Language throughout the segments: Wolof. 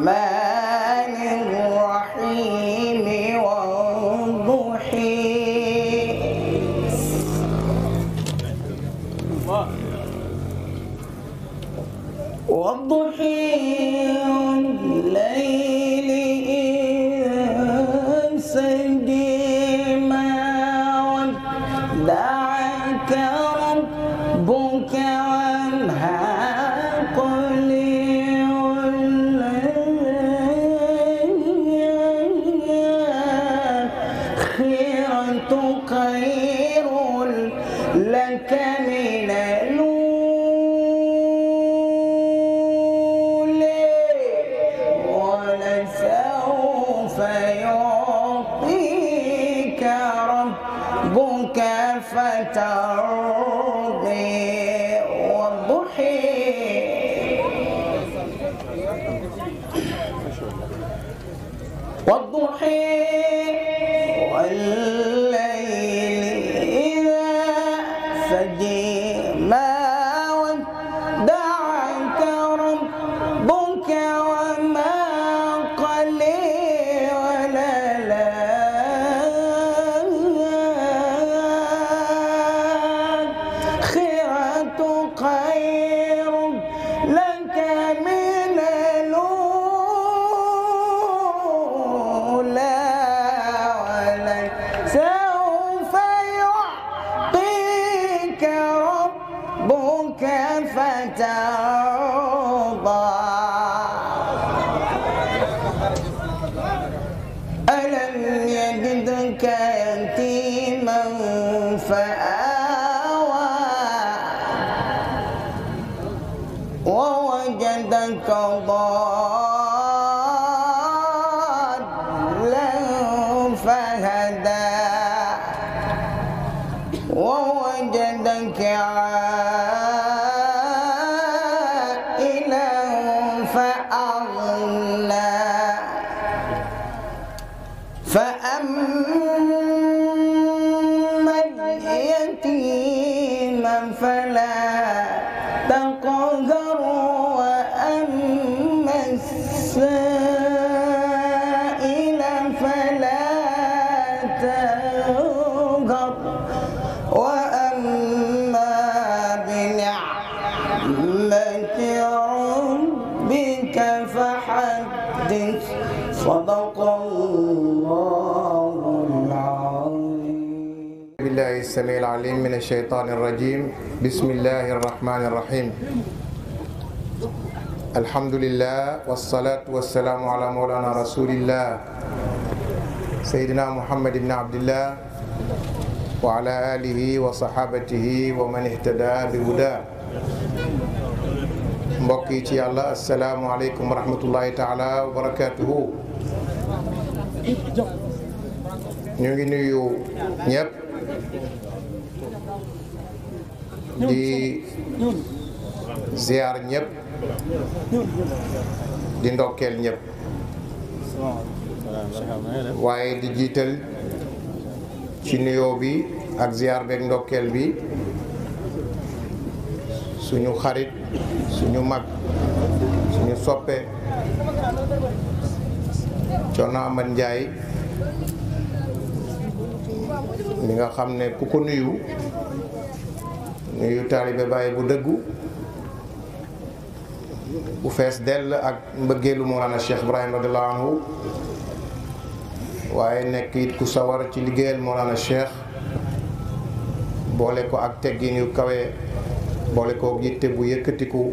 الرحمن الشيطان الرجيم بسم الله الرحمن الرحيم الحمد لله والصلاة والسلام على مولانا رسول الله سيدنا محمد بن عبد الله وعلى آله وصحابته ومن اهتدى بهداه mbokk yi ci yàlla asalaamualeykum wa rahmatullahi taala wa barakaatuhu ñu ngi nuyu ñëpp di ziar ñëpp di ndokkeel ñëpp waaye di jiital ci nuyoo bi ak ziar beeg ndokkeel bi suñu xarit suñu mag suñu soppe Coono Amat Njaay mi nga xam ne ku ko nuyu nuyu taalibe bàyyi bu dëggu bu fees dell ak mbëggeelu Mawlana Cheikh Ibrahim radiyallahu anhu waaye nekk it ku sawar ci liggéeyal Mawlana Cheikh boole ko ak teggin yu kawe boole ko yitte bu yëkkatiku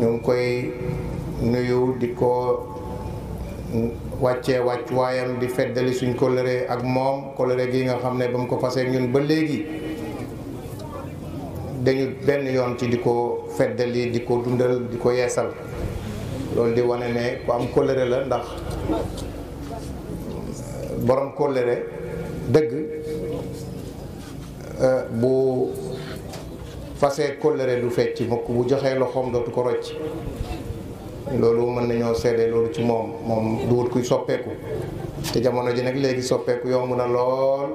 ñu ngi koy nuyu di ko wàccee wàcc waayam di feddali suñ kóllëre ak moom kóllëre gi nga xam ne ba mu ko fasee ñun ba léegi dañu benn yoon ci di ko feddali di ko dundal di ko yeesal loolu di wane ne ku am kóllëre la ndax euh, boroom kóllëre dëgg euh, bu fasee kóllëre du fecc mukk bu joxee loxoom dootu ko rocc loolu mën nañoo seede loolu ci moom moom du kuy soppeeku te jamono ji nag léegi soppeeku yomb na lool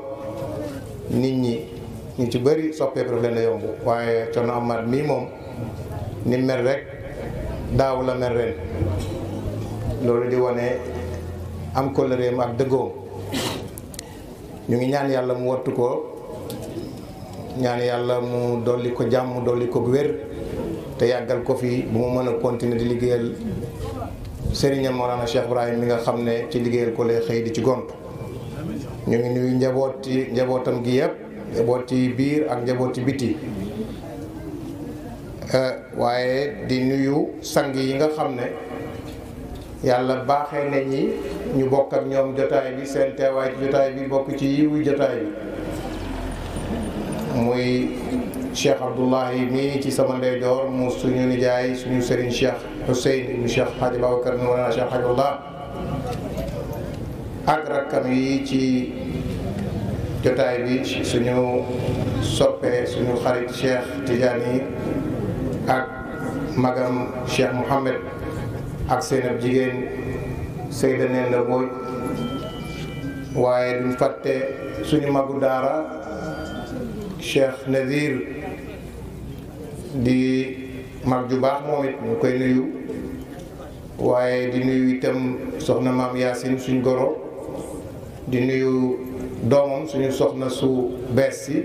nit ñi ñu ci bëri soppeeku daf leen a yomb waaye Thierno Amath mii moom ni mel rek daaw mel ren loolu di wane am kóllëreem ak dëggoom ñu ngi ñaan yàlla mu wattu ko ñaan yàlla mu dolli ko jàmm dolli ko wér te yàggal ko fi bu mu mën a continuer di liggéeyal sëriñam Mawlana Cheikh Ibrahim mi nga xam ne ci liggéeyal ko xëy di ci gont ñu ngi nuyu njaboot ci njabootam gi yëpp. njaboot ci biir ak njaboot biti eh, waaye di nuyu sang yi nga xam ne yàlla baaxee na ñi ñu bokk ak ñoom jotaay bi seen teewaay ci jotaay bi bokk ci yiwu jotaay bi muy cheikh abdullahi mii ci sama ndeyjoor mu suñu nijaay suñu sëriñ cheikh Hussein ibnu cheikh Hadj Babacar ni wala cheikh Hadjullah ak rakkam yi ci jotaay bi suñu soppee suñu xarit Cheikh Tidiane ak magam Cheikh Mouhamed ak seen ab jigéen Seyda neen la waaye duñ fàtte suñu magu daara Cheikh Nazir di mag ju baax moom it ñu koy nuyu waaye di nuyu itam soxna maam Yacine suñ goro di nuyu doomam suñu soxna su bees si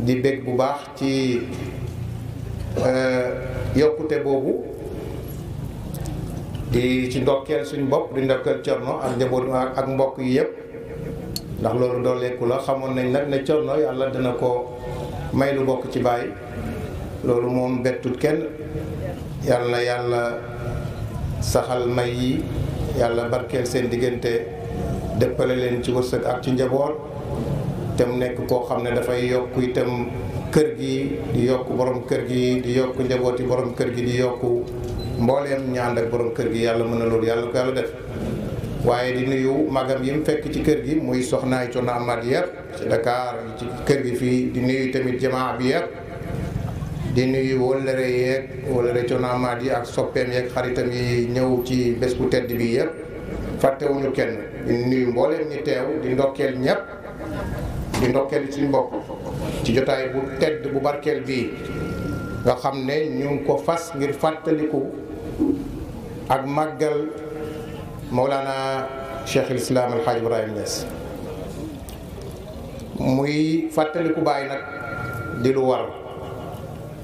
di bég bu baax ci euh, yokkute boobu di ci ndokkeel suñ bopp di ndokkeel Cerno ak njaboot ak mbokk yi yëpp ndax loolu dooleeku la xamoon nañ nag ne Cerno yàlla dina ko may lu bokk ci bàyyi loolu moom bettut kenn yàlla yàlla saxal may yi yàlla barkeel seen diggante dëppale leen ci wërsëg ak ci njaboot te mu nekk koo xam ne dafay yokk itam kër gi di yokk borom kër gi di yokk njabooti borom kër gi di yokk mbooleem ñaan ak borom kër gi yàlla mën na loolu yàlla ko yàlla def waaye di nuyu magam yi mu fekk ci kër gi muy soxnaay Coono Amad yëpp ci Dakar ci kër gi fii di nuyu tamit jamaa bi yëpp di nuyu wëllëre yeeg wëllëre Coono yi ak soppeem yeek xaritam yi ñëw ci bés bu tedd bi yëpp fàttewuñu kenn di nuyu mbooleem ñi teew di ndokkeel ñëpp di ndokkeel suñu bopp ci jotaay bu tedd bu barkeel bii nga xam ne ñu ngi ko fas ngir fàttaliku ak màggal Mawlana Cheikh al Islam El Hadj Ibrahima muy fàttaliku bàyyi nag di lu war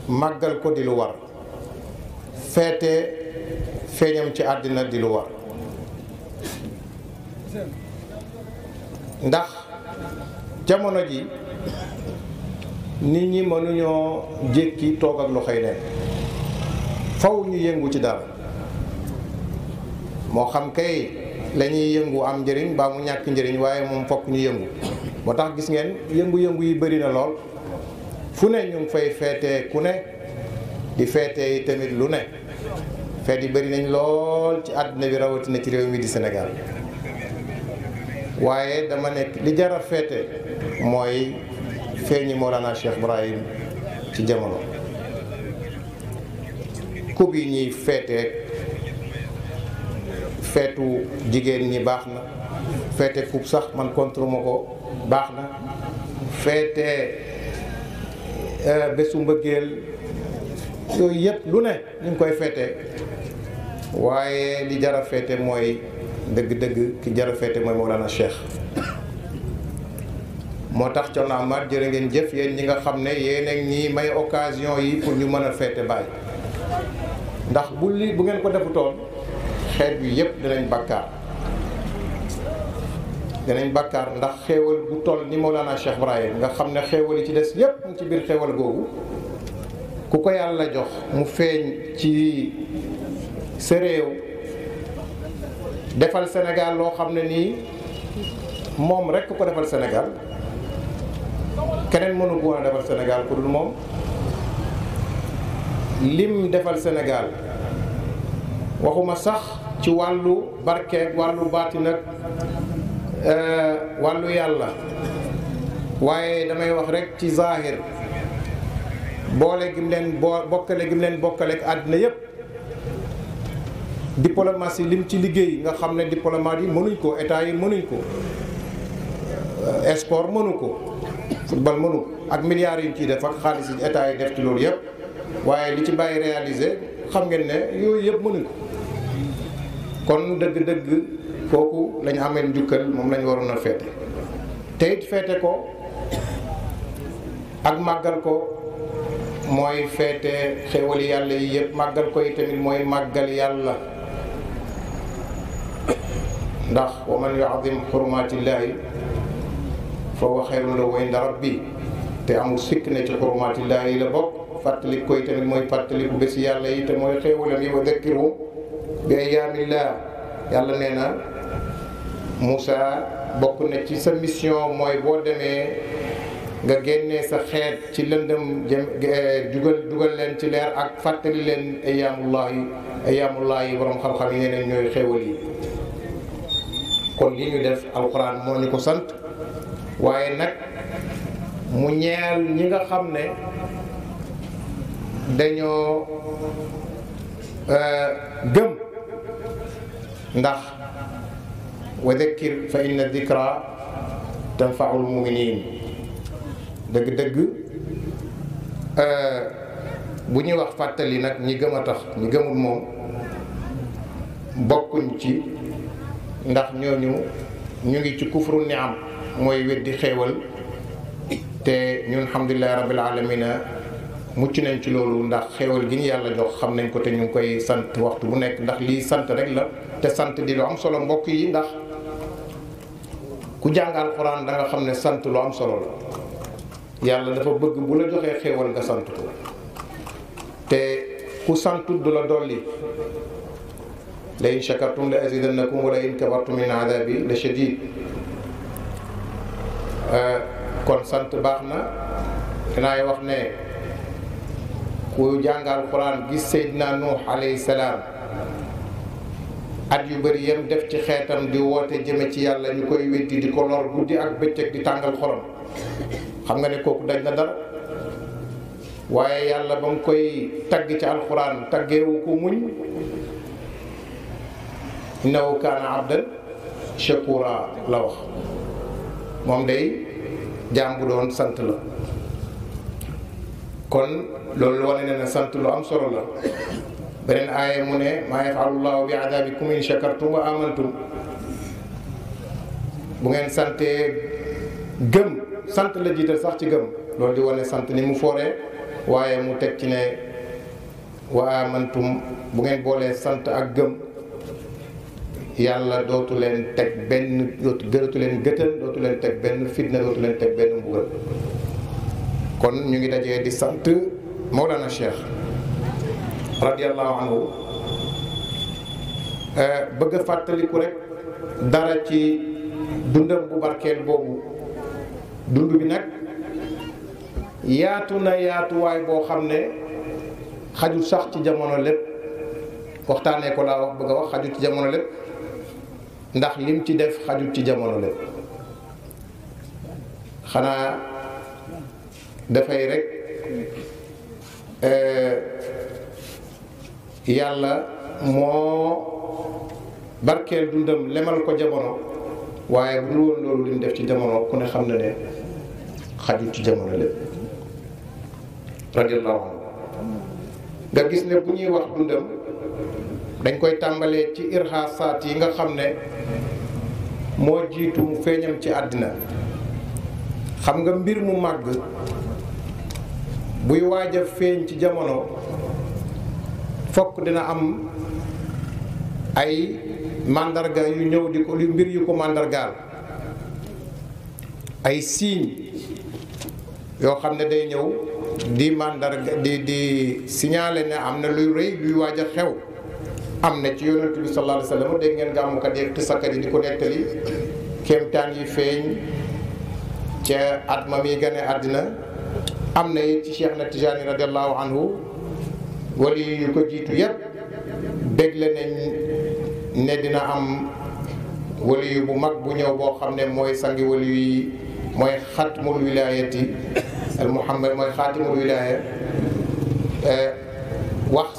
màggal ko di lu war feete feeñam ci àddina di lu war ndax jamono ji nit ñi mënuñoo jékki toog ak loxoy neen faw ñu yëngu ci dara moo xam kay lañuy yëngu am njëriñ baa ñàkk njëriñ waaye moom fokk ñu yëngu moo tax gis ngeen yëngu-yëngu yi bari na lool fu ne ñu ngi fay feetee ku ne di feetee yi tamit lu ne feet yi bari nañ lool ci àddina bi rawatina ci réew mi di Sénégal waaye dama nekk li jar a féete mooy feeñi Mawlana Cheikh Ibrahim ci jamono kub yi ñuy feeteeg feetu jigéen ñi baax na feete kub sax man contre ma ko baax na feete euh, bésu mbëggeel yooyu yëpp lu ne ñu ngi koy feete waaye li jar feete mooy dëgg-dëgg ki jar a féete mooy Mawlana Cheikh moo tax Thierno Amath jërë ngeen jëf yéen ñi nga xam ne yéen ñi may occasion yi pour ñu mën a feete Baay ndax bu li bu ngeen ko defutoon xeer bi yëpp danañ bàkkaar danañ bàkkaar ndax xéewal bu toll ni Mawlana Cheikh Ibrahim nga xam ne xéewal yi ci des yépp ci biir xéewal googu ku ko yàlla jox mu feeñ ci sa defal Sénégal loo xam ne nii moom rekk ko defal senegal keneen mënu ko woon a defal senegal ku dul moom lim defal Sénégal waxuma sax ci wàllu barkeeg wàllu baati nag euh, wàllu yàlla waaye damay wax rekk ci zahir boole gim leen boo bokkale gim leen bokkale ak àddina yépp yi lim ci liggéey nga xam ne diplomate yi mënuñ ko état yi mënuñ ko sport euh, mënu ko football mënu ko ak milliards yi ciy def xaalis yi état yi def ci loolu yëpp waaye li ci bàyyi réalisé xam ngeen ne yooyu yëpp mënuñ ko kon dëgg-dëgg kooku lañu amee njukkal moom lañu waroon a feete te it feete ko ak màggal ko mooy feete xéwali yàlla yi yëpp màggal ko yi tamit mooy màggal yàlla ndax wa man yuazim xurmaatillaahi fa wa xayrun lahu inda bi te amul sikk ne ci xurmaatillaahi yi la bokk fàttali koy tamit mooy fàttaliku bési yàlla yi te mooy xéewalam yi wa dakkiru bi ayaamillah yàlla na Moussa bokk na ci sa mission mooy boo demee nga génnee sa xeet ci lëndëm jëm eh, dugal dugal leen ci leer ak fàttali leen ay ayaamullahi ayaamullahi borom xam-xam yi nee nañ ñooy xéewal yi kon gi ñu def alxuraan moo ñu ko sant waaye nag mu ñeel ñi nga xam ne dañoo euh, gëm ndax wa dakkir fa inna dikra tanfaul muminin dëgg-dëgg euh, bu ñuy wax fàttali nag ñi gëm a tax ñi gëmul moom bokkuñ ci ndax ñooñu ñu ngi ci kufru ni am mooy wér di xéewal te ñun alhamdulilah rabbil alamina mucc nañ ci loolu ndax xéewal gi ñu yàlla jox xam nañ ko te ñu ngi koy sant waxtu bu nekk ndax lii sant rek la te sant di lu am solo mbokk yi ndax ku jàngal Alxuraan da xam ne sant lu am solo la yàlla dafa bëgg bu la joxee xéewal nga sant ko te ku santu du la dolli la in shakartum la azidannakum wala in kafartum in adabi la shadid kon sant baax na dinaay wax ne ku jàngal quran gis Seydina Nuux alayhi salaam at yu bari yam def ci xeetam di woote jëme ci yàlla ñu koy weddi di ko lor guddi ak bëccëg di tàngal xorom xam nga ne kooku daj na dara waaye yàlla ba mu koy tagg ci alquran taggeewu ko muñ naw kaana abdan shakura la wax moom day jaam bu doon sant la kon loolu wane na ne sant lu am solo la beneen aaya mu ne maa yafalullahu bi adabikum in shakartum wa amantum bu ngeen santee gëm sant la jiital sax ci gëm loolu di wane sant ni mu fooree waaye mu teg ci ne wa amantum bu ngeen boolee sant ak gëm yàlla dootu leen teg benn gërëtu leen gëtal dootu leen teg benn fitna dootu leen teg benn mbugal kon ñu ngi dajee di sant Mawlana Cheikh radiallahu anhu eh, bëgg a fàttaliku rek dara ci dundam bu barkeel boobu dund bi nag yaatu na yaatuwaay boo xam ne xajul sax ci jamono lépp waxtaanee ko laa wax bëgg a wax xajul ci jamono lépp ndax lim ci def xajut ci jamono lépp xanaa dafay rek eh, yàlla moo barkeel dundam lemal ko jamono waaye bu dul loolu lim def ci jamono ku ne xam na ne xajut ci jamono lépp nga gis ne bu ñuy wax dundam dañ koy tàmbalee ci irxaasaat yi nga xam ne moo jiitu mu feeñam ci àddina xam nga mbir mu màgg buy waaja feeñ ci jamono fokk dina am ay màndarga yu ñëw di ko mbir yu ko màndargaal ay signe yoo xam ne day ñëw di màndarga di di signaler ne am na luy rëy luy waaj a xew am na ci yonent bi sallallahu alayhi wa sallam dégg ngeen gàmmukat yeeg tisakkat yi di ko nettali kéemtaan yi feeñ ca at ma muy gane àddina am na it ci Cheikh na Tijaani radiallahu anhu wala yu ko jiitu yépp bégle nañ ne dina am waliyu bu mag bu ñëw boo xam ne mooy sangi waliyu yi mooy xatmul wilaayati al muhammad mooy xaatimul wilaaya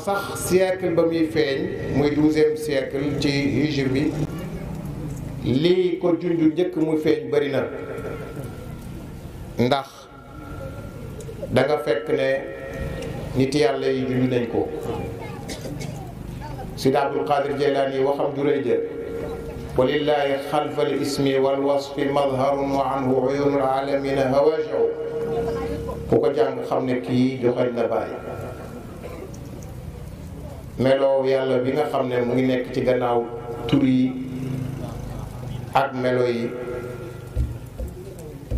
sax siècle ba muy feeñ muy douzième siècle ci hijr bi li ko junj njëkk mu feeñ bari na ndax danga nga fekk ne nit yàlla yi junj nañ ko Sidi Abdul Qadir Jeylaani waxam ju jël walillahi xalfa al ismi wal wa anhu uyunul alamina hawajau ku ko jàng xam ne kii joxañ na bàyyi meloo yàlla bi nga xam ne mu ngi nekk ci gannaaw tur ak melo yi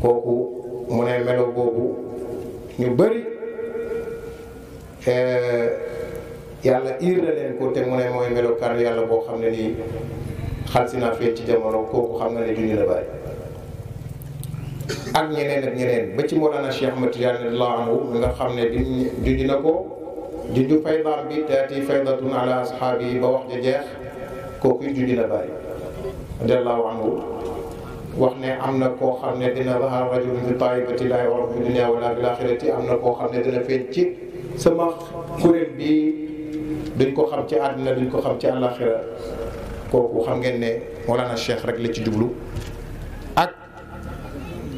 kooku mu ne melo boobu ñu bëri eh, yàlla iir na leen ko te mu ne mooy melokaan yàlla boo xam ne ni xalsi naa fee ci jamono kooku xam nga ne du ñu bàyyi ak ñeneen ak ñeneen ba ci Mawlana Cheikh Ahmad Tidiane radiyallahu anhu nga xam ne di di na ko junju faydaam bi taati faydatun ala ashaabi ba wax ja jeex kookuy junju na bàyyi wax ne am na koo xam ne dina zahara rajulun fi taa'ibati fi dunya wa laa am na koo xam ne dina ci sama kuréel bi duñ ko xam ci àddina duñ ko xam ci àllaaxira kooku xam ngeen ne Mawlana Cheikh rek la ci jublu ak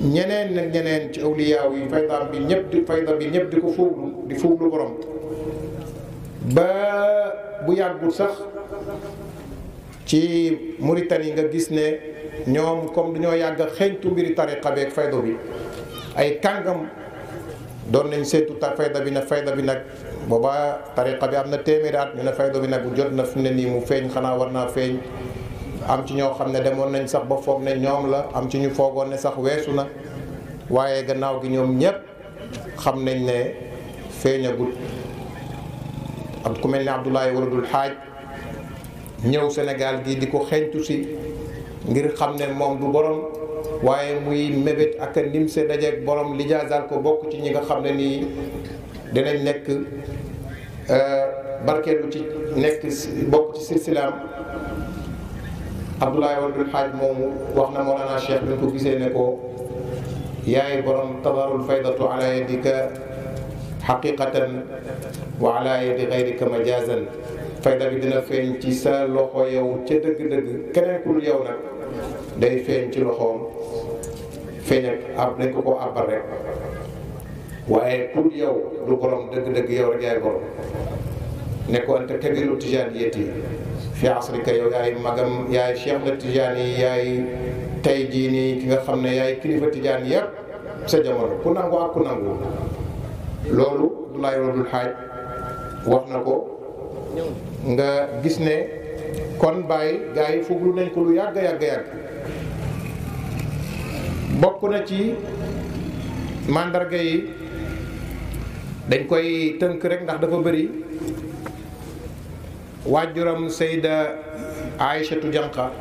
ñeneen nag ñeneen ci awliyaaw yi faydaam bi ñëpp di fayda bi ñëpp di ko fóoglu di borom ba bu yàggut sax ci yi nga gis ne ñoom comme dañoo yàgg a xeeñtu mbiri tariqa beeg fayda bi ay kàngam doon nañ seetu ta bi nag fayda bi nag booba tariqa bi am na téeméeri at ñu ne fayda bi nag bu jot na fi ne nii mu feeñ xanaa war naa feeñ am ci ñoo xam ne demoon nañ sax ba foog ne ñoom la am ci ñu foogoon ne sax weesu na waaye gannaaw gi ñoom ñépp xam nañ ne feeñagut am ku mel ni Abdoulaye Waradul Xaaj ñëw Sénégal gi di ko xeeñtu si ngir xam ne moom du borom waaye muy mébét ak nim se dajeeg borom li jaasaal ko bokk ci ñi nga xam ne nii dinañ nekk euh, barkeelu ci nekk bokk ci silsilaam Abdoulaye Waradul Xaaj moomu wax na Mawlana Cheikh bi ko gisee ne ko yaay borom tadarul faydatu ala yadika xaqiqatan wa ala yadi xayrika majaasan fayda bi dina feeñ ci sa loxo yow ca dëgg-dëgg keneen ku yow nag day feeñ ci loxoom feeñ ak ab dañ ko ko àbbal rek waaye pour yow du borom dëgg-dëgg yow rek yaay borom ne ko anta kabiru tijaaniyati fi asrika yow yaay magam yaay cheikh na tijaan yaay tey jii nii ki nga xam ne yaay kilifa tijaan yëpp sa jamono ku nangu ak ku nangu loolu Abdoulaye Wadoul Hadj wax na ko nga gis ne kon bàyyi gars yi fuglu nañ ko lu yàgg yàgg yàgg bokk na ci màndarga yi dañ koy tënk rek ndax dafa bëri waajuram Seyda Aïchatu Janqa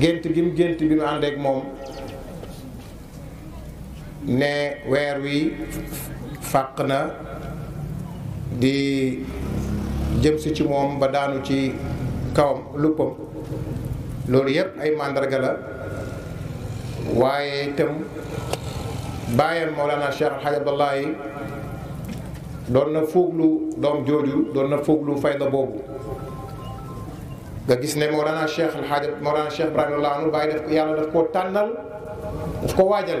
gént gi mu gént bi mu ànd moom ne weer wi fàq na di jëm si ci moom ba daanu ci kawam luppam loolu yépp ay màndarga la waaye itam bàyyam Mawlana Cheikh Alhaji Abdallahi doon na fuuglu doom jooju doon na fuuglu fayda boobu nga gis ne Mawlana Cheikh Alhaji Mawlana Cheikh Ibrahima Laanu bàyyi daf yàlla daf koo tànnal daf ko waajal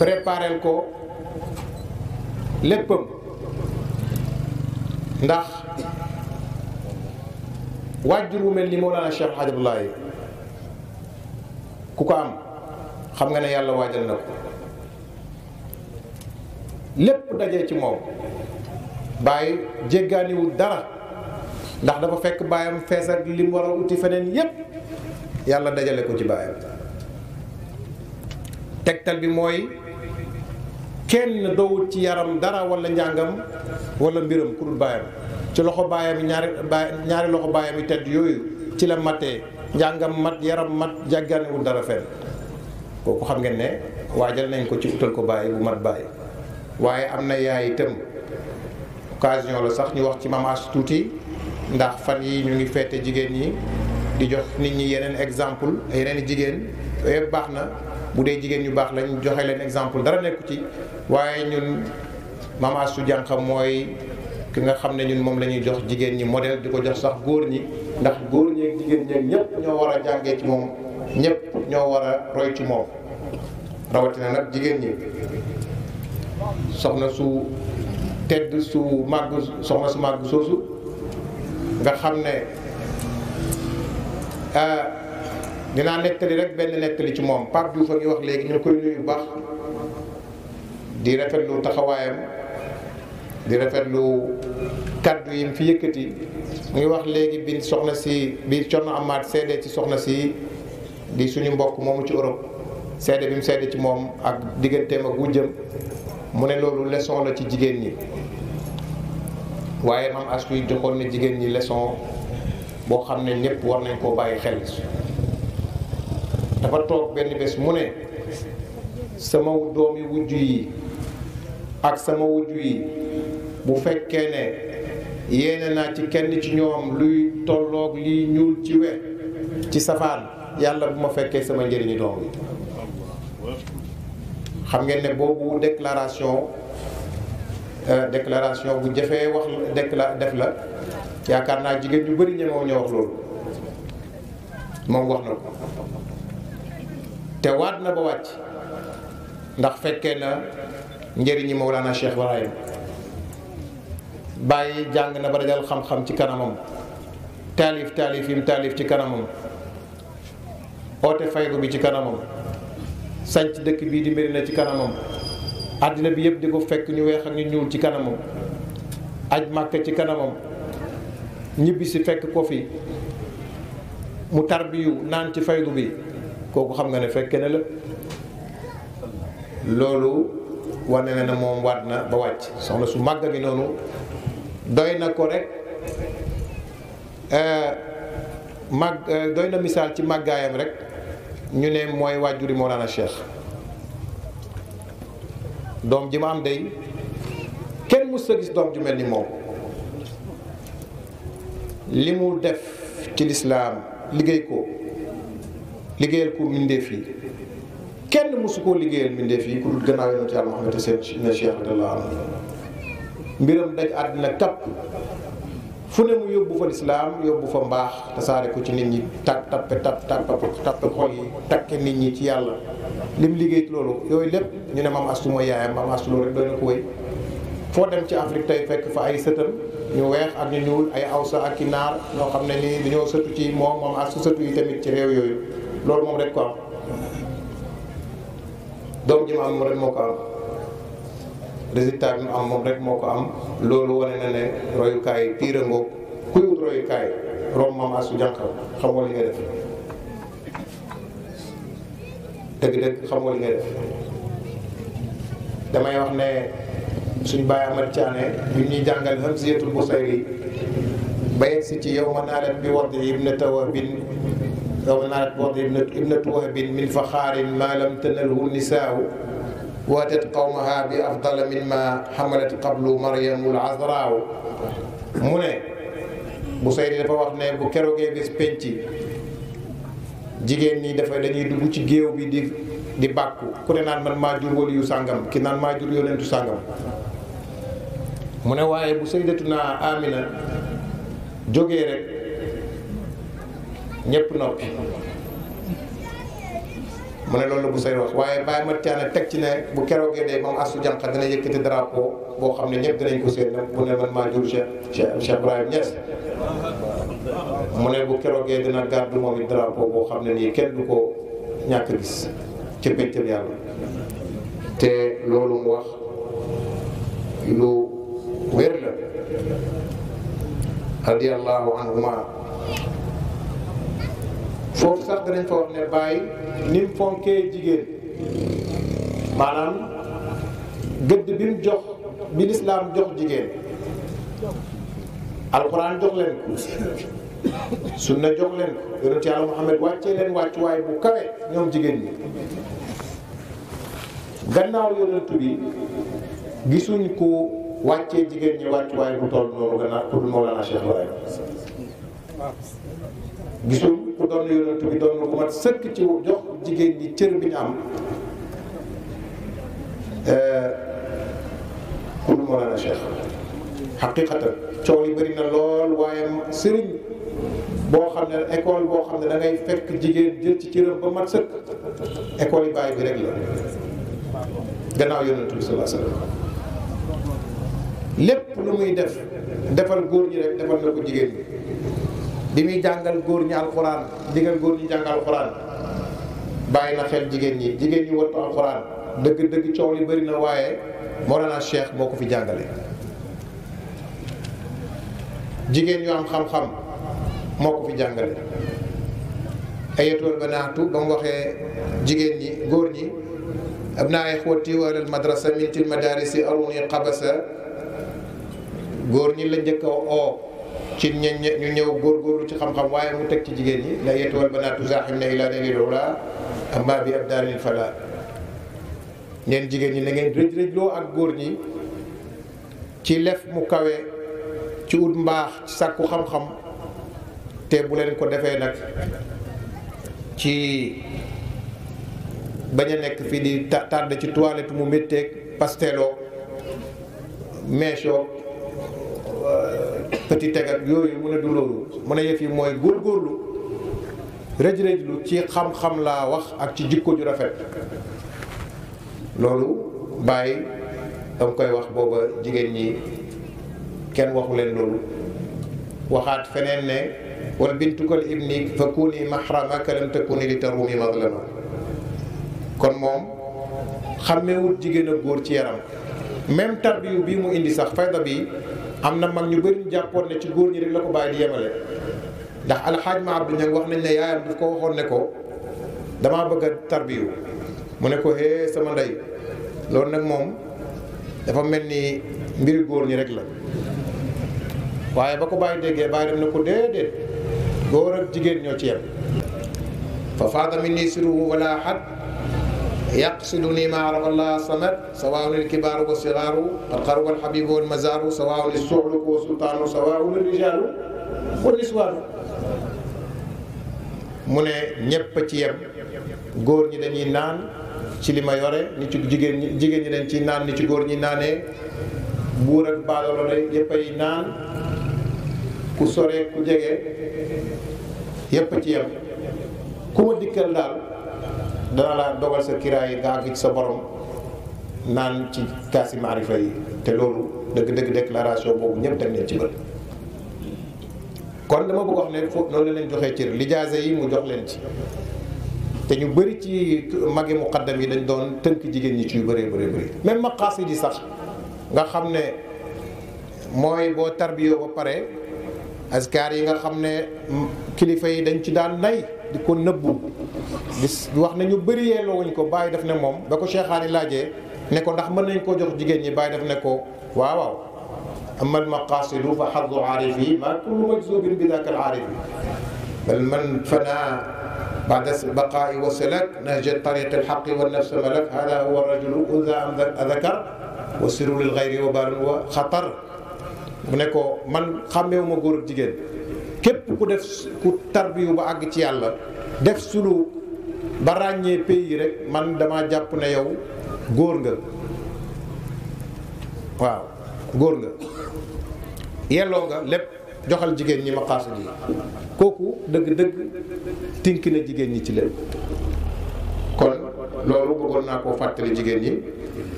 préparel ko léppam ndax waajur wu mel ni Mawlana Cheikh Hadj Abdoulaye ku ko am xam nga ne yàlla waajal na ko lépp dajee ci moom baay jéggaaniwul dara ndax dafa fekk baayam fees ak li mu war a uti feneen yépp yàlla dajale ko ci baayam tegtal bi mooy kenn dowut ci yaram dara wala njàngam wala mbiram ku dul baayam ci loxo baayam ñaari ñaari loxo baayam yi tedd yooyu ci la mattee njàngam mat yaram mat jàgganewul dara fenn kooku xam ngeen ne waa waajal nañ ko ci utal ko bàyyi bu mat bàyyi waaye am na yaay itam occasion la sax ñu wax ci mamaas tuuti ndax fan yi ñu ngi feete jigéen ñi di jox nit ñi yeneen exemple yeneen jigéen yooyu baax na bu dee jigéen ñu baax lañ joxe leen exemple dara nekku ci waaye ñun Mame su Diankha mooy ki nga xam ne ñun moom lañuy jox jigéen ñi modèle di ko jox sax góor ñi ndax góor ñeeg jigéen ñëpp ñoo war a jàngee moom ñëpp war a roy ci moom rawatina nag jigéen ñi soxna su tedd su màgg soxna su màgg soosu nga xam ne ah, dinaa nettali rek benn nettali ci moom Pape Diouf a ngi wax léegi ñu koy nuyu baax. di rafetlu taxawaayam di rafetlu kàddu yi mu fi yëkkati muy wax léegi bi soxna si bi Thierno Amath seede ci soxna si di suñu mbokk moomu ci Europe sedde bi mu seede ci moom ak digganteem ak wujjam mu ne loolu leçon la ci jigéen ñi waaye maam astuy joxoon na jigéen ñi leçon boo xam ne ñëpp war nañ koo bàyyi xel dafa toog benn bés mu ne sama doom yi yi ak sama wujj yi bu fekkee ne yéene naa ci kenn ci ñoom luy tolloog liy ñuul ci we ci safaan yàlla bu ma fekkee sama njëriñu doom yi xam ngeen ne boobu déclaration euh, déclaration bu jafee wax décla def la yaakaar naa jigéen ñu bari ñemewu ñu wax loolu moom wax na ko te waat na ba wàcc ndax fekkee na moo daana Cheikh Ibrahim bàyyi jàng na ba dajal xam-xam ci kanamam taalif taalif yim taalif ci kanamam oote faygu bi ci kanamam sanc dëkk bii di Medina ci kanamam àddina bi yëpp di ko fekk ñu weex ak ñu ñuul ci kanamam aj màkk ci kanamam ñibbisi fekk ko fi mu tarbiyu naan ci faydu bi kooku xam nga ne fekke na la loolu wane na moom waat na ba wàcc soxna su màgg ngi noonu doy na ko rek euh, màgg euh, doy na misaal ci màggaayam rek ñu ne mooy waajuri Mawlana Cheikh doom ji ma am day kenn mu a gis doom ju mel ni moom li mu def ci lislaam liggéey ko liggéeyal ko mbindéef yi kenn mësu koo liggéeyal mbindeef yi ku dul gannaaw yonent yàlla Muhammad seen na Cheikh radiyallahu anhu mbiram daj àddina kapp fu ne mu yóbbu fa lislaam yóbbu fa mbaax tasaare ko ci nit ñi tàpp tappe tapp tapp tappe xol yi takke nit ñi ci yàlla lim liggéey loolu yooyu lépp ñu ne maam astu mooy yaayam maam astu loolu rek doy na ko foo dem ci Afrique tey fekk fa ay sëtam ñu weex ak ñu ñuul ay awsa ak i naar ñoo xam ne nii dañoo sëtu ci moom maam astu sëtu ci réew yooyu loolu moom rek ko doom ji ma am moom rek moo ko am résultat bi mu moom rek moo ko am loolu wane na ne royukaay yi ngoog kuy wut royukaay rom maam asu jànqal xam nga li ngay def dëgg-dëgg xam nga li ngay def damay wax ne suñ bàyyi Amar Thiané bi ñuy jàngal Hamziyatul Busayri ba yegg si ci yow ma naa leen bi war di ibn tawabin رغم نعرف بعض ابنة وهب من فخار ما لم تنله النساء واتت قومها بأفضل مما حملت قبل مريم العذراء mu ne bu Seydi dafa wax ne bu keroogee bés penc jigéen ñi dafa dañuy dugg ci géew bi di di bàkku ku ne naan man maa jur waliyu sàngam ki naan maa jur yonentu sàngam mu ne waaye bu Seydatuna Amina jógee rek ñépp noppi mu ne loolu bu say wax waaye bàyyi ma teene teg ci ne bu keroogee dee moom asu jànq dana yëkkati drapeau boo xam ne ñëpp dinañ ko seen nag bu ne man maa jur Cheikh Cheikh Ibrahim Niass mu ne bu keroogee dina gàddu moom it drapeau boo xam ne nii kenn du ko ñàkk gis ci bëccëg yàlla te loolu mu wax lu wér la radiyallahu anhuma foofu sax danañ fa ne bàyyi ni fonkee jigéen maanaam gëdd bi mu jox bi lislaam jox jigéen alxuraan jox leen ko sunna jox leen ko yonent yàlla Muhammad wàccee leen wàccuwaay bu kawe ñoom jigéen ñi gannaaw yonent bi gisuñ ko wàccee jigéen ñi wàccuwaay bu toll noonu gannaaw pour Mawlana Cheikh Ibrahim gisul ku doon yonent bi doon bu mat sëkk ci jox jigéen ñi cër bi ñu am eh, ku dul Mawlana Cheikh xaqiqatan coow yi bëri na lool waaye sëriñ boo xam ne école boo xam ne da ngay fekk jigéen jël ci cëram ba mat sëkk école yi bàyyi bi rek la gannaaw yonent bi sallallahu alayhi wasallam lépp lu muy def defal góor ñi rek defal na ko jigéen bi bi muy jàngal góor ñi alxuraan digal góor ñi jàng alxuraan bàyyi na xel jigéen ñi jigéen ñi wattu alxuraan dëgg dëgg coow li bëri na waaye Mawlana Cheikh moo ko fi jàngale jigéen ñu am xam-xam moo ko fi jàngale ayatool ba naatu ba mu waxee jigéen ñi góor ñi ab naa ixwati walal madrasa mintil madarisi aruni qabasa góor ñi la njëkk oo ci ñu ñu ñëw góorgóorlu ci xam-xam waaye mu teg ci jigéen ñi la yetu wal banaatu zaaxim na ilaa dalil ula amma bi ab daarin fala neen jigéen ñi na ngeen rëj rëjloo ak góor ñi ci lef mu kawe ci ut mbaax ci sàkku xam-xam te bu leen ko defee nag ci bañ a nekk fii di tàdd ci toilette mu métteeg pasteloo meesoo petit teg ak yooyu mu ne du loolu mu ne yëf yi mooy góorgóorlu rëj rëjlu ci xam-xam laa wax ak ci jikko ju rafet loolu bàyyi dam koy wax booba jigéen ñi kenn waxu leen loolu waxaat feneen ne wal bintukal ibni fa kuuni mahramaka lam takuni li tarumi mazlama kon moom xàmmeewut jigéen a góor ci yaram même tarbiyu bii mu indi sax fayda bi am na mag ñu bari ñu jàppoon ne ci góor ñi rek la ko bàyyi di yemale ndax alxaaj ma abdu ñang wax nañ ne yaayam daf ko waxoon ne ko damaa bëgg a tarbiyu mu ne ko hee sama ndey loolu nag moom dafa mel ni mbiri góor ñi rek la waaye ba ko bàyyi déggee bàyyi dem na ko déedéet góor ak jigéen ñoo ci yem fa faadami nii xat يقصد لي ما عرف الله الصمد سواء للكبار والصغار قد قرب الحبيب والمزار سواء للسعلك والسلطان سواء للرجال والنسوان mu ne ñëpp ci yem góor ñi dañuy naan ci li ma yore ni ci jigéen ñi jigéen ñi dañ ciy naan ni ci góor ñi naanee buur ak baadoolo de yëpp naan ku sore ku jege yëpp ci yem ku ma dikkal daal dana la dogal sa kiraay nga àgg ci sa borom naan ci kaasi maarifa yi te loolu dëgg-dëgg déclaration boobu ñëpp teg nañ ci bët kon dama bëgg wax ne foofu noonu la leen joxee cër lijaase yi mu jox leen ci te ñu bëri ci mage muqaddam yi dañ doon tënk jigéen ñi ci yu bëree bëri bëri même maqaasid yi sax nga xam ne mooy boo tarbiyoo ba pare askar yi nga xam ne kilifa yi dañ ci daan nay di ko nëbbu di wax ne ñu bëri yelloo wuñ ko bàyyi def ne moom ba ko Cheikhaani laajee ne ko ndax mën nañ koo jox jigéen ñi bàyyi def ne ko waaw waaw amal maqaasidu fa xaddu aarif yi maa kullu majzubin bi daaka al aarif yi bal man fanaa baada baqaa'i wa salak nahja tariq al xaqi wa nafsa malak hada huwa rajulu unsa am dakar wa siru lil xayri wa barin wa xatar mu ne ko man xàmmeewuma góor ak jigéen képp ku def ku tarbiyu ba àgg ci yàlla def sulu ba ràññee pays rek man dama jàpp ne yow góor nga waaw góor nga yelloo nga lépp joxal jigéen ñi ma xaasa ji kooku dëgg-dëgg tinki na jigéen ñi ci lépp kon loolu bëggoon naa koo fàttali jigéen ñi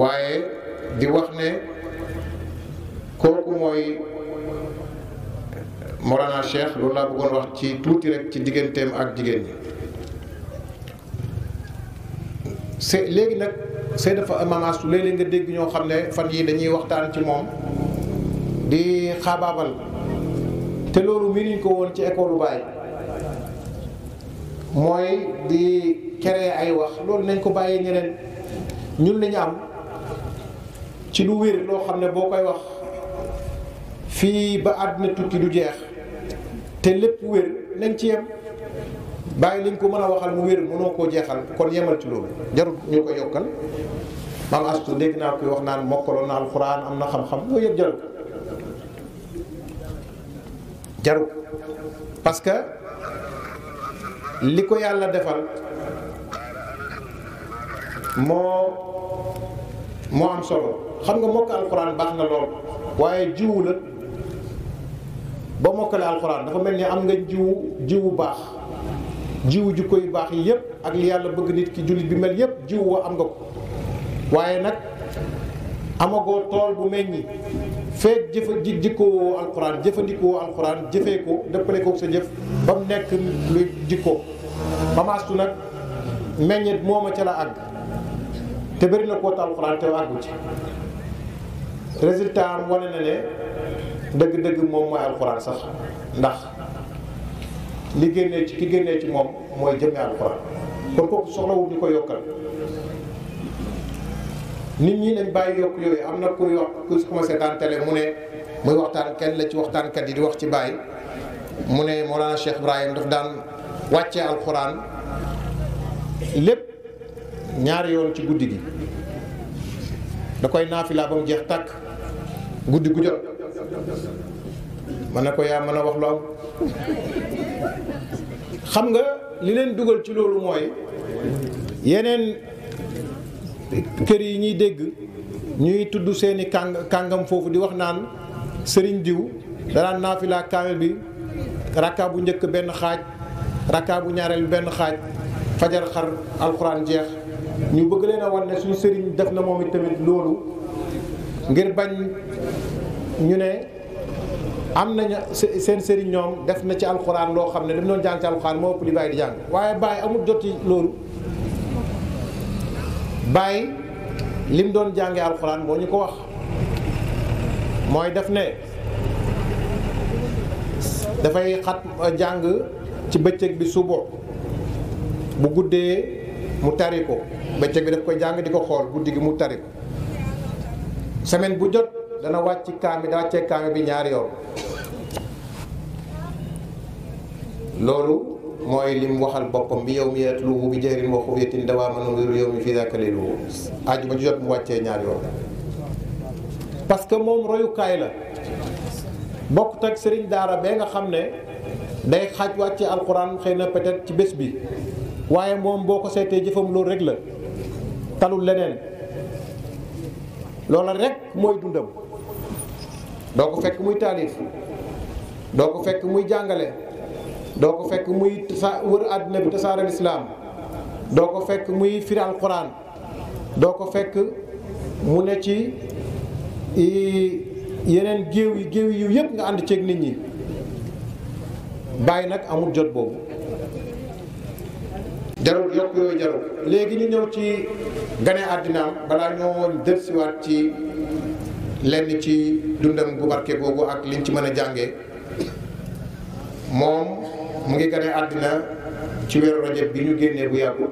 waaye di wax ne kooku mooy Morana Cheikh loolu laa bëggoon wax ci tuuti rek ci digganteem ak jigéen ñi c'est léegi nag c'est dafa mamastu léeg-léeg nga dégg ñoo xam ne fan yi dañuy waxtaan ci moom di xaabaabal te loolu miinuñ ko woon ci école Baye mooy di créer ay wax loolu nañ ko bàyyi ñeneen ñun lañu am ci lu wér loo xam ne boo koy wax fii ba àdduna tukki du jeex te lépp wér nañ ci yem bàyyi liñ ko mën a waxal mu wér mënoo koo jeexal kon yemal ci loolu jarul ñu ko yokkal maam astu dégg naa koy wax naan mokkaloon na alxuraan am na xam-xam yooyu yëpp jarul jarul parce li ko yàlla defal moo moo am solo xam nga mokk alxuraan baax na lool waaye jiwu la ba mokkale alxuraan dafa mel ni am nga jiwu jiwu baax jiwu jikko yu baax yi yépp ak yàlla bëgg nit ki jullit bi mel yépp jiwu wa am nga ko waaye nag amagoo tool bu meññi feek jëfa jikkoo alxuraan jëfandikoo alxuraan jëfee ko dëppale ko sa jëf ba mu nekk lu jikkoo ba maastu nag meññet mooma ca la àgg te bëri na koo ta alxuraan te àggu ci résultat na ne dëgg-dëgg moom mooy alxuraan sax ndax li génnee ci ki génnee ci moom mooy jëmmi alxuraan kon kooku soxlawul ñu ko yokkal nit ñi dañ bàyyi yokk yooyu am na kuy wax ku commencé daan télé mu ne muy waxtaan kenn la ci waxtaankat yi di wax ci bàyyi mu ne Mawlana Cheikh Ibrahim dafa daan wàccee alxuraan lépp ñaari yoon ci guddi gi da koy naafila ba mu jeex tàkk guddi gu jot ma ne ko yaa mën a wax lu am xam nga li leen dugal ci loolu mooy yeneen kër yi ñuy dégg ñuy tudd seeni kàng kàngam foofu di wax naan sëriñ diw danaan naafila kaamil bi rakka njëkk benn xaaj rakka bu ñaareel benn xaaj fajar xar alxuraan jeex ñu bëgg leen a wan ne suñu sëriñ def na moom it tamit loolu ngir bañ ñu ne am nañu seen sëriñ ñoom def na ci alxuraan loo xam ne dañu doon jàng ci alxuraan moo ëpp li bàyyi di jàng waaye bàyyi amul jot ci loolu bàyyi lim doon jàngee alxuraan moo ñu ko wax mooy def ne dafay xat jàng ci bëccëg bi suba bu guddee mu tari ko bëccëg bi daf koy jàng di ko xool guddi gi mu tari ko semaine bu jot. dana wàcc kaami da wàccee kaami bi ñaari yoon loolu mooy lim waxal boppam bi yow mi yetluwu bi jërin wa xufiyatin dawaaman ngiru yow mi fii dakaliluwu àjjuma ju jot mu wàccee ñaari yoon parce que moom royukaay la bokkut ak sëriñ daara bee nga xam ne day xaj wàcce alxuraan xëy na peut-être ci bés bi waaye moom boo ko seetee jëfam loolu rek la talul leneen loola rek mooy dundam doo ko fekk muy taalif doo ko fekk muy jàngale doo ko fekk muy sa wër àddina bi tasaare lislaam doo ko fekk muy firi alquran doo ko fekk mu ne ci yeneen géew yi géew yi yëpp nga ànd ceeg nit ñi bàyyi nag amul jot boobu jarul yokk yooyu jarul léegi ñu ñëw ci gane àddinaam balaa ñoo woon dëlsiwaat ci lenn ci dundam gu barke boobu ak liñ ci mën a jànge moom mu ngi gane àddina ci weeru rajab bi ñu génnee bu yàggu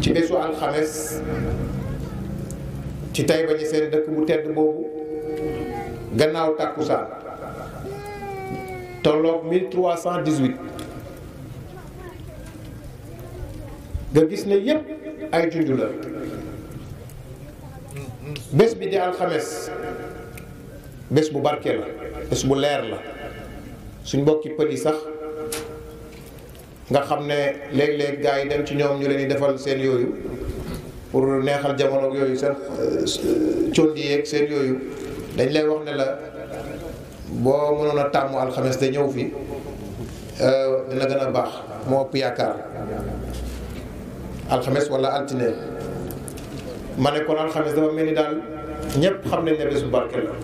ci bésu alxames ci Tayba ji seen dëkk bu tedd boobu gannaaw tàkkusaan tolloog 1318 nga gis ne yépp ay tudd la bés bi di alxames bés bu barke la bés bu leer la suñ mbokki pël yi sax nga xam ne léeg-léeg gaa yi dem ci ñoom ñu leen di defal seen yooyu pour neexal jamono yooyu seen euh, condi yeeg seen yooyu dañ lay wax ne la boo mënoon a tàmm alxames te ñëw fi euh, dina gën a baax moo ëpp yaakaar alxames wala altine ma ne kon alxames dafa mel ni daal ñëpp xam nañ ne bés bu barke la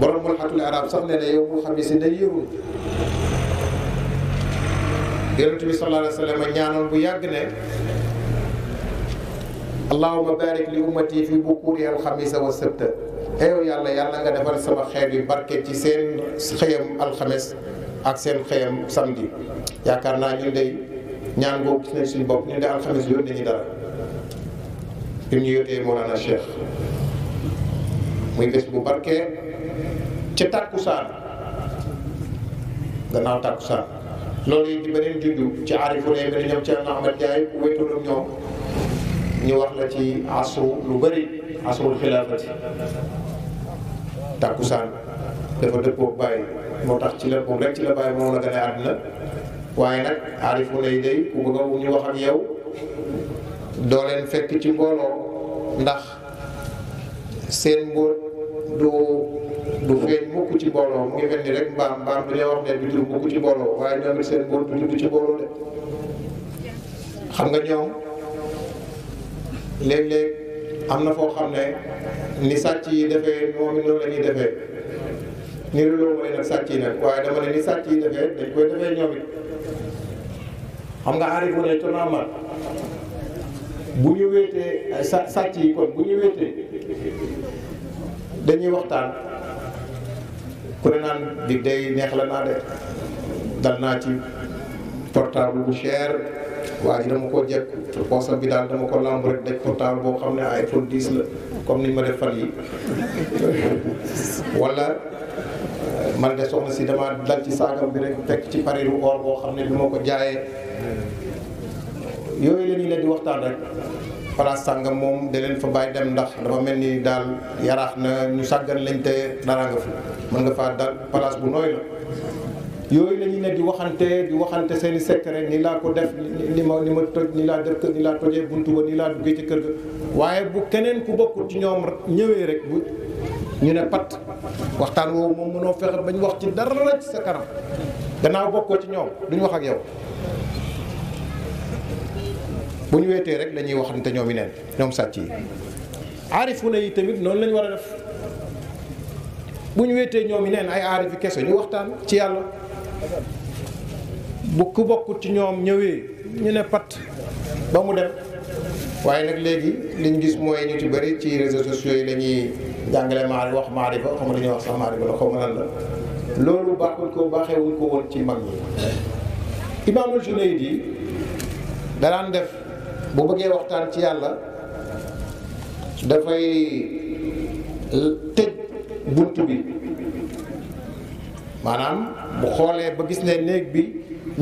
borom mulxatul arab sax ne ne yow mu xam si day yërul yonent bi sallallahu alayhi wa sallam ñaanoon bu yàgg ne allahuma barik li ummati fi bukuri alxamisa wa sabta eyow yàlla yàlla nga defal sama xeet yi barke ci seen xëyam alxames ak seen xëyam samedi yaakaar naa ñu dey ñaan boobu gis nañ suñu bopp ñun de alxames yoon nañu dara bi mu ñu yotee Mawlana Cheikh muy bés bu barkee ca tàkkusaan gannaaw tàkkusaan loolu yi di beneen juddu ci aarifu ne beneen ñoom ci Ahmed Ndiaye wéytulum ñoom ñu wax la ci asru lu bëri asrul xilaafati tàkkusaan dafa dëppoo bàyyi moo tax ci la boobu rek ci la bàyyi moom la gën a àddina waaye nag aarif mu lay day ku bëgg ñu wax ak yow doo leen fekk ci mbooloo ndax seen mbóot du du feeñ mukk ci mbooloo mu ngi mel ni rek mbaam mbaam bi wax ne du jur ci mbooloo waaye seen mbóot du ci mbooloo de xam nga ñoom léeg-léeg am na foo xam ne ni sàcc yi defee moom it noonu la ñuy defee. ni lu loo nag sàcc yi nag waaye dama ne ni sàcc yi defee dañ koy defee ñoom it xam nga aarifu ne tonamat bu ñu wéetee sàcc yi kon bu ñu wéetee dañuy waxtaan ku ne naan di day neex la naa de dal naa ci portable bu cher waa ji dama ko jekk poosam bi daal dama ko làmb rek daj portable boo xam ne iPhone 10 la comme ni ma def fan yi wala man de soxna si dama dal ci saagam bi rek fekk ci pariru or boo xam ne bi ma ko jaayee yooyu la ñuy leen di waxtaan rek place sàngam moom de leen fa bàyyi dem ndax dafa mel ni daal yaraax na ñu sàggan lañ te dara nga fi mën nga faa dal place bu nooy la yooyu la ñuy ne di waxante bi waxante seen i secret ni laa ko def ni ma ni ma toj ni laa def ni laa tojee buntu ba ni laa duggee ci kër ga waaye bu keneen ku bokkul ci ñoom ñëwee rek bu ñu ne pat waxtaan woowu moom mënoo fexe bañ wax ci dara ci sa kanam gannaaw bokkoo ci ñoom duñ wax ak yow bu ñu weetee rek lañuy ñuy waxante ñoom yi neen ñoom sàcc yi aarifu na yi tamit noonu lañu war a def bu ñu weetee ñoom yi neen ay aarif yi ñu waxtaan ci yàlla bu ku bokk ci ñoom ñëwee ñu ne pat ba mu dem waaye nag léegi ñu gis mooy ñu ci bëri ci réseaux sociaux yi la ñuy jàngale maari wax maarifa xam nga dañuy wax sax maarifa la xaw ma lan la loolu baaxul ko baaxewuñ ko woon ci mag ñi imaamul Junayd yi daraan def bu bëggee waxtaan ci yàlla dafay tëj bunt bi maanaam bu xoolee ba gis ne néeg bi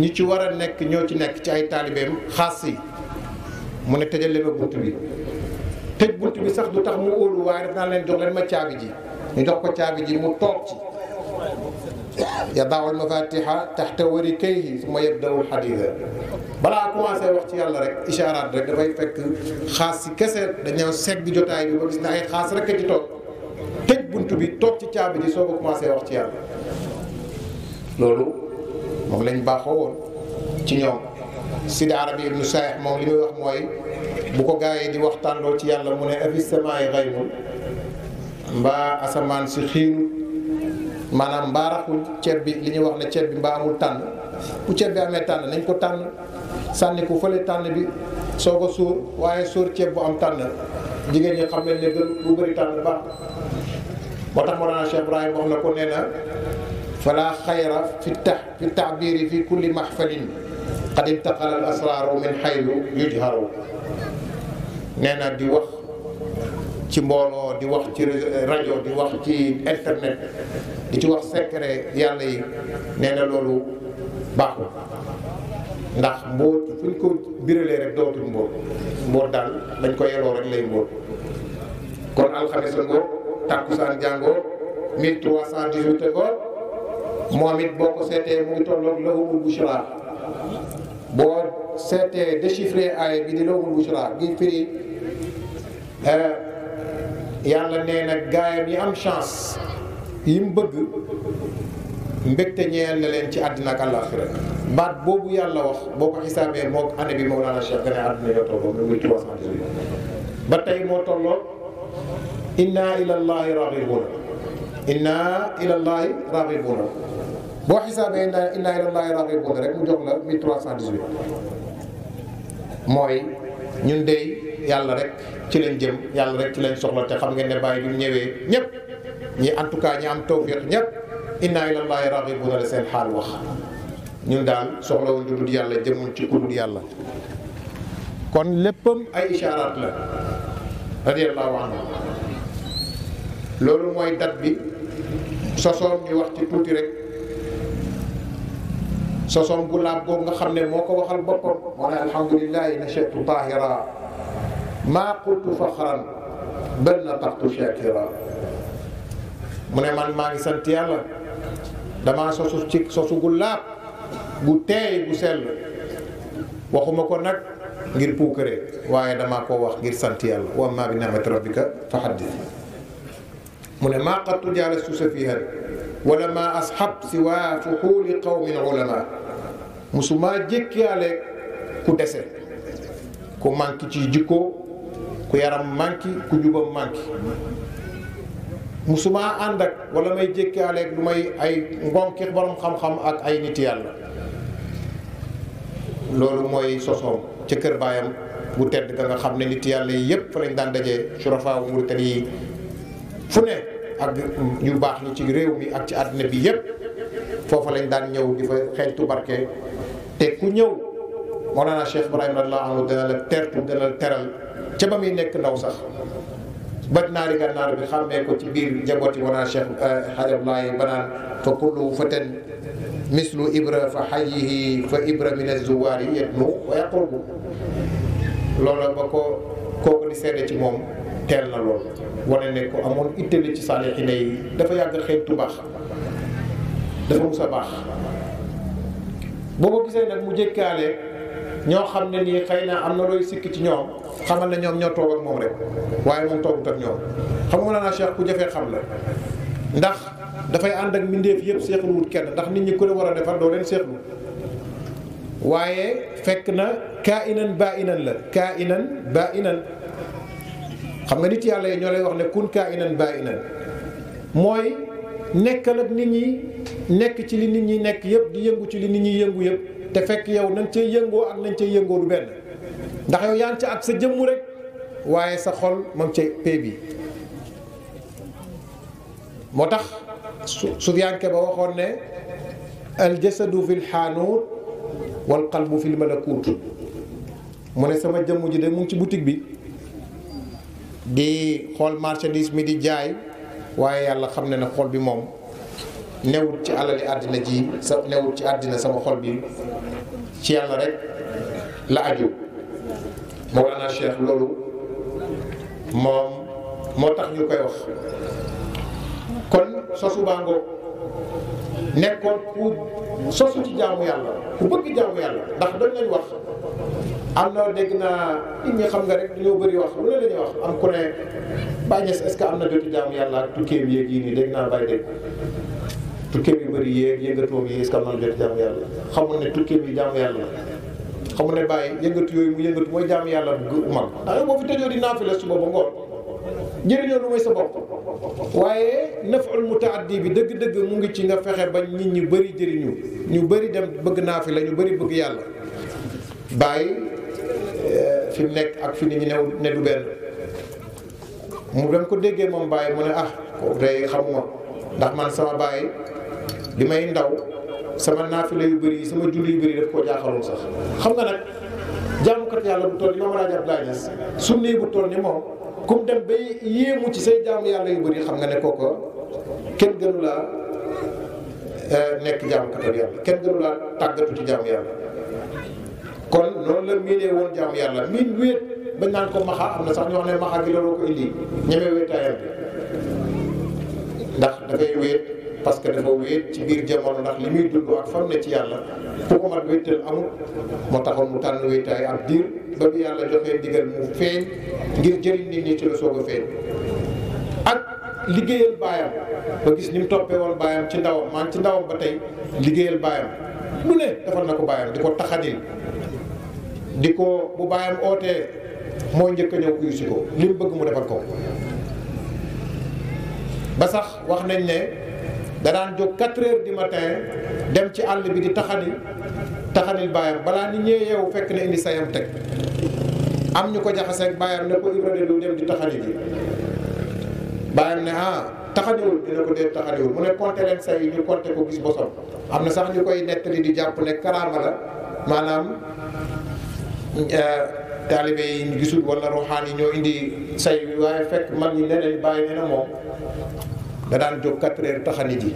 ñi ci war a nekk ñoo ci nekk ci ay taalibeem xaas si mu ne tëjal leen bunt bi tëj bunt bi sax du tax mu óolu waaye def naa leen ji ñu jox ko caabi ji mu toog ci yadaawul mafatiha taxta wari kayhi suma yabdawul xadiida balaa commencé ci yàlla rek ishaaraat rek dafay fekk xaas si kese dañoo segg jotaay bi ay xaas rek a bunt bi toog ci caabi ji soo ko commencé wax ci yàlla loolu moom lañu baaxoo woon ci ñoom Sidi Arabi ibnu Saayex moom li muy wax mooy bu ko gaa yi di wax waxtaanloo ci yàlla mu ne afisamaa yi xaymul mbaa asamaan si xiinu maanaam mbaa raxul bi li ñuy wax ne ceeb bi mbaa amul tànn bu ceeb tànn nañ ko tànn sànni ko fële tànn bi soo ko waaye suur ceeb bu am tànn jigéen ñi xam nañ ne gën bu na ko nee fala xayra fi tax fi taabiri fi kulli mahfalin qad intaqala al asraaru min xayru yujharu nee na di wax ci mbooloo di wax ci rajo di wax ci internet di ci wax secret yàlla yi nee na loolu baaxul ndax mbóot fu ñu ko biralee rek dootul mbóot mbóot daal dañ ko yeloo rek lay mbóot kon alxames ngoo tàkkusaan jàngoo 1318 ngoo moom it boo ko seetee mu ngi tolloog lahumul bushra boo seetee déchiffré aaya bi di lahumul bushra gi firi eh, yàlla nee na gaayam yi am chance yi mu bëgg mbégte ñeel na leen ci àddina ak àllaaxira baat boobu yàlla wax boo ko xisaabee moog année bi Mawlana Cheikh gane àddina yoo tolloo mu ngi trois cent ba tey moo tolloo inna ilallahi raghibun inna ilallahi raxibuuna boo xisaabee inna ilallahi raxibuuna rek mu jox la 1318 mooy ñun dey yàlla rek ci lañ jëm yàlla rek ci lañ soxla te xam ngeen ne bàyyi bi mu ñëwee ñëpp ñi en tout cas ñi am tawfiq ñëpp inna ilallahi raxibuuna la seen xaal wax ñun daal soxlawuñ lu dul yàlla jëmuñ ci ku dul yàlla kon léppam ay ishaaraat la radiyallahu anhu loolu mooy dat bi sosoom ñu wax ci tuuti rek sosoom bu laab boobu nga xam ne moo ko waxal boppam moo ne alhamdulillahi nachatu tahira maa qultu faxran bal nataxtu shakira mu ne man maa ngi sant yàlla damaa sosu ci sosu gu laab gu teey gu sell waxuma ko nag ngir puukare waaye dama ko wax ngir sant yàlla wa ammaa bi ni'mati rabbika fa haddith mu ne maa qattu jaalastu safihan wala maa ashab si waa fuxuuli qawmin ulama musumaa jékkiyaale ku dese ku manqué ci jikko ku yaram manqué ku jubam manqué musumaa ànd ak wala may jékkiyaale lu may ay ngonki borom xam-xam ak ay nit yàlla loolu mooy sosoom ca kër baayam bu tedd ga nga xam ne nit yàlla yi yépp fa lañ daan dajee surafa Muritani yi fu ne ak ñu baax ñi ci réew mi ak ci àddina bi yépp foofa lañ daan ñëw di fa xeeñtu barke te ku ñëw Mawlana Cheikh Ibrahim radiyallahu anhu dana la teral ca ba muy nekk ndaw sax bat naari gànnaar bi xàmmee ko ci biir njabooti Mawlana Cheikh xajablaay euh, banaan fa kullu faten mislu ibra fa xayihi fa ibra min azuwaari yetnu wa yaqrubu loola ba ko kooku di seede ci moom teel na lool wane ne ko amoon ittale ci saalixine yi dafa yàgg xeetu baax dafa mus a baax boo ko gisee nag mu jëkkaale ñoo xam ne nii xëy naa am na looy sikk ci ñoom xamal ne ñoom ñoo toog ak moom rek waaye moom toogut ak ñoom xam nga naa Cheikh ku jafee xam la ndax dafay ànd ak mbindeef yëpp seexlu wut kenn ndax nit ñi ku leen war a defar doo leen seexlu waaye fekk na kaa inan baa inan la kaa inan baa inan xam nga nit yàlla yi ñoo lay wax ne kun kaa inan baa inan mooy nekkal ak nit ñi nekk ci li nit ñi nekk yëpp di yëngu ci li nit ñi yëngu yëpp te fekk yow nañ cee yëngoo ak nañ cee yëngoo du benn ndax yow yaa ngi ca ak sa jëmm rek waaye sa xol ma ngi cay bi moo tax su Sufyaan ba waxoon ne al jasadu fil xaanuut wal qalbu fil malakuut mu ne sama jëmm ji de mu ci boutique bi di xool marchandise mi di jaay waaye yàlla xam ne ne xool bi moom newut ci alali àddina ji sa newut ci àddina sama xol bi ci yàlla rek la aju Mawlana Cheikh loolu moom moo tax ñu koy wax kon sosu baangoo nekkoon ku sosu ci jaamu yàlla ku bëgg jaamu yàlla ndax doon nañ wax am na dégg naa nit ñi xam nga rek ñoo bëri wax lu ne la ñuy wax am ku ne bàyyi est ce que am na jotu jaamu yàlla ak tukkee bi yéeg yii nii dégg naa bàyyi dégg tukkee bi bëri yéeg yëngatoom yi est ce que am na jotu jaamu yàlla xamul ne tukkee bi jaamu yàlla la xamul ne bàyyi yëngatu yooyu mu yëngatu mooy jàmm yàlla bu mag ndax ah, boo fi tëjoo di naafila suba ba ngoon jëriñoo lu mooy sa bopp waaye naful mutaaddi bi dëgg-dëgg mu ngi ci nga fexe ba nit ñi bëri jëriñu ñu bëri dem bëgg naafila ñu bëri bëgg yàlla Eh, fi mu nekk ak fi nit ñi new ne du benn mu doon ko déggee moom bàyyi mu ne ah kooku day xamuma ndax man sama bàyyi bi may ndaw sama naafila yu bëri sama julli yu bëri daf koo jaaxaloon sax xam nga nag jaamukat yàlla bu toll ni moom rajo kum dem ba yéemu ci say jaamu yàlla yu bëri xam nga ne ko kenn gënu laa eh, nekk jaamukat yàlla kenn gënu laa tàggatu ci jaamu yàlla. kon loolu la miinee woon jaam yàlla miin wéet bañ naan ko maxa am na sax ñoo xam ne maxa gi looloo ko lii ñeme wéetaayam bi ndax dafay wéet parce que dafa wéet ci biir jamono ndax li muy dund ak fam ne ci yàlla fu ko mat wéetal amul moo taxoon mu tànn wéetaay ab diir ba bi yàlla joxee digal mu feeñ ngir jëriñ nit ñi ci la soog a feeñ ak liggéeyal baayam ba gis ni mu toppee woon baayam ci ndawam maan ci ndawam ba tey liggéeyal baayam mu ne defal na ko baayam di ko taxadil di ko bu bàyyam ootee mooy njëkk a ñëw uyu si ko li mu bëgg mu defal ko ba sax wax nañ ne da daan jóg 4 heures du matin dem ci àll bi di taxani taxanil bàyyam balaa nit ñee yeewu fekk na indi sayam teg am ñu ko jaxaseeg bàyyam ne ko Ibrahima lu dem di taxani ji bàyyam ne ah taxaniwul dina ko dee taxaniwul mu ne compté leen say yi ñu compté ko gis bosom am na sax ñu koy nettali di jàpp ne karaama la maanaam Euh, taalibe yi ñu gisul wala ruuxaan yi ñoo indi say waaye fekk mag ñi leneen bàyyi nee na moom da daan jóg quatre heures taxani ji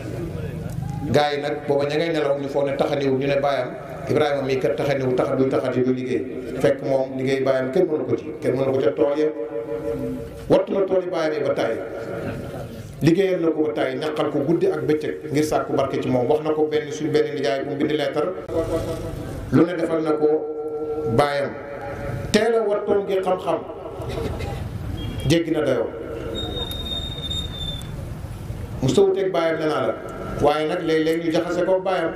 gars yi nag booba ña ngay nelaw ñu foog ne taxaniwu ñu ne bàyyam Ibrahima mii kat taxaniwu taxa du taxani du liggéey fekk moom liggéey bàyyam kenn mënu ko ci kenn mënu ko ca tool ya wattu la tool yi bàyyam yi ba tàyyi liggéeyal na ko ba tàyyi ñaqal ko guddi ak bëccëg ngir sàkku barke ci moom wax na ko benn suñ benn nijaay bu mu bind leetar lu baayam teel a wattoon ngir xam-xam jéggi na dayoo mu sowuteeg baayam nee la waaye nag léeg-léeg ñu jaxase ko baayam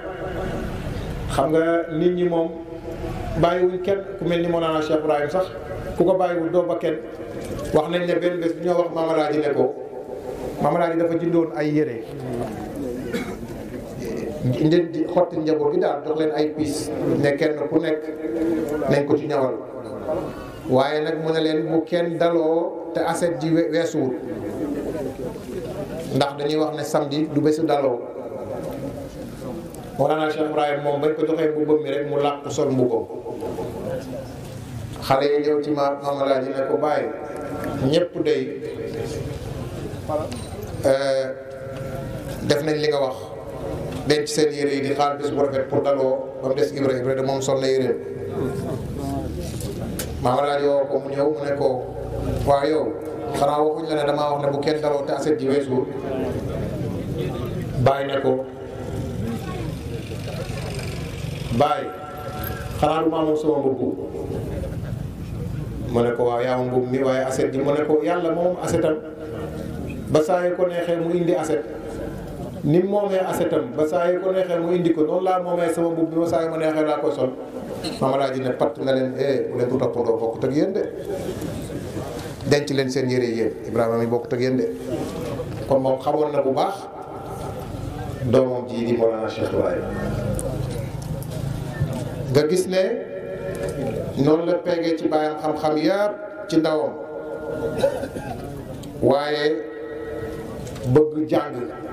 xam nga nit ñi moom bàyyiwuñ kenn ku mel ni Mawlana Cheikh Ibrahim sax ku ko bàyyiwul doo ba kenn wax nañ ne benn bés bi ñoo wax Mamalaaji ne ko Mamalaaji dafa jëndoon ay yére njënd xotti njaboot gi daal jox leen ay piis ne kenn ku nekk nañ ko ci ñawal waaye nag mu ne leen bu kenn daloo te aset ji weesuwul ndax dañuy wax ne samedi du bésu daloo Mawlana Cheikh Ibrahim moom bañ ko joxee mbubbam mi rek mu làq sol mbubbam xale yi ci ma mamalaa ji ne ko bàyyi ñëpp day eh, def nañ li nga wax denc seen yére yi di xaar bis bu rafet pour daloo ba mu des Ibra Ibra de moom sol na yére maam alaaji woo ko mu ñëw mu yow xanaa waxuñ la ne damaa wax ne bu kenn daloo te aset ji weesu bàyyi ne ko bàyyi xanaa lu ma moom mu ne waaw yaa ma mbubb mi waaye aset ji mu ne yàlla moom asetam ba saa yu ko neexee mu indi aset ni moomee asetam ba saa yu ko neexee mu indi ko noonu laa moomee sama mbubb bi ma saa yu ma neexee laa koy sol mama laa ji ne pat nga leen eh bu leen ko toppandoo bokkut de denc leen seen yére yéen Ibrahima mi bokkut ak yéen de kon moom xamoon na bu baax doomam ji di Mawlana Cheikh nga gis ne noonu la peegee ci bàyyam xam-xam yàpp ci ndawam waaye bëgg jàng.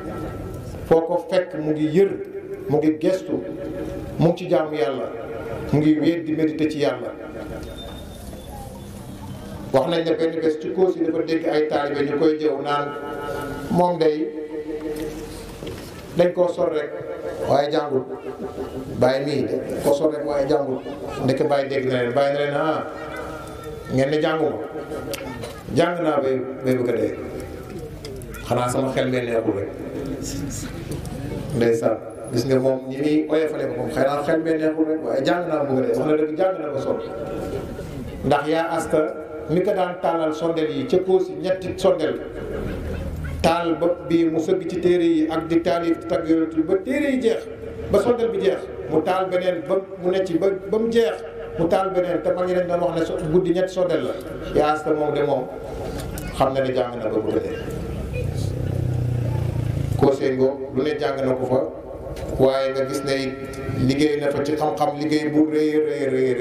koo ko fekk mu ngi yër mu ngi gestu mu ngi ci jaamu yàlla mu ngi wéet di méditer ci yàlla wax nañ ne benn bés ci Kossy dafa dégg ay taalibe ñu koy jëw naan moom day dañ koo sol rek waaye jàngul bàyyi mii dañ koo sol rek waaye jàngul ndeke bàyyi dégg na bàyyi na ah ngeen ne jànguma jàng naa bay bëgg a dee xanaa sama xel mee neexul rek ndeysaan gis nga moom ñi muy oyofale ko moom xëy na xel bee neexul rek waaye jàng naa bëgg de wax na dëgg jàng na ko ndax yaa asta mi ko daan taalal sondel yi ca yi ñetti sondel taal ba bi mu sëgg ci téere yi ak di taalif di tagg yonent bi ba téere yi jeex ba sondel bi jeex mu taal beneen ba mu ne ci ba ba mu jeex mu taal beneen te mag ñi dañ doon wax ne guddi ñetti sondel la yaa asta moom de moom xam na ne jàng na ko bëgg de conseil boobu lu ne jàng na ko fa waaye nga gis ne liggéey na fa ci xam-xam liggéey bu rëy rëy rëy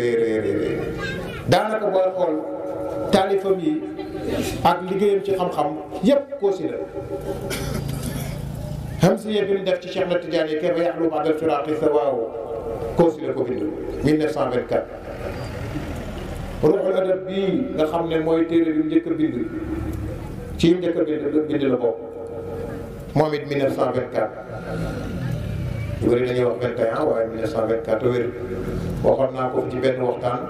rëy daanaka booy xool taalifam yi ak liggéeyam ci xam-xam yépp koosi la bi mu def ci Cheikh na Tidiane yi kayfa yaxlu ba'da al-firaaqi sawaawu koosi la ko bind 1924 ruuxul adab bii nga xam ne mooy téere bi mu bind ci bind la bokk moom it 1924 ñu bëri dañuy wax 21 waaye 1924 wér waxoon naa ko ci benn waxtaan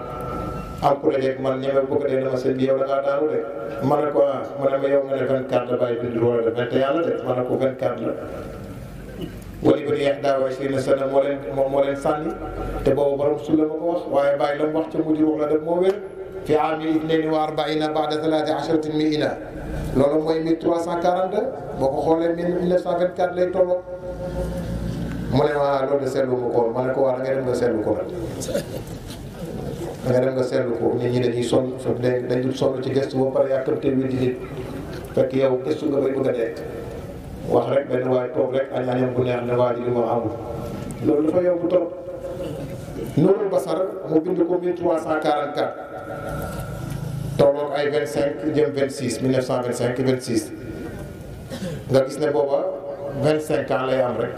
ak ku dajeeg man ñeme bu ko dee dama sëñ bi yow da de ma ne ko ah ma ne ma yow nga ne 24 la bàyyi bind wala de 21 la de ma ne ko 24 la. wali ba neex daa waaye seen sana moo leen moo leen sànni te boobu borom su ma ko wax waaye bàyyi la mu wax ca mujj wax la def moo wér. fii fi aami itnaini wa arbaina baada talaati acharatin miina loolu mooy 1342 boo ko xoolee 1924 lay tolloo mu ne ma loolu de seetlu ma ko ma ne ko waa da nga dem nga seetlu ko da nga dem nga seetlu ko nit ñi dañuy sonn dañ dul sonn ci gëstu boo pare yàkkamte wi di nit fekk yow gëstu nga bay bëgg a dekk wax rek benn waay toog rek añ añam bu neex ne waa ji li amul loolu dafa yow bu toog noonu basar mu bind tolloog ay 25 jëm 26 1925 26 nga gis ne booba 25 ans lay am rek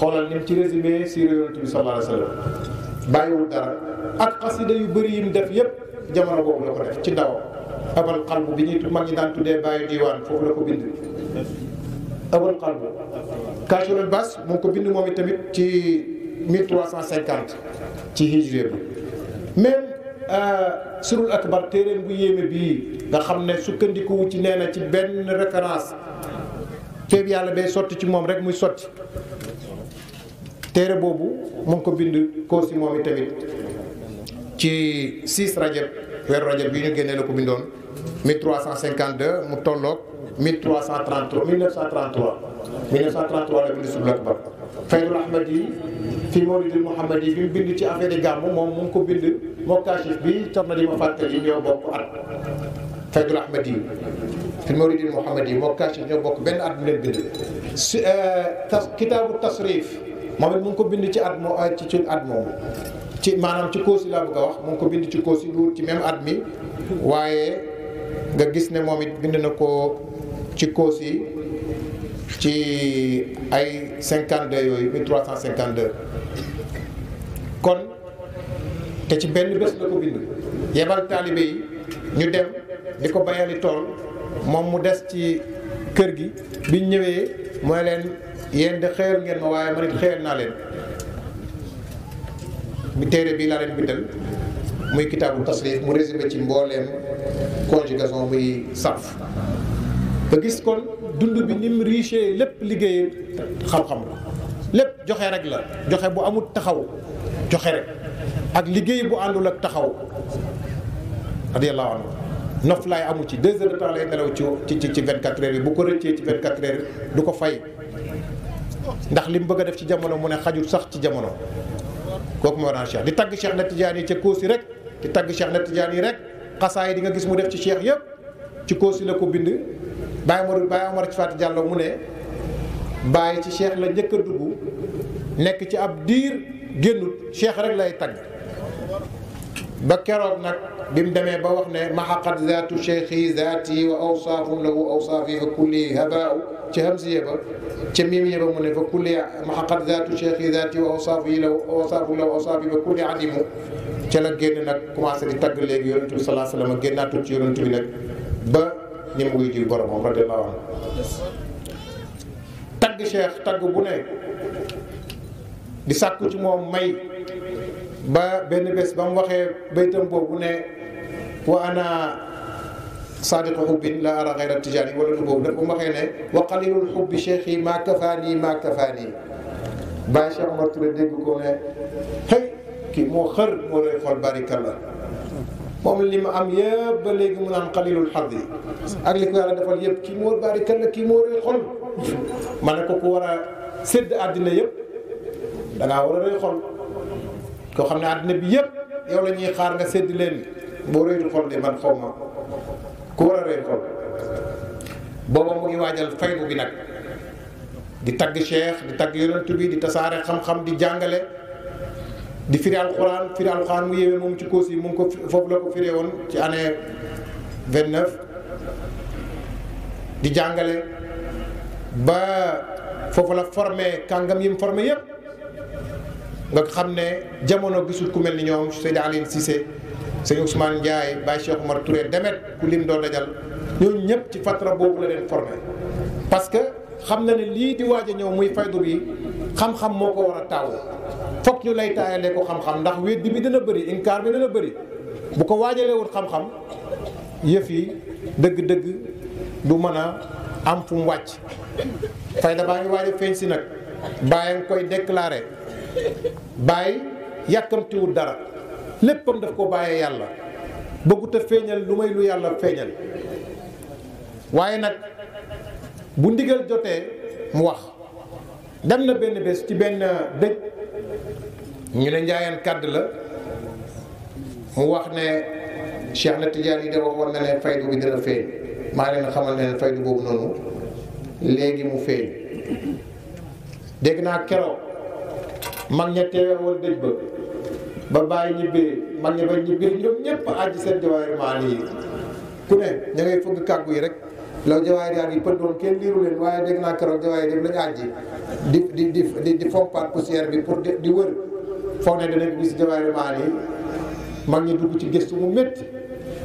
xoolal ni mu ci résumé si yonent bi sallallahu alayhi wa sallam bàyyiwul dara ak xasida yu bëri yim def yëpp jamono boobu la ko def ci ndaw abal xalbu bi ñuy mag ñi daan tuddee bàyyi diwaan foofu la ko bind abal xalbu kaasirul bas mu ko bind moom itamit ci 1350 ci hijri bi même Euh, surul akbar téeréen bu yéeme bii nga xam ne sukkandiku ci nee na ci benn référence feeb yàlla bay sotti ci moom rek muy sotti téere boobu mu ngi ko bind koo moom i tamit ci 6 rajab weeru rajab yi ñu génnee la ko bindoon 1352 mu mil 1333 1933 1933 la bind surul akbar Faydul Ahmad yi fi Mawlidul Muhammad yi bi mu bind ci affaire gàmmu moom mu ko bind moo kaasif bi Thierno di ma fàttali ñoo bokk at Faydul Ahmad yi fi Mawlidul Muhammad yi moo kaasif ñoo bokk benn at mu leen bind si euh, kitaabu tasrif moom it mu ko bind ci at moo ci ci ci maanaam ci koosi laa bëgg a wax mu ko bind ci koosi lu ci même at mi waaye nga gis ne moom it bind na ko ci koosi ci ay de yooyu de kon te ci benn bés la ko bind yebal taalibe yi ñu dem di ko bayali tool moom mu des ci kër gi biñ ñëwee mooy leen yéen de xeer ngeen ma waaye man it naa leen bi téere bii laa leen bindal muy kitaabu tasrif mu résumé ci mbooleem conjugaison muy saf ba gis kon dund bi ni mu lépp liggéey xam-xam la lépp joxe rek la joxe bu amut taxaw joxe rek ak liggéey bu àndul ak taxaw radiyallahu anhu noflaay amu ci deux heures de temps lay nelaw ci ci ci vingt quatre heures yi bu ko rëccee ci vingt quatre heures du ko fay ndax li mu bëgg a def ci jamono mu ne xajul sax ci jamono kooku moo daan Cheikh di tagg Cheikh na Tidiane yi ca Kóosi rek di tagg Cheikh na Tidiane yi rek xasaay di nga gis mu def ci Cheikh yëpp ci Kóosi la ko bind Baye Modou Baye Omar ci Fatou Diallo mu ne Baye ci Cheikh la njëkk a dugg nekk ci ab diir génnut Cheikh rek lay tagg ba keroog nag bi mu demee ba wax ne maxaqat zaatu cheikhi zaati yi awsaafun lahu awsaafi fa kulli habaaw ci hamsiya ba ca miimiya ba mu ne fa kulli maxaqat zaatu cheikhi zaati wa awsaafi lahu awsaafu lahu awsaafi fa la génn nag commencé di tagg léegi yoon bi salaa sallam génnaatul ci yonent bi nag ñi mu wuy ji boromam radiyallahu anhu tagg cheikh tagg bu ne di sàkku ci moom may ba benn bés ba mu waxee baytam boobu ne wa ana saadiqu xubbin la ara tijaani wala du boobu daf ba mu waxee ne wa qalilul xubbi cheikh yi maa kafaani maa kafaani bàyyi Cheikh Omar dégg ko ne xëy kii moo xër moo rëy xool barikalla moom li ma am yëpp ba léegi mu naan xalilul xad yi ak li ko yàlla defal yëpp kii moo bari kan la kii moo rëy xol ma ne ko ku war a sédd àddina yëpp da ngaa war a rëy xol koo xam ne àddina bi yépp yow la ñuy xaar nga sedd leen boo rëyul xol de man xaw ma ku war a rëy xol booba mu ngi waajal faydu bi nag di tagg cheikh di tagg yonent bi di tasaare xam-xam di jàngale di firi alxuraan firi alxuraan mu yéeme moom ci cause yi mu ngi ko foofu la ko firee woon ci année vingt neuf di jàngale ba foofu la forme kàngam yi formé yëpp nga xam ne jamono gisul ku mel ni ñoom Seydi Aline Cissé sëñ Ousmane Ndiaye Baye Cheikh Omar Touré demet ku lim doon dajal ñooñu ñëpp ci fatra boobu la leen formé parce que xam na ne lii di waaj ñëw muy faydu bi xam-xam moo ko war a taawu. foog ñu lay taayalee ko xam-xam ndax weddi bi dana bari inkaar bi dana bëri bu ko waajalee wut xam-xam yëf yi dëgg-dëgg du mën a am fu mu wàcc fayda baa ngi waaj a si nag bàyyi koy déclaré bàyyi yàkkamtiwul dara léppam daf ko bàyyee yàlla bëggut a feeñal lu may lu yàlla feeñal waaye nag bu ndigal jotee mu wax dem na benn bés ci benn dëj ñu ne njaayeen kàdd la mu wax ne Cheikh na Tijaan yi de waxoon na leen faydu bi dina feeñ maa leen xamal ne faydu boobu noonu léegi mu feeñ dégg naa keroog mag ña teewe woon dëj ba ba bàyyi ñibbee mag ña ba ñibbee ñoom ñëpp aji seen jawaayu maal yi ku ne ña ngay fëgg kàggu yi rek law jawaay daal yi pët doon kenn liiru leen waaye dégg naa keroog jawaay def di di di di bi pour di wër foog ne danañ gis jawaay maan yi mag ñi dugg ci gëstu mu métti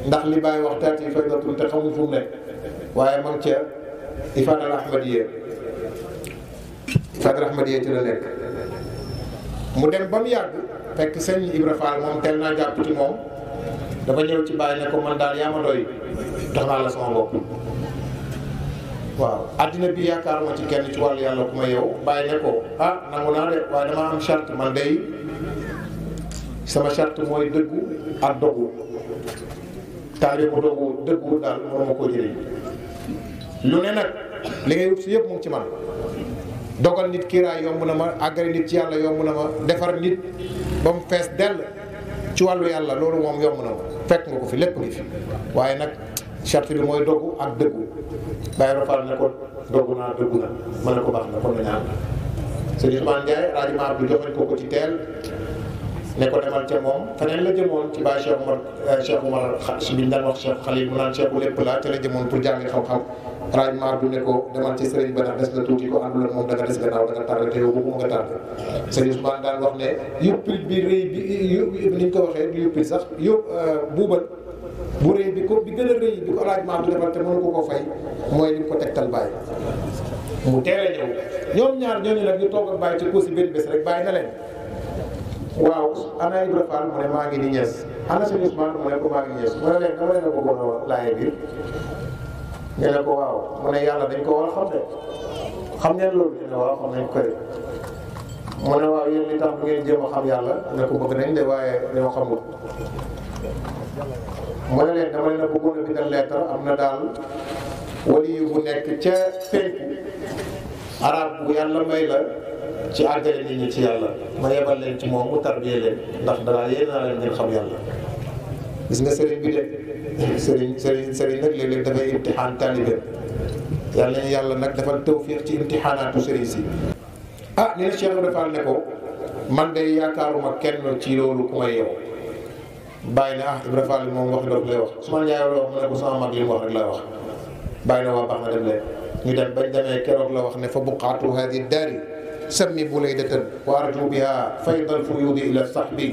ndax li bàyyi wax taat yi fay te xamul fu mu nekk waaye man ca Ifadal Ahmadiya Ifadal Ahmadiya ci la lekk mu dem ba mu yàgg fekk sëñ Ibra Fall moom teel naa jàpp ci moom dafa ñëw ci bàyyi ne ko man daal yaa ma doy tax naa la sama bopp. waaw àddina bi yaakaaruma ci kenn ci wàllu yàlla ku ma yow bàyyi ne ko ah nangu naa de waaye damaa am charte man day sama charte mooy dëggu ak dogu taaliku dogu dëggu daal waruma koo jëriñ lu ne nag li ngay wut si yëpp mu ngi ci man dogal nit kiiraay yomb na ma àggale nit ci yàlla yomb na ma defar nit ba mu fees dell ci wàllu yàlla loolu moom yomb na ma fekk nga ko fi lépp ngi fi waaye nag charte bi mooy dogu ak dëggu Bayero Fall ne ko dogu naa dëggu na mën na ko baax na kon nañu ànd sëñ Ousmane ko ko ci teel ne ko demal ca moom feneen la jëmoon ci Baye Cheikh Omar eh, Cheikh Omar si biñ daan wax Cheikh laa ca la jëmoon pour jàngi xam-xam rajo bi ne ko demal ci sëriñ ba ndax des na tuuti ko ànduloon moom da nga des gannaaw da nga tàll te yow bi rëy bi ni ñu ko waxee yóppil sax yópp eh, buubal bu rëy bi ko bi gën a rëy bi ko laaj maam defal te mënu ko ko fay mooy li ko tegtal bàyyi mu teel a ñoom ñaar ñooñu nag ñu toog bàyyi ci kuusi benn bés rek bàyyi na waaw ana Ibra Fall mu ne maa ngi ni ñees ana sëñ Ousmane mu ne ko maa ngi ñees mu ne leen dama a bëggoon a ne ko waaw mu ne yàlla dañ ko war a xam ne xam ngeen loolu ñu waaw xam nañ ko de mu ne waaw yéen li tax bu ngeen jéem a xam yàlla ne ko bëgg nañ de waaye dañoo xamul mu ne leen dama leen a bëggoon a bindal am na daal waliyu bu nekk ca penku arab bu yàlla may la ci àggale nit ñi ci yàlla ma yebal leen ci moom mu tarbiye leen ndax danaa yéen naa leen ngeen xam yàlla gis nga sëriñ bi de sëriñ sëriñ sëriñ nag léeg-léeg dafay imtixaan taalibe yàlla nañu yàlla nag dafal tawfiq ci imtixaanaatu sëriñ si ah ni na Cheikh Ibra Fall ne ko man de yaakaaruma kenn ci loolu ku may yow bàyyi ne ah Ibra Fall moom wax dëgg lay wax su ma la jaayee loo wax mu ne ko sama mag li mu wax rek laa wax bàyyi na waa baax na dem leen ñu dem bañ demee keroog la wax ne fa buqaatu haadi daari sammi bulaydatan wa arju biha faydal fuyuudi ila sahbi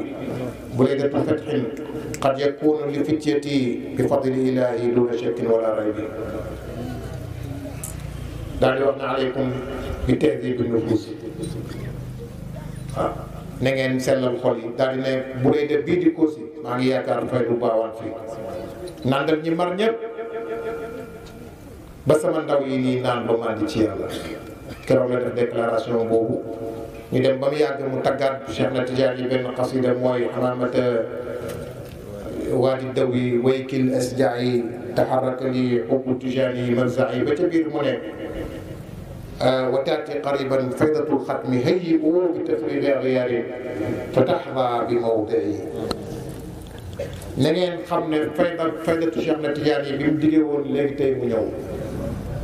bulaydatu fetxin qad yakunu li fityati bi fadli ilahi duna shakkin wala raybi daal di wax na aleykum bi tehdibi nufus waaw ah, na ngeen sellal xol yi daal di ne bulayda bii di koosi maa ngi yaakaar fay bu baawaan fii ba sama ndaw yi nii naan ci yàlla keroog la def boobu ñu dem ba mu yàgg mu taggaat Cheikh na Tidiane yi benn xasida mooy xamaamata euh, waadi daw yi waykil asdia yi taxaraka li xubbu Tidiane yi marza yi ba ca biir mu ne وتأتي قريبا فيضة الختم هيئوا بتفريغ أغيار فتحظى بموضعه na ngeen xam ne fayda faydatu Cheikh na Tijaan yi bi mu digee woon léegi tey mu ñëw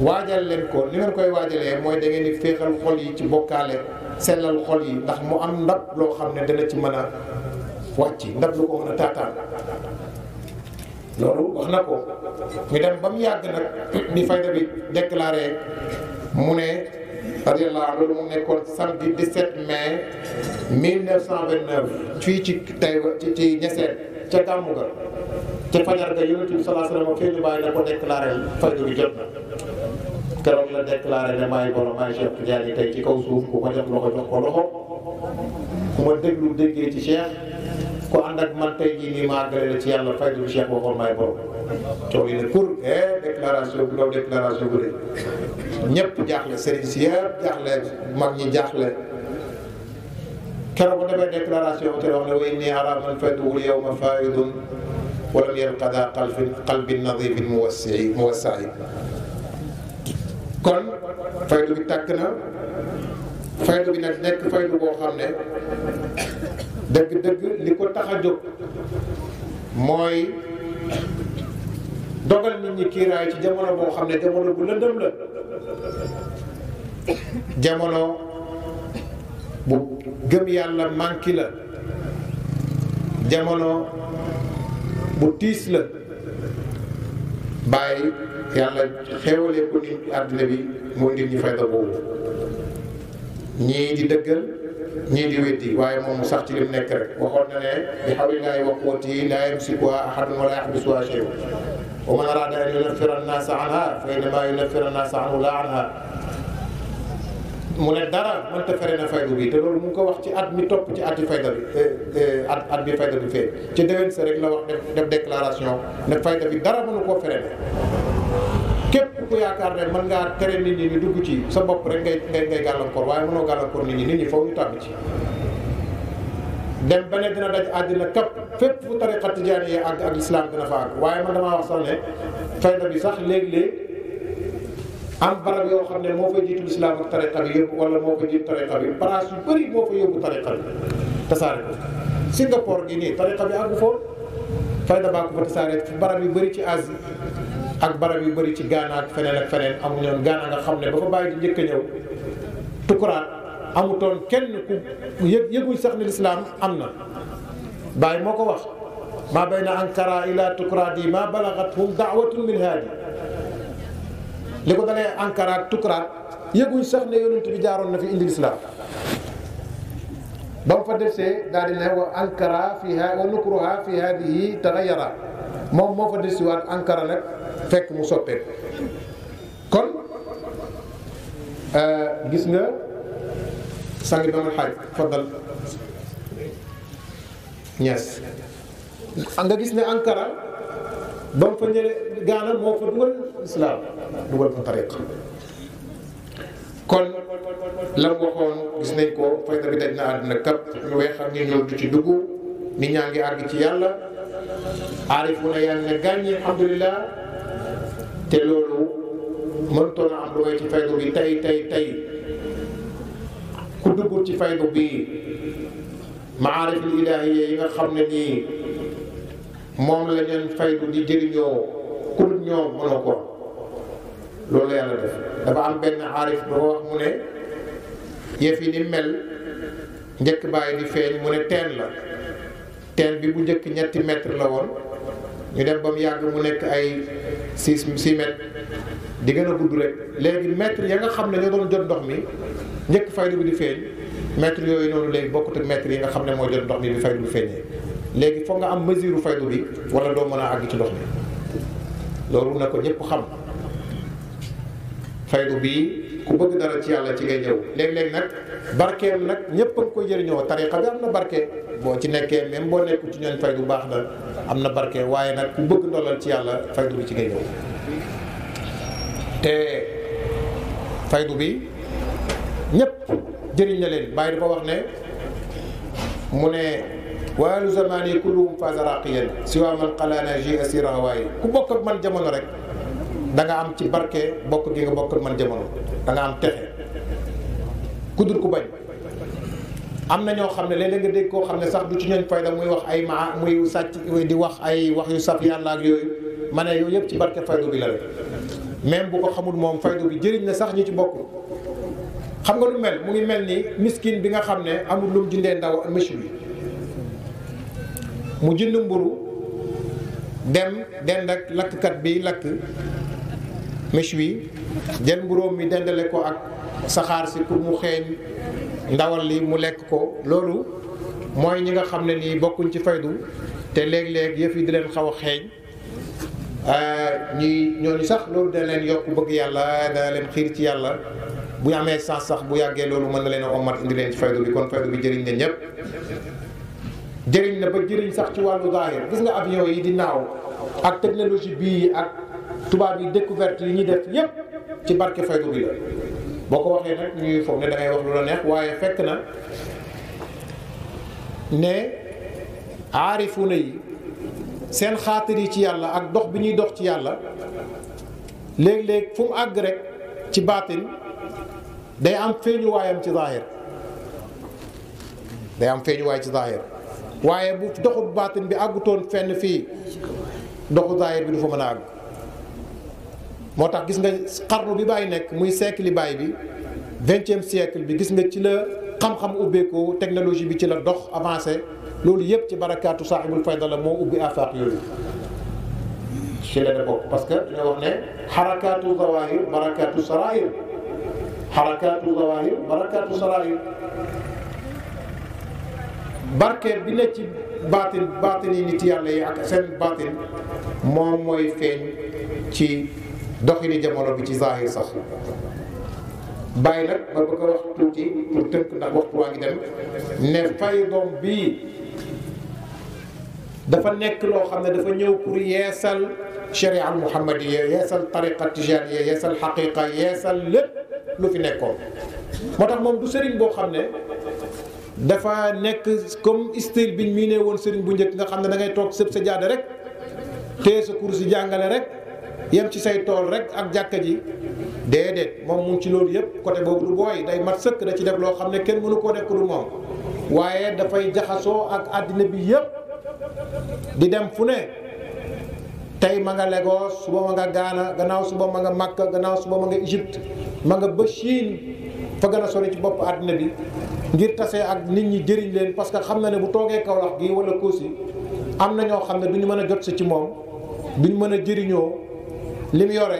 waajal leen ko ni ngeen koy waajalee mooy da féexal xol yi ci bokkaale sellal xol yi ndax mu am ndab loo xam ne dana ci mën a wàcc ndab lu ko loolu wax na ko ñu dem ba mu yàgg nag ni fayda bi mu ne radiyallahu loolu mu nekkoon samedi 17 mai 1929 fii ci tey ci ci Niassène ca gàmmu ga ca fajar ga yonent bi salaa salaam fii bàyyi na ko déclaré fajar gi jot na keroog la déclaré ne maay borom maay Cheikh Tidiane tey ci kaw suuf ku ko jox loxo jox ko loxo ku ma déglu déggee ci Cheikh ku ànd ak man tey nii maa gërëm ci yàlla fajar Cheikh waxoon maay borom coow yi ne pour eh déclaration bi loolu déclaration bu dee ñëpp jaaxle sëriñ si yëpp mag ñi jaaxle. keroog bu defee déclaration bi te wax ne wa inni araa man faytuhu l-yawma faa'idun wa lam yalqa dhaa qalbin nadiifin kon faydu bi takk na faydu bi nekk faydu boo xam ne dëgg-dëgg li ko tax a mooy dogal ni ñi kiiraay ci jamono boo xam ne jamono bu lëndëm la jamono. bu gëm yàlla manqué la jamono bu tiis la bàyyi yàlla xéwalee nit àddina bi moo ndir ñu fayda boobu ñii di dëggal ñii di weddi waaye moom mu sax ci lim nekk rek waxoon na ne bi xawlillahi wa quwwatihi laa yamsikuha ahadun wa laa yaxbisuha shay'un wa man araada an yunaffira annaasa anha fa innama yunaffira annaasa anhu laa anha mu ne dara mënta fere na faydu bi te loolu mu ngi ko wax ci at mi topp ci at yi fayda bi eh, eh, at at bi fayda bi fee ci déwén sa rek la wax def déclaration ne fayda bi dara mënu koo fere képp ku yaakaar ne mën ngaa tere nit ñi ci sa bopp rek ngay ngay ngay gàllankoor waaye mënoo gàllankoor nit ñi foofu ñu tàbbi ci dem ba ne dina daj àddina kap fépp fu tariqa tijaani yi àgg ak lislaam dina fa àgg waaye man damaa wax sax ne fayda bi sax léeg-léeg am barab yoo xam ne moo fa jiitu lislaam ak tariqa bi yóbbu wala moo ko jiitu tariqa bi place yu bëri moo fa yóbbu tariqa gi nii tariqa bi àggu foofu fayda baa fa tasaare barab yu bëri ci Asie ak barab yu bëri ci Ghana ak feneen am feneen amuñu woon Ghana nga xam ne ba fa bàyyi di njëkk a ñëw tukuraat amutoon kenn ku yëg yëgul sax ni lislaam am na bàyyi moo ko wax maa bayna Ankara ila tukuraat yi maa balaxat hum daawatun min haadi li ko dalee ankaraat tukkaraat yëguñ sax ne yonent bi jaaroon na fi indi lislaam ba mu fa desee daal di ne wa ankara fiha wa nukruha fi hadihi taxayara moom moo fa desiwaat ankara nag fekk mu soppeeku kon euh, gis nga sangi ba xaaj faddal ñees nga gis ne ankara ba mu fa njëlee gaana moo fa dugal islaam dugal fa tariqa kon lam waxoon gis nañ ko fayda bi daj na àdduna kap ñu weex ak ñu ñëw du ci dugg nit ñaa ngi àgg ci yàlla aarifuna yaa ngi ne gàññi alhamdulilah te loolu mënutoon am lu may ci faydu bi tey tey tey ku dugg ci faydu bi maarif ilaahiya yi nga xam ne nii moom la leen faydu di jëriñoo ku dul ñoom ko loolu la yàlla def dafa am benn aarif bu ko wax mu ne yëf yi ni mel njëkk bàyyi di feeñ mu ne teen la teen bi bu njëkk ñetti mètre la woon ñu dem ba mu yàgg mu nekk ay si six mètres di gën a gudd rek léegi mètre ya nga xam ne ñoo doon jot ndox mi njëkk faydu bi di feeñ mètre yooyu noonu léegi bokkut ak mètre yi nga xam ne moo jot ndox mi bi faydu bi feeñee léegi foog nga am mesure faydu bi wala doo mën a àgg ci ndox mi loolu na ko ñëpp xam faydu bi ku bëgg dara ci yàlla ci ngay ñëw léeg-léeg nag barkeem nag ñëpp a ngi koy jëriñoo tariqa bi am na barke boo ci nekkee même boo nekku ci ñooñ faydu baax na am na barke waaye nag ku bëgg ndolal ci yàlla faydu bi ci ngay te faydu bi ñëpp jëriñ na leen bàyyi dafa wax ne mu ne wa ahlu zamani kulluhum faasa raqiyan siwa man xalaana ji asira hawaayi ku bokk ak man jamono rek danga am ci barke bokk gi nga bokk ak man jamono da nga am texe ku dul ku bañ am na ñoo xam ne léeg-léeg nga dégg koo xam ne sax du ci ñooñ fayda muy wax ay maa muy sàcc di wax ay wax yu saf yàlla ak yooyu ma ne yooyu yëpp ci barke faydu bi la rek même bu ko xamul moom faydu bi jëriñ na sax ñu ci bokk xam nga lu mel mu ngi mel ni miskin bi nga xam ne amul lu mu jëndee ndaw miche mu jënd mburu dem dend ak lakkkat bi lakk mèche wi jël mburóom mi dendale ko ak saxaar si pour mu xeeñ ndawal li mu lekk ko loolu mooy ñi nga xam ne nii bokkuñ ci faydu te léeg-léeg yëf yi di leen xaw a xeeñ euh, ñi ñooñu sax loolu de leen yokk bëgg yàlla dana leen xiir ci yàlla bu amee sax sax bu yàggee loolu mën na leen a omat indi leen ci faydu bi kon faydu bi jëriñ ne ñëpp jëriñ na ba jëriñ sax ci wàllu zahir gis nga avion yi di naaw ak technologie bii ak tubaab yi découverte yi ñuy def yépp ci barke faydu bi boo ko waxee nag ñuy foog ne da ngay wax lu la neex waaye fekk na ne aarifuna yi seen xaatir yi ci yàlla ak dox bi ñuy dox ci yàlla léeg-léeg fu mu àgg rek ci baatin day am feeñuwaayam ci zahir day am feeñuwaay ci zahir waaye bu doxut baatin bi àggutoon fenn fii doxu zaahir bi du fa mën a àgg moo tax gis nga xarnu bi bàyyi nekk muy siècle baay bi vingtième siècle bi gis nga ci la xam-xam ubbeeku technologie bi ci la dox avancé loolu yëpp ci barakaatu saaxibul fayda la moo ubbi afaq yooyu ci la ne bokk parce que dañoo wax ne xarakaatu zawahir barakaatu sarair xarakaatu zawahir barakaatu sarair barkeel bi ne ci baatin baatin yi nit yàlla yi ak seen baatin moom mooy feeñ ci doxini jamono bi ci zahir sax bàyyi nag ma bëgg a wax tuuti pour tënk ndax waxtu waa ngi dem ne fay doom bii dafa nekk loo xam ne dafa ñëw pour yeesal sharia al muhammadiya yeesal tariqa tijaniya yeesal xaqiqa yeesal lépp lu fi nekkoon moo tax moom du sëriñ boo xam ne dafa nekk comme style bi mii ne woon sëriñ bu njëkk nga xam ne da ngay toog sëb sa jaada rek téye sa cours yi jàngale rek yem ci say tool rek ak jàkka ji déedéet moom mu ci loolu yëpp côté boobu du booy day mat sëkk da ci def loo xam ne kenn mënu koo def moom waaye dafay jaxasoo ak àddina bi yëpp di dem fu ne tey ma nga Lagos suba ma nga Ghana gannaaw suba ma nga Makka gannaaw suba ma nga Égypte ma nga ba fa na a ci bopp àddina bi ngir tase ak nit ñi jëriñ leen parce que xam na ne bu toogee Kaolack gi a Kousi am na ñoo xam ne du ñu mën a jot si ci moom duñ mën a jëriñoo li mu yore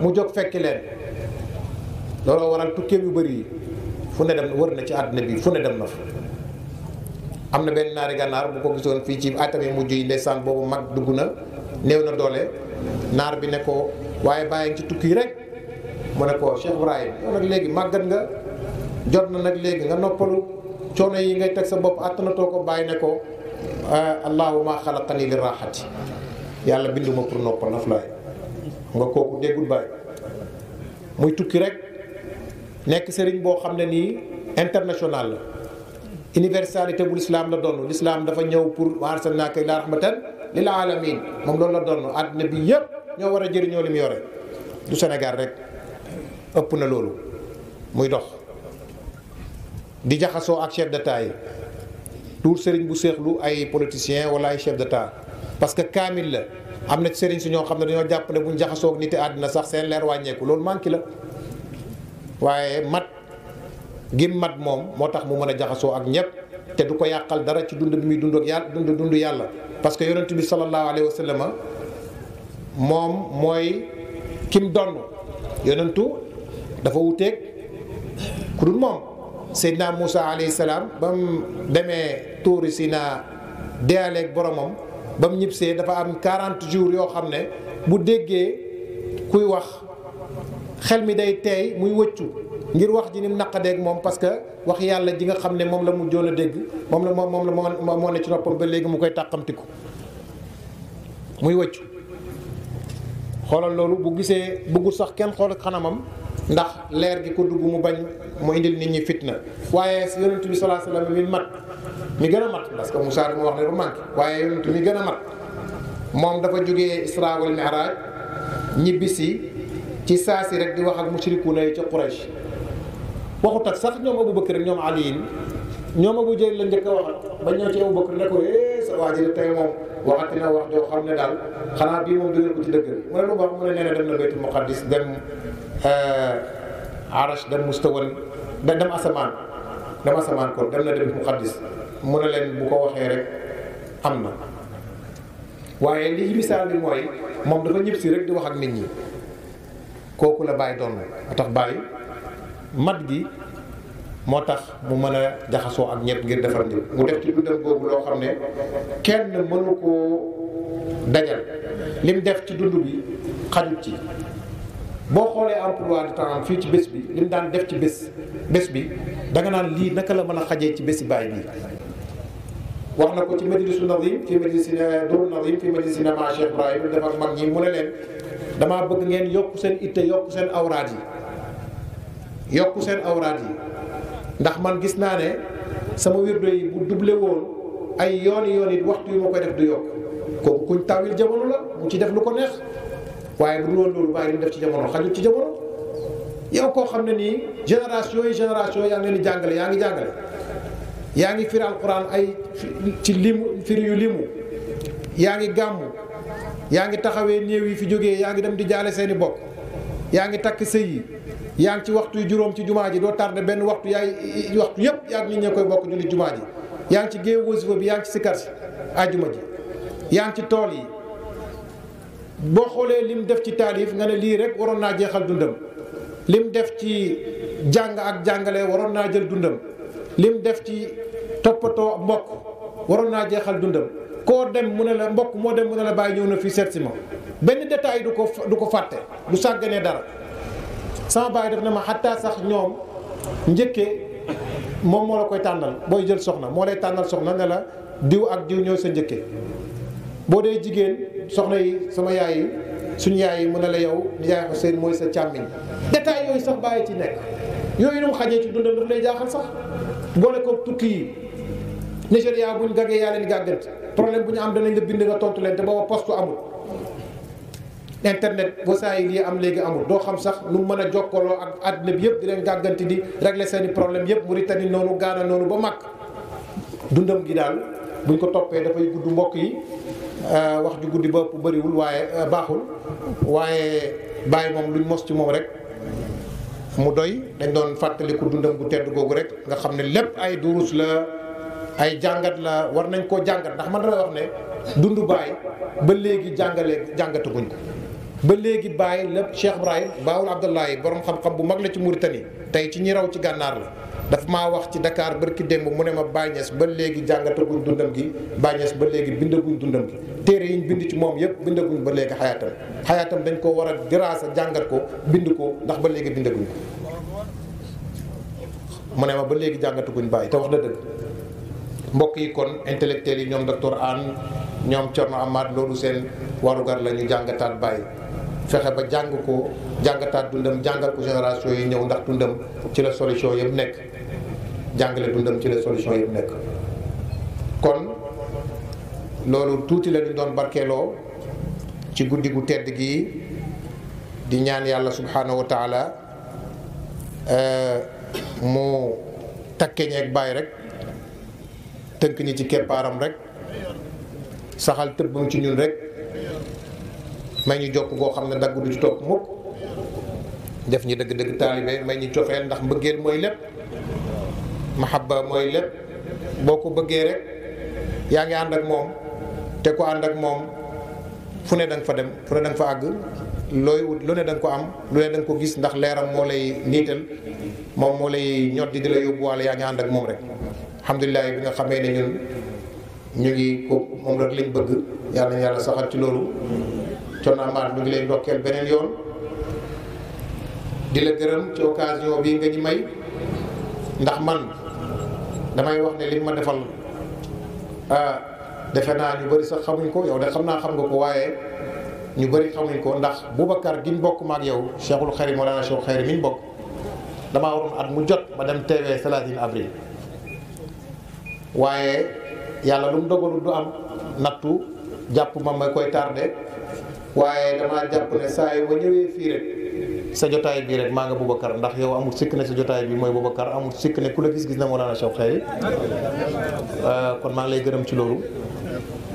mu jóg fekki leen looloo waral tukkeem yu bëri fu ne dem wër na ci àddina bi fu ne dem na fa. am na benn naari gànnaar bu ko gisoon fii ci atami mujj yi ndeysaan boobu mag dugg na néew na doole naar bi ne ko waaye bàyyi ci tukki rek. mu ne ko Cheikh Ibrahim yow léegi màggat nga jot na nag léegi nga noppalu coono yi ngay teg sa bopp àttanatoo ko bàyyi ne ko ah, allahuma xalaqani li raaxati yàlla bindu pour noppal naflaay nga kooku déggul bàyyi muy tukki rek nekk sëriñ boo xam ne nii international la universalité bu lislaam la donn lislaam dafa ñëw pour arsalnaaka ilaa rahmatan lil alamin moom loolu la donn àddina bi yépp ñoo war a jëriñoo li mu yore du Sénégal rek ëpp na loolu muy dox di jaxasoo ak chef d'état yi tuur sëriñ bu seexlu ay politiciens wala ay chef d'état parce que kaamil la am na sëriñ si ñoo xam ne dañoo jàpp ne buñ jaxasoo ak nit àddina sax seen leer wàññeeku loolu manqué la waaye mat gim mat moom moo tax mu mën a jaxasoo ak ñëpp te du ko yàqal dara ci dund bi muy dund ak yàlla dund dund yàlla parce que yonent bi sallallahu alayhi wa sallam moom mooy kim donn yonentu dafa wuteeg ku dul moom Seydina Moussa alayhi salaam ba mu demee tuuri Sinaa dealeeg boromam ba mu ñibbisee dafa am 40 jours yoo xam ne bu déggee kuy wax xel mi day teey muy wëccu ngir wax ji ni mu naqadeeg moom parce que wax yàlla ji nga xam ne moom la mu joon a dégg moom la moom la moo moo ne ci noppam ba léegi mu koy tàqamtiku muy wëccu xoolal loolu bu gisee bëggul sax kenn xool xanamam ndax leer gi ko dugg mu bañ mu indil nit ñi fitna waaye yonent bi salaa salaam mi mat mi gën a mat parce que Moussa dama wax ne du manqué waaye yonent mi gën a mat moom dafa jóge Isra wal Mi'raj ñibbisi ci saa si rek di wax ak mushrikuuna yi ca Quraysh waxut ak sax ñoom Abu Bakr ñoom Aliyin ñoom Abu Jahl la njëkk a wax ba ñëw ci Abu Bakr ne ko eh sa waa ji tey moom waxati na wax joo xam ne daal xanaa bii moom dëgër ko ci dëgg mu ne Euh, arash dem mustawan da dem asamaan dem asamaan kon dem na dem muqaddis mu ne leen bu ko waxee rek am na waaye li misaal bi mooy moom dafa ñëpp si rek di wax ak nit ñi kooku la bàyyi doon moo tax bàyyi mat gi moo tax mu mën a jaxasoo ak ñëpp ngir defar nit mu def ci dundam boobu loo xam ne kenn mënu koo dajal lim def ci dund bi xajut ci boo xoolee emploi du temps fii ci bés bi li mu daan def ci bés bés bi danga naan lii naka la mën a xajee ci bés baay bi wax na ko ci majlisu nazim yi majlisi duru nazim fii majlisi na ma Cheikh Ibrahima dafa mag ñi mu ne leen damaa bëgg ngeen yokk seen itte yokk seen awraat yi yokk seen awraat yi ndax man gis naa ne sama wirdo yi bu doublé woon ay yooni yoon waxtu yi ma koy def du yokk kooku kuñ tawil jamono la mu ci def lu ko neex waaye bu dul woon loolu bàyyi li mu def ci jamono xajul ci jamono yow koo xam ne nii génération yi génération yaa ngi di jàngale yaa ngi jàngale yaa ngi firi alquran ay ci limu firi yu limu yaa ngi gàmmu yaa ngi taxawee néew yi fi jógee yaa ngi dem di jaale seeni bopp yaa ngi takk sëy yi yaa ngi ci waxtu yu juróom ci jumaa ji doo tardé benn waxtu yaay waxtu yëpp yaa ngi nit ñi koy bokk julli jumaa ji yaa ngi ci géew wasifa bi yaa ngi ci si ajuma ji yaa ngi ci tool yi boo xoolee lim def ci taalif nga ne lii rek waroon naa jeexal dundam lim def ci jàng ak jàngale waroon naa jël dundam lim def ci toppatoo mbokk waroon naa jeexal dundam koo dem mu ne la mbokk moo dem mu ne la bàyyi ñëw na fii seet si ma benn détail du ko du ko fàtte du sàgganee dara sama bàyyi def na ma xattaa sax ñoom njëkke moom moo la koy tànnal booy jël soxna moo lay tànnal soxna ne la diw ak diw ñëw sa njëkkee boo dee jigéen soxna yi sama yaay yi suñu yaay yi mu ne la yow nijaay seen mooy sa càmmiñ détail yooyu sax bàyyi ci nekk yooyu nu mu xajee ci dundam daf lay jaaxal sax boole ko tukki yi Nigéria buñ gaggee yaa leen gàggante problème bu ñu am danañ la bind nga tontu leen te booba poste amul internet wasaayil yi am léegi amul doo xam sax nu mën a jokkaloo ak àddina bi yëpp di leen gàgganti di régler seeni problème yëpp Mauritanie noonu gaana noonu ba mag dundam gi daal buñ ko toppee dafay mbokk yi Euh, wax ju guddi bu bariwul waaye euh, baaxul waaye bàyyi moom luñ mos ci moom rek mu doy dañ doon fàttaliku dundam gu tedd googu rek nga xam ne lépp ay durus la ay jàngat la war nañ koo jàngat ndax ma dama wax ne dundu baay ba léegi jàngalee jàngataguñ ko ba léegi baay lépp Cheikh Ibrahim Baawul Abdullahi borom xam-xam bu mag la ci Mauritanie tey ci ñi raw ci gànnaar la dafa maa wax ci Dakar barki démb mu ne ma Baay Ñas ba léegi jàngataguñ dundam gi Baay Ñas ba léegi bindaguñ dundam gi téere yi ñu bind ci moom yëpp bindaguñ ba léegi xayaatam xayaatam dañ ko war a diraasa jàngat ko bind ko ndax ba léegi bindaguñ ko mu ne ma ba léegi jàngatuguñ bàyyi te wax na dëgg mbokk yi kon intellectuels yi ñoom docteur Anne ñoom Thierno Amath loolu seen warugar la ñu jàngataat bàyyi fexe ba jàng ko jàngataat dundam jàngal ko génération yi ñëw ndax dundam ci la solution yëpp nekk jàngale dundam ci la solution yëpp nekk loolu tuuti la doon barkeeloo ci guddi gu tedd gi di ñaan yàlla subhaanahu wa taala eh, mu takke ñeeg bàyyi rek tënk ñi ci keppaaram rek saxal tëbbam ci ñun rek may ñu jokk koo xam ne dagg du ci topp mukk def ñi dëgg-dëgg taalibe may ñu cofeel ndax mbëggeel mooy lépp mahabba mooy lépp boo ko bëggee rek yaa ngi ànd ak moom te ko ànd ak moom fu ne da fa dem fu ne da fa àgg looy wut lu ne da ko am lu ne da ko gis ndax leeram moo lay niital moom moo lay ñot di di la yóbbuwaale yaa ngi ànd ak moom rek alhamdulilah bi nga xamee ne ñun ñu ngi ko moom rek lañ bëgg yàlla na yàlla saxal ci loolu conna maar ñu ngi lay ndokkeel beneen yoon di la gërëm ci occasion bii nga ñu may ndax man damay wax ne li ma defal ah defe naa ñu bari sax xamuñ ko yow de xam naa xam nga ko waaye ñu bëri xamuñ ko ndax Boubacar gi mu bokk maag yow Cheikhul Xayri Mawlana Cheikhul Xayri mi ñu bokk damaa waroon at mu jot ma dem TV Saladin avril waaye yàlla lu mu dogalul du am nattu jàpp ma ma koy tardé waaye damaa jàpp ne saa yi ma ñëwee fii sa jotaay bii rek maa nga Boubacar ndax yow amul sikk ne sa jotaay bi mooy Boubacar amul sikk ne ku la gis-gis na Mawlana Cheikh Khoury euh, kon maa ngi lay gërëm ci loolu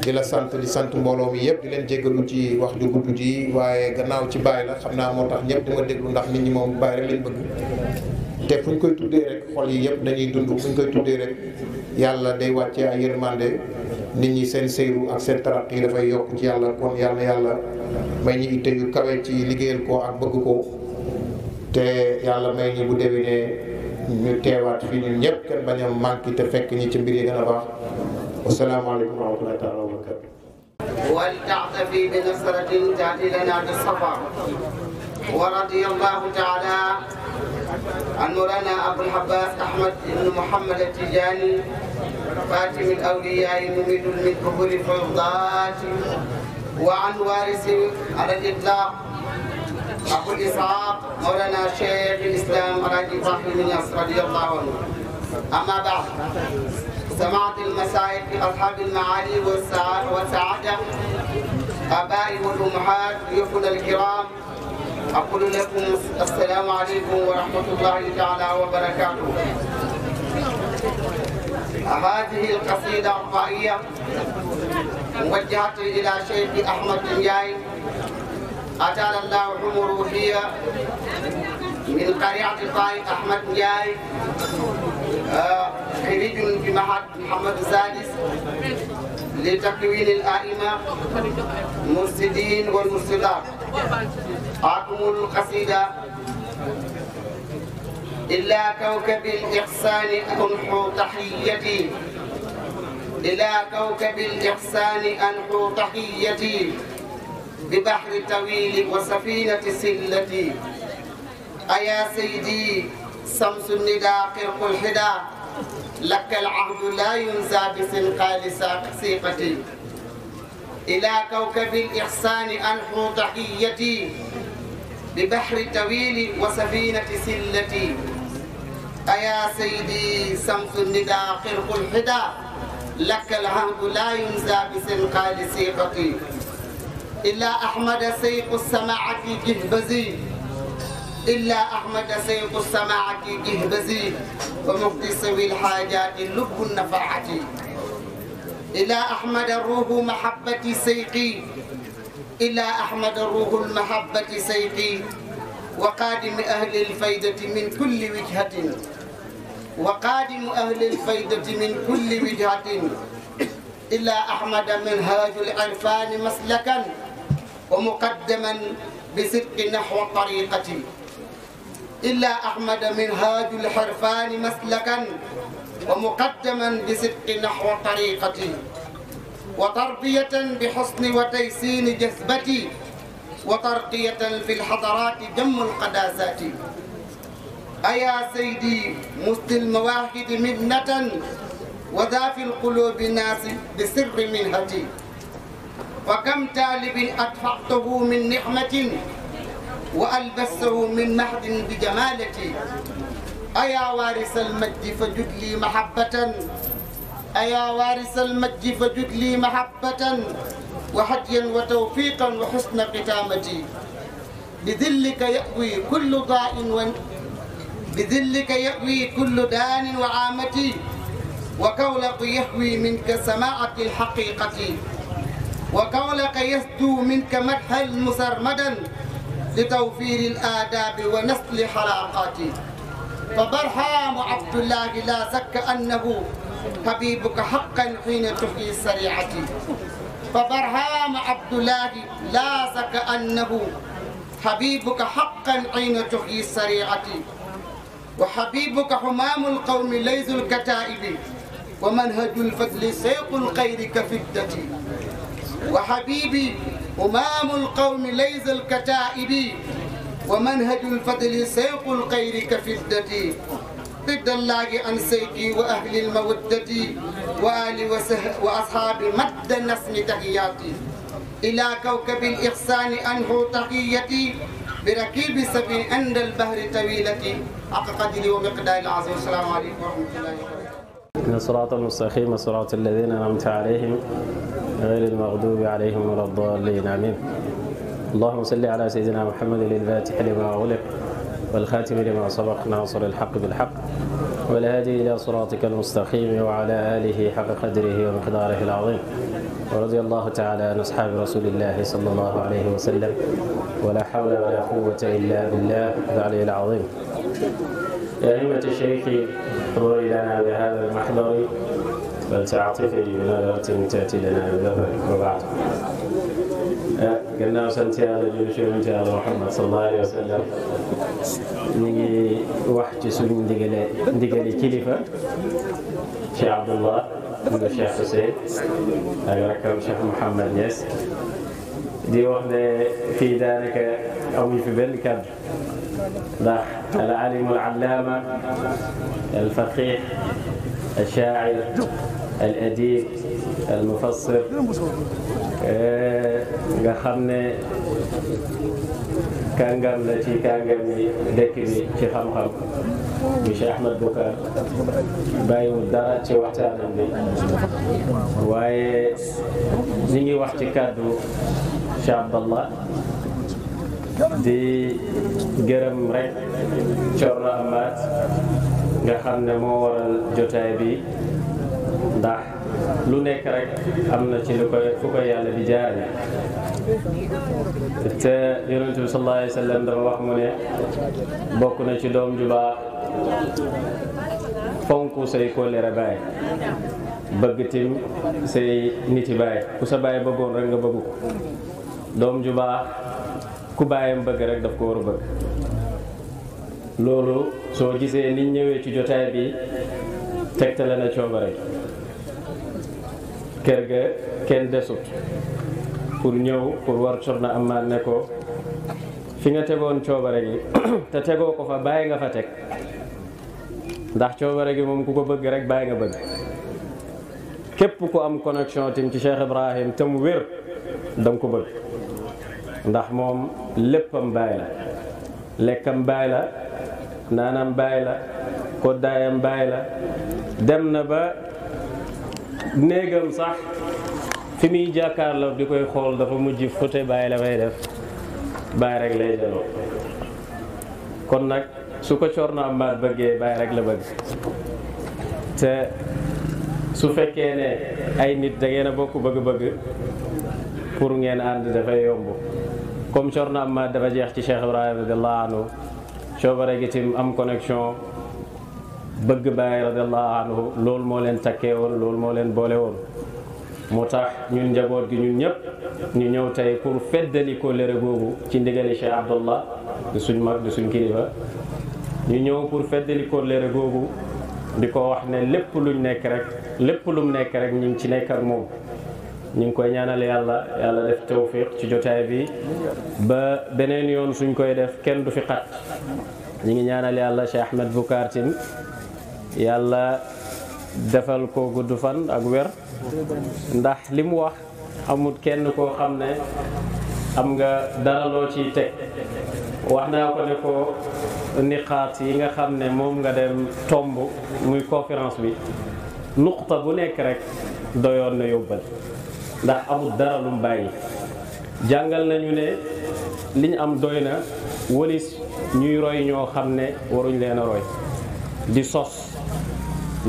di la sant di sant mbooloo mi yëpp di leen jéggalu ci wax ju gudd ji waaye gannaaw ci bàyyi la xam naa moo tax ñëpp di ma déglu ndax nit ñi moom bàyyi rek lañ bëgg te fu ñu koy tuddee rek xol yi yëpp dañuy dund fu ñu koy tuddee rek yàlla day wàccee ay yërmande nit ñi seen seyru ak seen taraq yi dafay yokk ci yàlla kon yàlla yàlla may ñu itte ci liggéeyal ko ak bëgg ko te yàlla may ñi bu déwénee ñu teewaat fii ñun ñëpp kenn bañ a manqué te fekk ñi ci mbir yi gën a baax wasalaamaaleykum wa rahmatullahi taala wa barakatu ولتعتفي بنصرة تأتي لنا بالصفا ورضي الله تعالى عن مولانا أبو العباس أحمد بن محمد التجاني خاتم الأولياء مميت من كبر الفيضات وعن وارث على الإطلاق Abul Ishaq Mawlana Cheikh al-Islam Alhaji Ibrahima Niass radiyallahu anhu amma ba'd سمعت المسائل في أصحاب المعالي والسعادة آبائي والأمهات ضيوفنا الكرام أقول لكم السلام عليكم ورحمة الله تعالى وبركاته هذه القصيدة الرفائية موجهة إلى شيخ أحمد بن أتانا الله عمره هي من قريعة طارق أحمد نجاي خريج بمعهد محمد السادس لتكوين الأئمة المفسدين والمفسدات أعطم القصيدة إلا كوكب الإحسان أنحو تحيتي إلى كوكب الإحسان أنحو تحيتي ببحر طويل وسفينة سلتي أيا سيدي سمس الندى قرق الحدى لك العهد لا ينزى بسنقال سيقتي إلى كوكب الإحسان أنحو تحيتي ببحر طويل وسفينة سلتي أيا سيدي سمس الندى قرق الحدى لك العهد لا ينزى بسنقال سيقتي إلا أحمد سيق السماعة جهبزي إلا أحمد سيق السماعة جهبزي ومختصوي الحاجات لب النفعة إلا أحمد الروح محبة سيقي إلا أحمد الروح المحبة سيقي وقادم أهل الفيدة من كل وجهة وقادم أهل الفيدة من كل وجهة إلا أحمد منهاج العرفان مسلكاً ومقدما بصدق نحو طريقتي إلا أحمد منهاج الحرفان مسلكا ومقدما بصدق نحو طريقتي وتربية بحسن وتيسين جذبتي وترقية في الحضارات جم القداسات أيا سيدي مست المواحد منة وذا في القلوب ناس بسر منهتي fa kam taalibin atfaxtahu min nixmatin wa albastahu min mahdin bi jamalati ayaa waarisal majji fa jut lii mahabbatan ayaa waarisal majji fa jut lii mahabbatan wa hadiyan wa tawfiqan wa xusna qitaamati بذلك يأوي كل ضاء و... بذلك يأوي كل دان وعامتي وكولق يهوي منك سماعة الحقيقة وكونك يسدو منك مدحا مسرمدا لتوفير الآداب ونسل حلاقات فبرهام عبد الله لا شك أنه حبيبك حقا حين تحيي السريعة فبرهام عبد الله لا شك أنه حبيبك حقا حين تحيي السريعة وحبيبك حمام القوم ليس الكتائب ومنهج الفضل سيق الخير كفدتي وحبيبي أمام القوم ليس الكتائب ومنهج الفضل سيق الخير كفدتي ضد الله عن سيكي وأهل المودة وآل وأصحاب مد نسم تحياتي إلى كوكب الإحسان أنه تحيتي بركيب سبي عند البحر طويلتي أقدر ومقدار العظيم السلام عليكم ورحمة الله وبركاته إن الصراط المستقيم صراط الذين أنعمت عليهم غير المغضوب عليهم ولا الضالين آمين اللهم صل على سيدنا محمد الفاتح لما أغلق والخاتم لما سبق ناصر الحق بالحق والهادي إلى صراطك المستقيم وعلى آله حق قدره ومقداره العظيم ورضي الله تعالى عن أصحاب رسول الله صلى الله عليه وسلم ولا حول ولا قوة إلا بالله العلي العظيم يا أئمة الشيخ اقضي لنا بهذا المحضر بل تعطفي بنظرة تأتي لنا بذفر وبعد gannaaw sant yàlla julli ci yonent yàlla Muhammad sallallahu alayhi wa sallam ñu ngi wax ci suñu ndigale ndigali kilifa Cheikh Abdullah nga Cheikh Hussein ak rakkam Cheikh Mouhamed Niass di wax ne fii daanaka amuñ fi benn kàddu ndax al alim al allaama al faqih al shaacir al adib al mufassir eh, nga xam ne kàngam la ci kàngam yi dëkk bi ci xam-xam monsieur Ahmed Boucar bàyyiwul dara ci waxtaanam bi waaye li ñuy wax ci kàddu Cheikh Abdallah di gërëm rek Thierno Amath nga xam ne moo waral jotaay bi ndax lu nekk rek am na ci lu koy fu ko yàlla di jaare te yonent bi wax mu ne bokk na ci doom ju baax fonk say kóllëre baay bëgg tim say niti baay ku sa baay bëggoon rek nga bëgg ko doom ju baax ku bàyyam bëgg rek daf ko war a bëgg loolu soo gisee ni ñëwee ci jotaay bi tegtale na coobare kër ga kenn desut pour ñëw pour war na Amaat ne ko fi nga tegoon coobare gi te tegoo ko fa bàyyi nga fa teg ndax coobare gi moom ku ko bëgg rek bàyyi nga bëgg képp ku am connexion tim ci Cheikh Ibrahim te mu wér danga ko bëgg ndax moom léppam baay la lekkam baay la naanam baay la koddaayam baay la dem na ba néegam sax fi muy jàkkaarloo di koy xool dafa mujj foté baay la fay def baay rek lay jaloo kon nag su ko Thierno Amath bëggee baay rek la bëgg te su fekkee ne ay nit da ngeen bokk bëgg-bëgg pour ngeen ànd dafay yomb comme Corna Amad dafa jeex ci Cheikh Ibrahima radiallahu anhu coobare gi tim am connexion bëgg Baay radiallahu anhu loolu moo leen takkee woon loolu moo leen boole woon moo tax ñun njaboot gi ñun ñëpp ñu ñëw tey pour feddali kóllëre googu ci ndigali Cheikh Abdallah di suñ mag di suñ kilifa ñu ñëw pour feddali kóllëre googu di ko wax ne lépp luñ nekk rek lépp lum nekk rek ñu ci nekk ak moom ñu ngi koy ñaanal yàlla yàlla def tawfiq ci jotaay bi ba beneen yoon suñ koy def kenn du fi xat ñu ngi ñaanal yàlla Cheikh Ahmed bu Tine yàlla defal ko gudd fan ak wér ndax li mu wax amut kenn koo xam ne am nga dara loo ciy teg wax naa ko ne ko niqaat yi nga xam ne moom nga dem tomb muy conférence bi nuqta bu nekk rek doyoon na yóbbal ndax amul dara lu mu bàyyi jàngal nañu ne liñ am doy na walis ñuy roy ñoo xam ne waruñ leen a roy di sos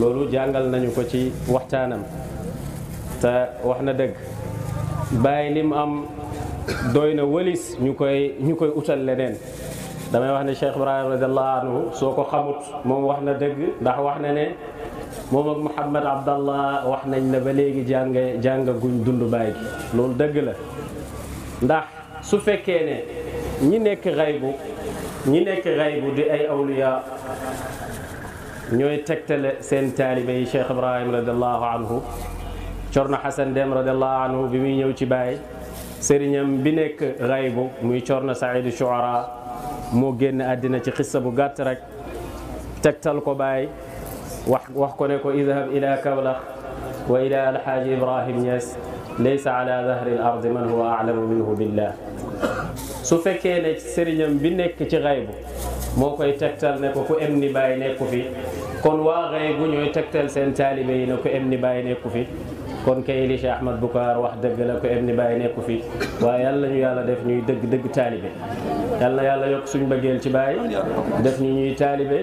loolu jàngal nañu ko ci waxtaanam te wax na dëgg bàyyi li am doy na walis ñu koy ñu koy utal leneen damay wax ne Cheikh Ibrahima radiallahu anhu soo ko xamut moom wax na dëgg ndax wax na ne moom ak Mouhamed Abdallah wax nañ ne ba léegi jàng jàng guñ dund baay loolu dëgg la ndax su fekkee ne ñi nekk xaybu ñi nekk xaybu di ay awliya ñooy tegtale seen taalibe yi Cheikh Ibrahim radiallahu anhu Corno Xasan Dem radiallahu anhu bi muy ñëw ci baay sëriñam bi nekk xaybu muy Corno Saidu Shuara moo génn àddina ci xissa bu gàtt rek tegtal ko baay wax wax ko ne ko idhab ila kawlax wa ila alxaaji ibrahim Niass laysa ala dahri l ardi man huwa alamu minhu billah su fekkee ne sëriñam bi nekk ci xaybu moo koy tegtal ne ko ku em ni bàyyi nekku fi kon waa xaybu ñooy tegtal seen taalibe yi ne ku em ni bàyyi nekku fi kon kay li Cheikh Ahmad Boucar wax dëgg la ko Ibn Baye nekku fi waaye yàlla ñu yàlla def ñuy dëgg dëgg taalibe yàlla yàlla yokk suñ bëggeel ci Baye def ñu ñuy taalibe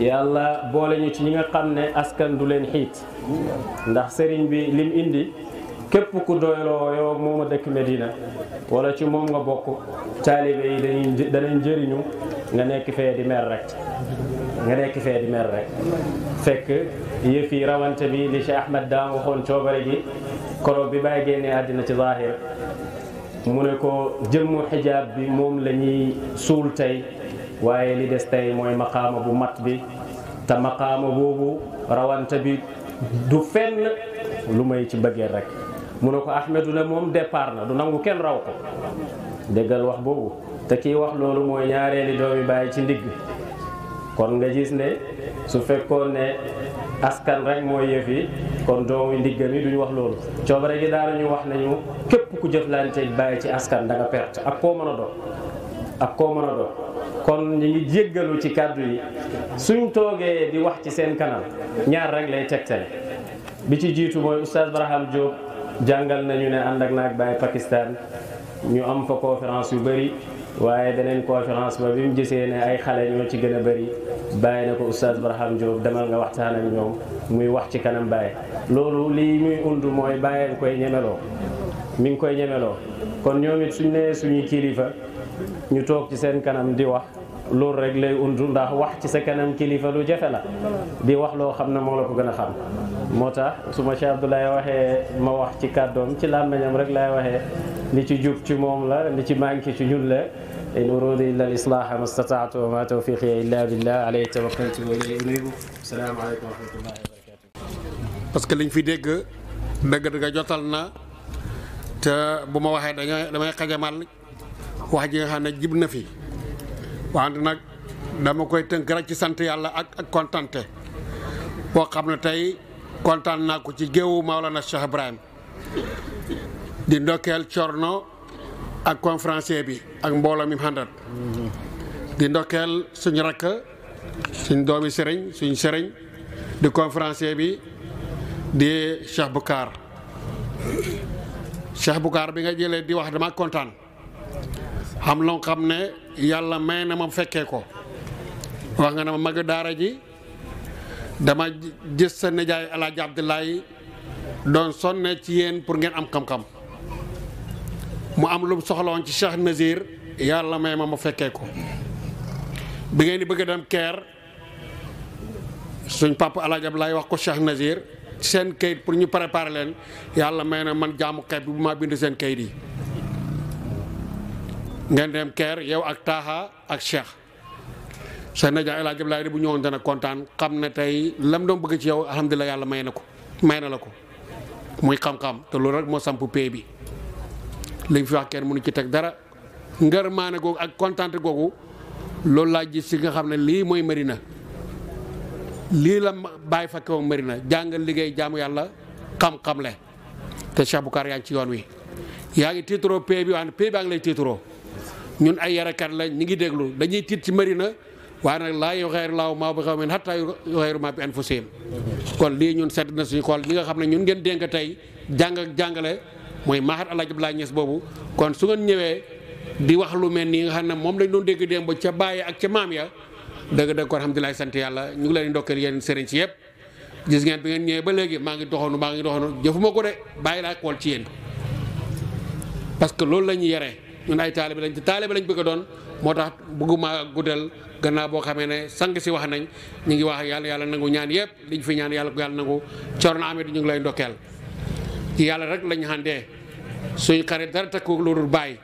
yàlla boole ñu ci ñi nga xam ne askan du leen xiit ndax sëriñ bi lim indi képp ku doyloo yow moom a dëkk Medina wala ci moom nga bokk taalibe yi dañuy danañ jëriñu nga nekk fee di mer rek nga nekk fee di mer rek fekk yëfi yi rawante bi li Cheikh Ahmed Dame waxoon coobare gi koro bi bàyyi génnee àddina ci zaahir mu ne ko jëmmu xijaab bi moom la ñuy suul tey waaye li des tey mooy maqaama bu mat bi te maqaama boobu rawante bi du fenn lu may ci bëggee rek mu ne ko Ahmedu ne moom départ na du nangu kenn raw ko déggal wax boobu te kiy wax loolu mooy ñaareeli doomi bàyyi ci ndigg kon nga gis ne su fekkoon ne askan rek mooy yëf yi kon doomi ndiggam yi duñu wax loolu coobare gi daal ñu wax nañu képp ku jëf jëflanteeg bàyyi ci askan da perte ak koo mën a doon ak koo mën a doon kon ñu ngi jéggalu ci kàddu yi suñ toogee di wax ci seen kanam ñaar rek lay tegtale bi ci jiitu mooy oustaz Barham Diop jàngal nañu ne ànd ak naag Baye Pakistan ñu am fa conférence yu bëri waaye beneen conférence ba bi mu gisee ne ay xale ñoo ci gën a bëri bàyyi na ko oustaz Barham Diop demal nga waxtaan ak ñoom muy wax ci kanam Baye. loolu lii muy undu mooy Baye nga koy ñemeloo mi ngi koy ñemeloo kon ñoom it suñ nee suñuy kilifa ñu toog ci seen kanam di wax. loolu rek lay undu ndax wax ci sa kanam kilifa lu jafe la bi wax loo xam ne moo la ko gën a xam moo tax su ma Cheikh Abdoulaye waxee ma wax ci kàddoom ci làmmiñam rek lay waxee ni ci jub ci moom la ni ci manqué ci ñun la in uriidu illa al-islaaha ma stata'tu wa ma tawfiiqi illa billah alayhi tawakkaltu wa ilayhi parce que liñ fi dégg dëgg jotal na te bu ma waxee dañoo damay xajamal wax ji nga xam ne jib na fi wante nag dama koy tënk rek ci sant yàlla ak ak kontante boo xam ne tey kontaan naa ko ci géewu Maolana Cheikh Ibrahim di ndokkeel Corno ak conférencier bi ak mbooloo mi xandat di ndokkeel suñu rakk suñ doomi sëriñ suñ sëriñ di conférencier bi di Cheikh Boucar Cheikh Boucar bi nga jëlee di wax dama kontaan xam loo xam ne yàlla may na ma fekkee ko wax nga ne ma mag daara ji dama gis sa nijaay alaaji Abdoulaye doon sonne ci yéen pour ngeen am xam-xam mu am lu soxla woon ci Cheikh Nazir yàlla may ma ma fekkee ko bi ngeen di bëgg dem keer suñ papa alaaji Abdoulaye wax ko Cheikh Nazir seen kayit pour ñu prépare leen yàlla may na man jaamu kayit bi bu maa bind seen kayit yi ngeen dem keer yow ak taaxa ak cheikh sa naja El Hadj Abdoulaye bu ñëwoon dana kontaan xam ne tey lam doom bëgg ci yow alhamdulilah yàlla may na ko may na la ko muy xam-xam te loolu rek moo samp pay bi liñ fi wax mënu ci teg dara ngër maane googu ak kontaante googu loolu laa gis si nga xam ne lii mooy Medina lii la bàyyi fa kaw Medina jàngal liggéey jaamu yàlla xam-xam le te Cheikh Boucar yaa ngi ci yoon wi yaa ngi tiitaroo pay bi waaye pay baa ngi lay tiitaroo ñun ay yarakat la ñu ngi déglu dañuy tiit ci marina waaye nag laa yu xeer laaw maa bi xaw men xattaa taay xeeru maa bi anfusihim kon lii ñun sedd na suñu kool ñi nga xam ne ñun ngeen dénk tey jàng jàngale mooy maaxat alaaj Abdoulaye Niass boobu kon su ngeen ñëwee di wax lu mel nii nga xam ne moom lañ doon dégg démb ca bàyyi ak ca maam ya dëgg-dëgg kon alhamdulilah sant yàlla ñu ngi leen ndokkeel yéen sëriñ si yëpp gis ngeen bi ngeen ñëwee ba léegi maa ngi doxoonu maa ngi doxoonu jëfuma ko bàyyi laa xool ci yéen que loolu la ñu yore ñun ay taalibe lañ te taalibe lañ bëgg doon moo tax bëgguma guddal gannaaw boo xamee ne sang si wax nañ ñu ngi wax yàlla yàlla nangu ñaan yëpp liñ fi ñaan yàlla ko yàlla nangu Cerno Amadu ñu ngi lay ndokkeel ci yàlla rek lañ xàndee suñ xarit dara takku loolu bàyyi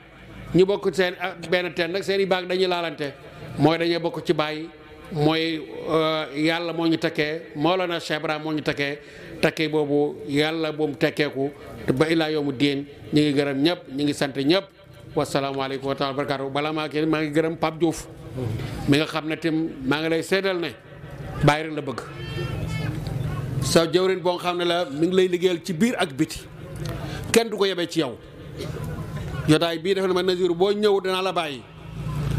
ñu bokk seen ah, benn teen nag seen i baag dañuy laalante mooy dañuy bokk ci bàyyi mooy euh, yàlla moo ñu takkee Mawlana Cheikh Ibrahima moo ñu takkee takkee boobu yàlla bu mu tekkeeku ba ilaa yawmu diin ñu ngi gërëm ñëpp ñu ngi sant ñëpp. wasalaamaaleykum wa taala barakaatu balaa maa kii maa ngi gërëm Pape Diouf mi nga xam ne tim maa ngi lay seedal ne bàyyi rek la bëgg sa jawrin boo nga xam ne la mi ngi lay liggéeyal ci biir ak biti kenn du ko yebee ci yow jotaay bii dafa ne ma Nazir boo ñëw danaa la bàyyi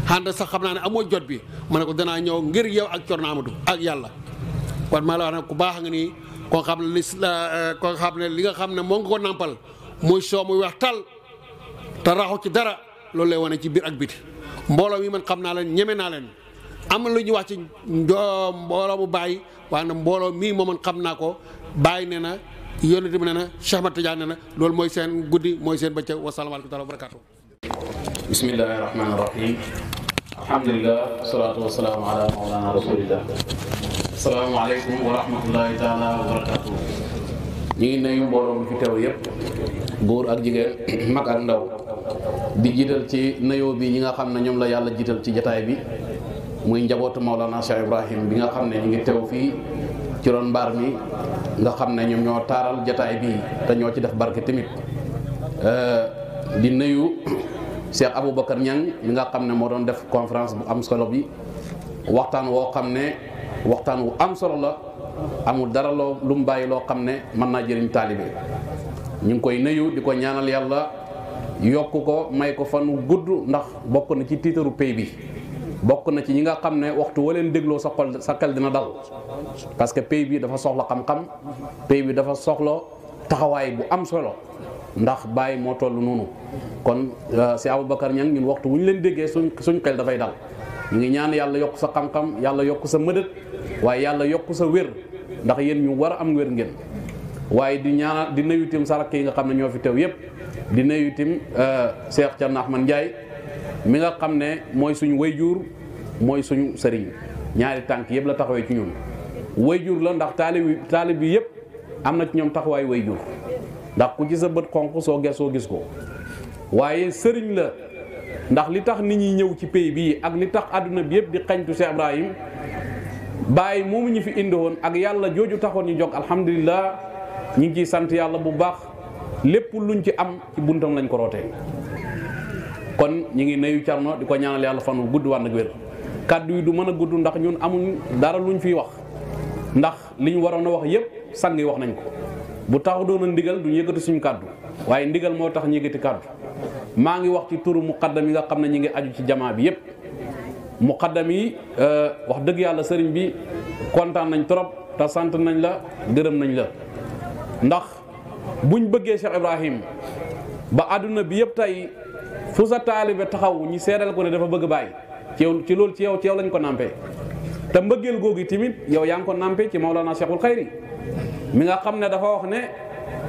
ànd sax xam naa ne amoo jot bi ma ne ko danaa ñëw ngir yow ak Corna ak yàlla kon maa la eh, li nga xam ne moo nga nàmpal muy soo muy wax tal te raxu ci dara loolu lay wane ci biir ak biti mbooloo mi man xam naa leen ñeme naa leen am na lu ñuy wax ci mbooloo bu bàyyi waaye nag mbooloo mii moo man xam naa ko bàyyi ne na yónni bi ne na Cheikh Ahmad Tidiane ne na loolu mooy seen guddi mooy seen bëccëg wasalaamaaleykum taala wa barakaatu. bismillahi rahmaani rahim alhamdulilah wasalaatu wasalaamu ala mawlana rasulillah wa rahmatullahi taala wa barakaatu. ñu ngi nuyu mbooloo mi fi teew yëpp góor ak jigéen mag di jiital ci nuyoo bi ñi nga xam ne ñoom la yàlla jiital ci jataay bi muy njabootu Maolana Cheikh Ibrahim bi nga xam ne ñu ngi teew fii ci ron mbaar mi nga xam ne ñoom ñoo taaral jataay bi te ñoo ci def barke tamit eh, di nuyu abu Aboubacar ñan mi nga xam ne moo doon def conférence bu am solo bi waxtaan woo xam ne waxtaan wu am solo la amul dara loo lu mu bàyyi loo xam ne mën naa jëriñ taalibe ñu ngi koy nuyu di ko ñaanal yàlla. yokk ko may ko fanu gudd ndax bokk na ci tiitaru pay bi bokk na ci ñi nga xam ne waxtu wa leen dégloo sa xol sa xel dina dal parce que pay bi dafa soxla xam-xam pay bi dafa soxla taxawaay bu am solo ndax bàyyi moo toll noonu kon euh, si Aboubacar ñang ñun waxtu wu ñu leen déggee suñ suñ xel dafay dal ñu ngi ñaan yàlla yokk sa xam-xam yàlla yokk sa mëdët waaye yàlla yokk sa wér ndax yéen ñu war a am wér ngeen waaye di ñaan di nuyu sa rakk yi nga xam ne ñoo fi tew yépp di nuyu itam euh, Cheikh Thierno Ahmad Ndiaye mi nga xam ne mooy suñu jur mooy suñu sëriñ ñaari tànk yëpp la taxawee ci ñun wayjuur la ndax taalibi taalibi yëpp am na ci ñoom taxawaayu jur ndax ku ci sa bët xonq soo gesoo gis ko waaye sëriñ la ndax li tax nit ñi ñëw ci pays bii ak li tax àdduna bi yëpp di xañtu Cheikh Ibrahim bàyyi moomu ñu fi indi woon ak yàlla jooju taxoon ñu jog alhamdulilah ñu ngi ciy sant yàlla bu baax lépp luñ ci am ci buntam lañ ko rootee kon ñi ngi neyu Thierno di ko ñaanal yàlla fan wu gudd wànn ak wér kàddu yi du mën a gudd ndax ñun amuñ dara luñ fiy wax ndax li ñu waroon a wax yépp sang wax nañ ko bu taxu doon a ndigal duñ yëkkati suñu kàddu waaye ndigal moo tax ñu yëkkati kàddu maa ngi wax ci turu muqaddam yi nga xam ne ñi ngi aju ci jamaa bi yépp muqaddam yi euh, wax dëgg yàlla sëriñ bi kontaan nañ trop te sant nañ la gërëm nañ la bu ñu bëggee Cheikh Ibrahim ba àdduna bi yëpp tey fu sa taalibe taxaw ñi seedal ko ne dafa bëgg bàyyi ci ci loolu ci yow ci yow lañ ko nampé te mbëggeel googu tamit yow yaa ngi ko nampé ci Maulana Cheikhul Xayri mi nga xam ne dafa wax ne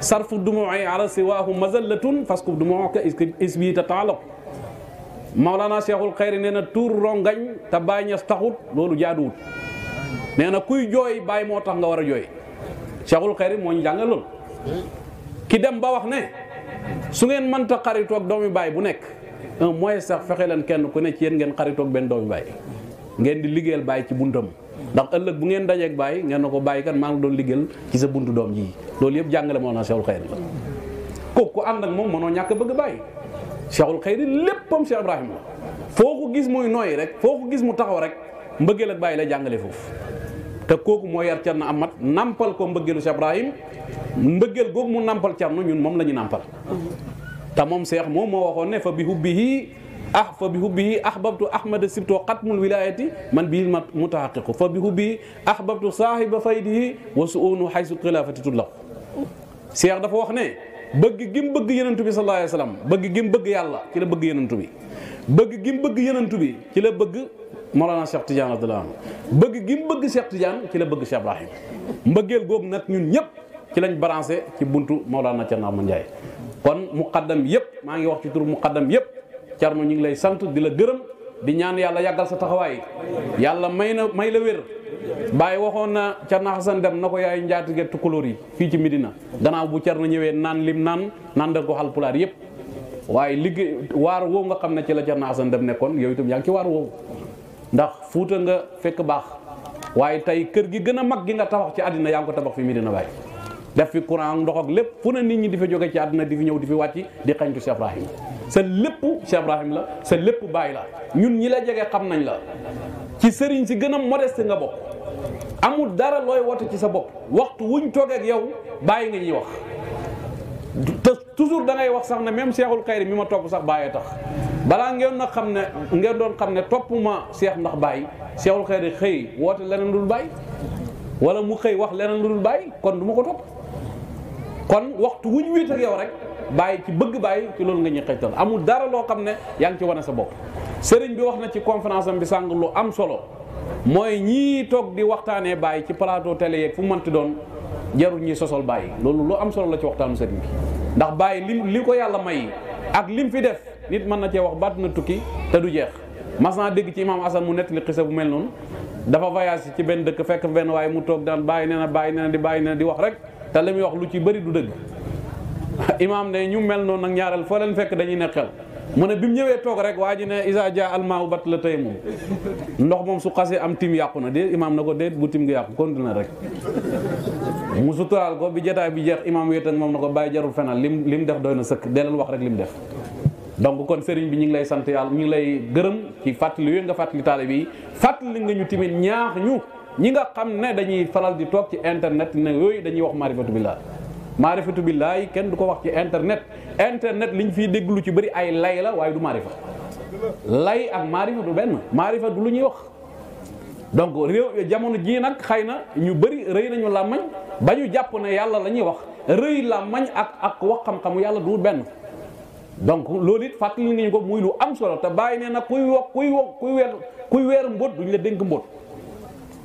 sarfu dumu'i ala siwaahu mazallatun faskub dumu'aka isbi ta taaloq Maulana Cheikhul Xayri nee na tuur rongañ te bàyyi ñas taxut loolu jaaduwut nee na kuy jooy bàyyi moo tax nga war a jooy Cheikhul Xayri moo ñu ki dem ba wax ne su ngeen mënta doom doomi baay bu nekk un moyen sax fexe leen kenn ku ne ci yéen ngeen xaritoog benn doomi baay ngeen di liggéeyal bàyyi ci buntam ndax ëllëg bu ngeen dajeeg baay ngeen na ko bàyyi kan maa ngi doon liggéeyal ci sa buntu doom ji loolu yëpp jàngale moo naa Cheikhul Khayri la ko ku ànd ak moom mënoo ñàkk a bëgg baay Cheikhul Khayri léppam Cheikh Ibrahima foo ko gis muy nooy rek foo ko gis mu taxaw rek mbëggeel ak baay la jàngale foofu te kooku moo yar am mat nampal ko mbëggeelu Cheikh Ibrahim mbëggeel googu mu nampal Cerno ñun moom la ñu nampal te moom seex moom moo waxoon ne fa bi hubbihi ah fa bi hubbihi ahbabtu ahmada sibto xatmul wilayati man bii ma mutahaqiqu fa bi hubbihi ahbabtu saahiba faydihi wa suunu xaysu xilaafati tutlaqu seex dafa wax ne bëgg gim bëgg yenentu bi sallallahu alayhi bëgg gim bëgg yàlla ci la bëgg yenentu bi bëgg gim bëgg yenentu bi ci la bëgg Mawlana Cheikh Tidiane radiyallaahu anhu bëgg gi mu bëgg Cheikh Tidiane ci la bëgg Cheikh Ibrahim mbëggeel googu nag ñun ñëpp ci lañ branché ci buntu Mawlana Thierno Amadou Ndiaye kon mu muqaddam yëpp maa ngi wax ci tur muqaddam yëpp Thierno ñu ngi lay sant di la gërëm di ñaan yàlla yàggal sa taxawaay yàlla may na may la wér bàyyi waxoon na Thierno Hassane dem na ko yaay njaatige tukulóor yi fii ci Medina gannaaw bu na ñëwee naan lim naan naan da ko Haalpulaar yëpp waaye liggéey waar woowu nga xam ne ci la Thierno Hassane dem nekkoon yow itam yaa ci waar woowu ndax fuutal nga fekk baax waaye tey kër gi gën a mag gi nga tabax ci àddina yaa ngi ko tabax fi Medina Baye def fi courant ndox ak lépp fu ne nit ñi di fa jóge ci àddina di fi ñëw di fi wàcc di xañtu Cheikh Ibrahim sa lépp Cheikh Ibrahim la sa lépp bàyyi la ñun ñi la jege xam nañ la ci sëriñ si gën a modeste nga bokk amul dara looy woote ci sa bopp waxtu wuñ toogee ak yow bàyyi nga ñuy wax te toujours da wax sax ne même seexul xayri mi ma topp sax bàyyee tax balaa ngeen na xam ne ngeen doon xam ne topp ma seex ndax bàyyi seexul xayri xëy woote leneen lu dul bàyyi wala mu xëy wax leneen lu dul bàyyi kon du ma ko topp kon waxtu wuñ wéet ak yow rek bàyyi ci bëgg bàyyi ci loolu nga ñuy xëjtal amul dara loo xam ne yaa ngi ci wane sa bopp sëriñ bi wax na ci conférence bi sàng lu am solo mooy ñii toog di waxtaanee bàyyi ci plateau télé yeeg fu doon jarul ñuy sosol bàyyi loolu lu am solo la ci waxtaanu sëriñ bi ndax bàyyi lim li ko yàlla may ak lim fi def nit mën na cee wax baat na tukki te du jeex mas dégg ci imaam Assane mu nettali xisa bu mel noonu dafa voyage ci benn dëkk fekk benn waaye mu toog daan bàyyi nee bàyyi nee na bàyyi nee di wax rek te muy wax lu ci bëri du dëgg imaam ne ñu mel noonu nag ñaareel foo leen fekk dañuy ne mu ne bi mu ñëwee toog rek waa ji ne isa ja almaaw la tey moom ndox moom su xasee am tim yàqu na déet imaam na ko déet bu tim nga yàqu continué rek mu suturaal ko bi jotaay bi jeex imaam wéet ak moom na ko bàyyi jarul fenal lim lim def doy na sëkk delal wax rek lim def donc kon sëriñ bi ñu ngi lay sant yàlla ñu ngi lay gërëm ci fàttali yooyu nga fàttali taalibe yi fàttali nga ñu tamit ñaax ñu ñi nga xam ne dañuy faral di toog ci internet ne yooyu dañuy wax maarifatu billaah maarifatu billaah yi kenn du ko wax ci internet internet li liñ fiy déglu ci bëri ay lay la waaye du maarifa lay ak maarifa du benn maarifa du lu ñuy wax donc jamono jii nag xëy na ñu bëri rëy nañu làmmañ ba ñu jàpp na yàlla la ñuy wax rëy la mañ ak ak wax xam-xamu yàlla du benn donc loolu it fàttali nañu ko muy lu am solo te bàyyi nee na kuy wo kuy wax kuy weer kuy weer mbóot duñ la dénk mbóot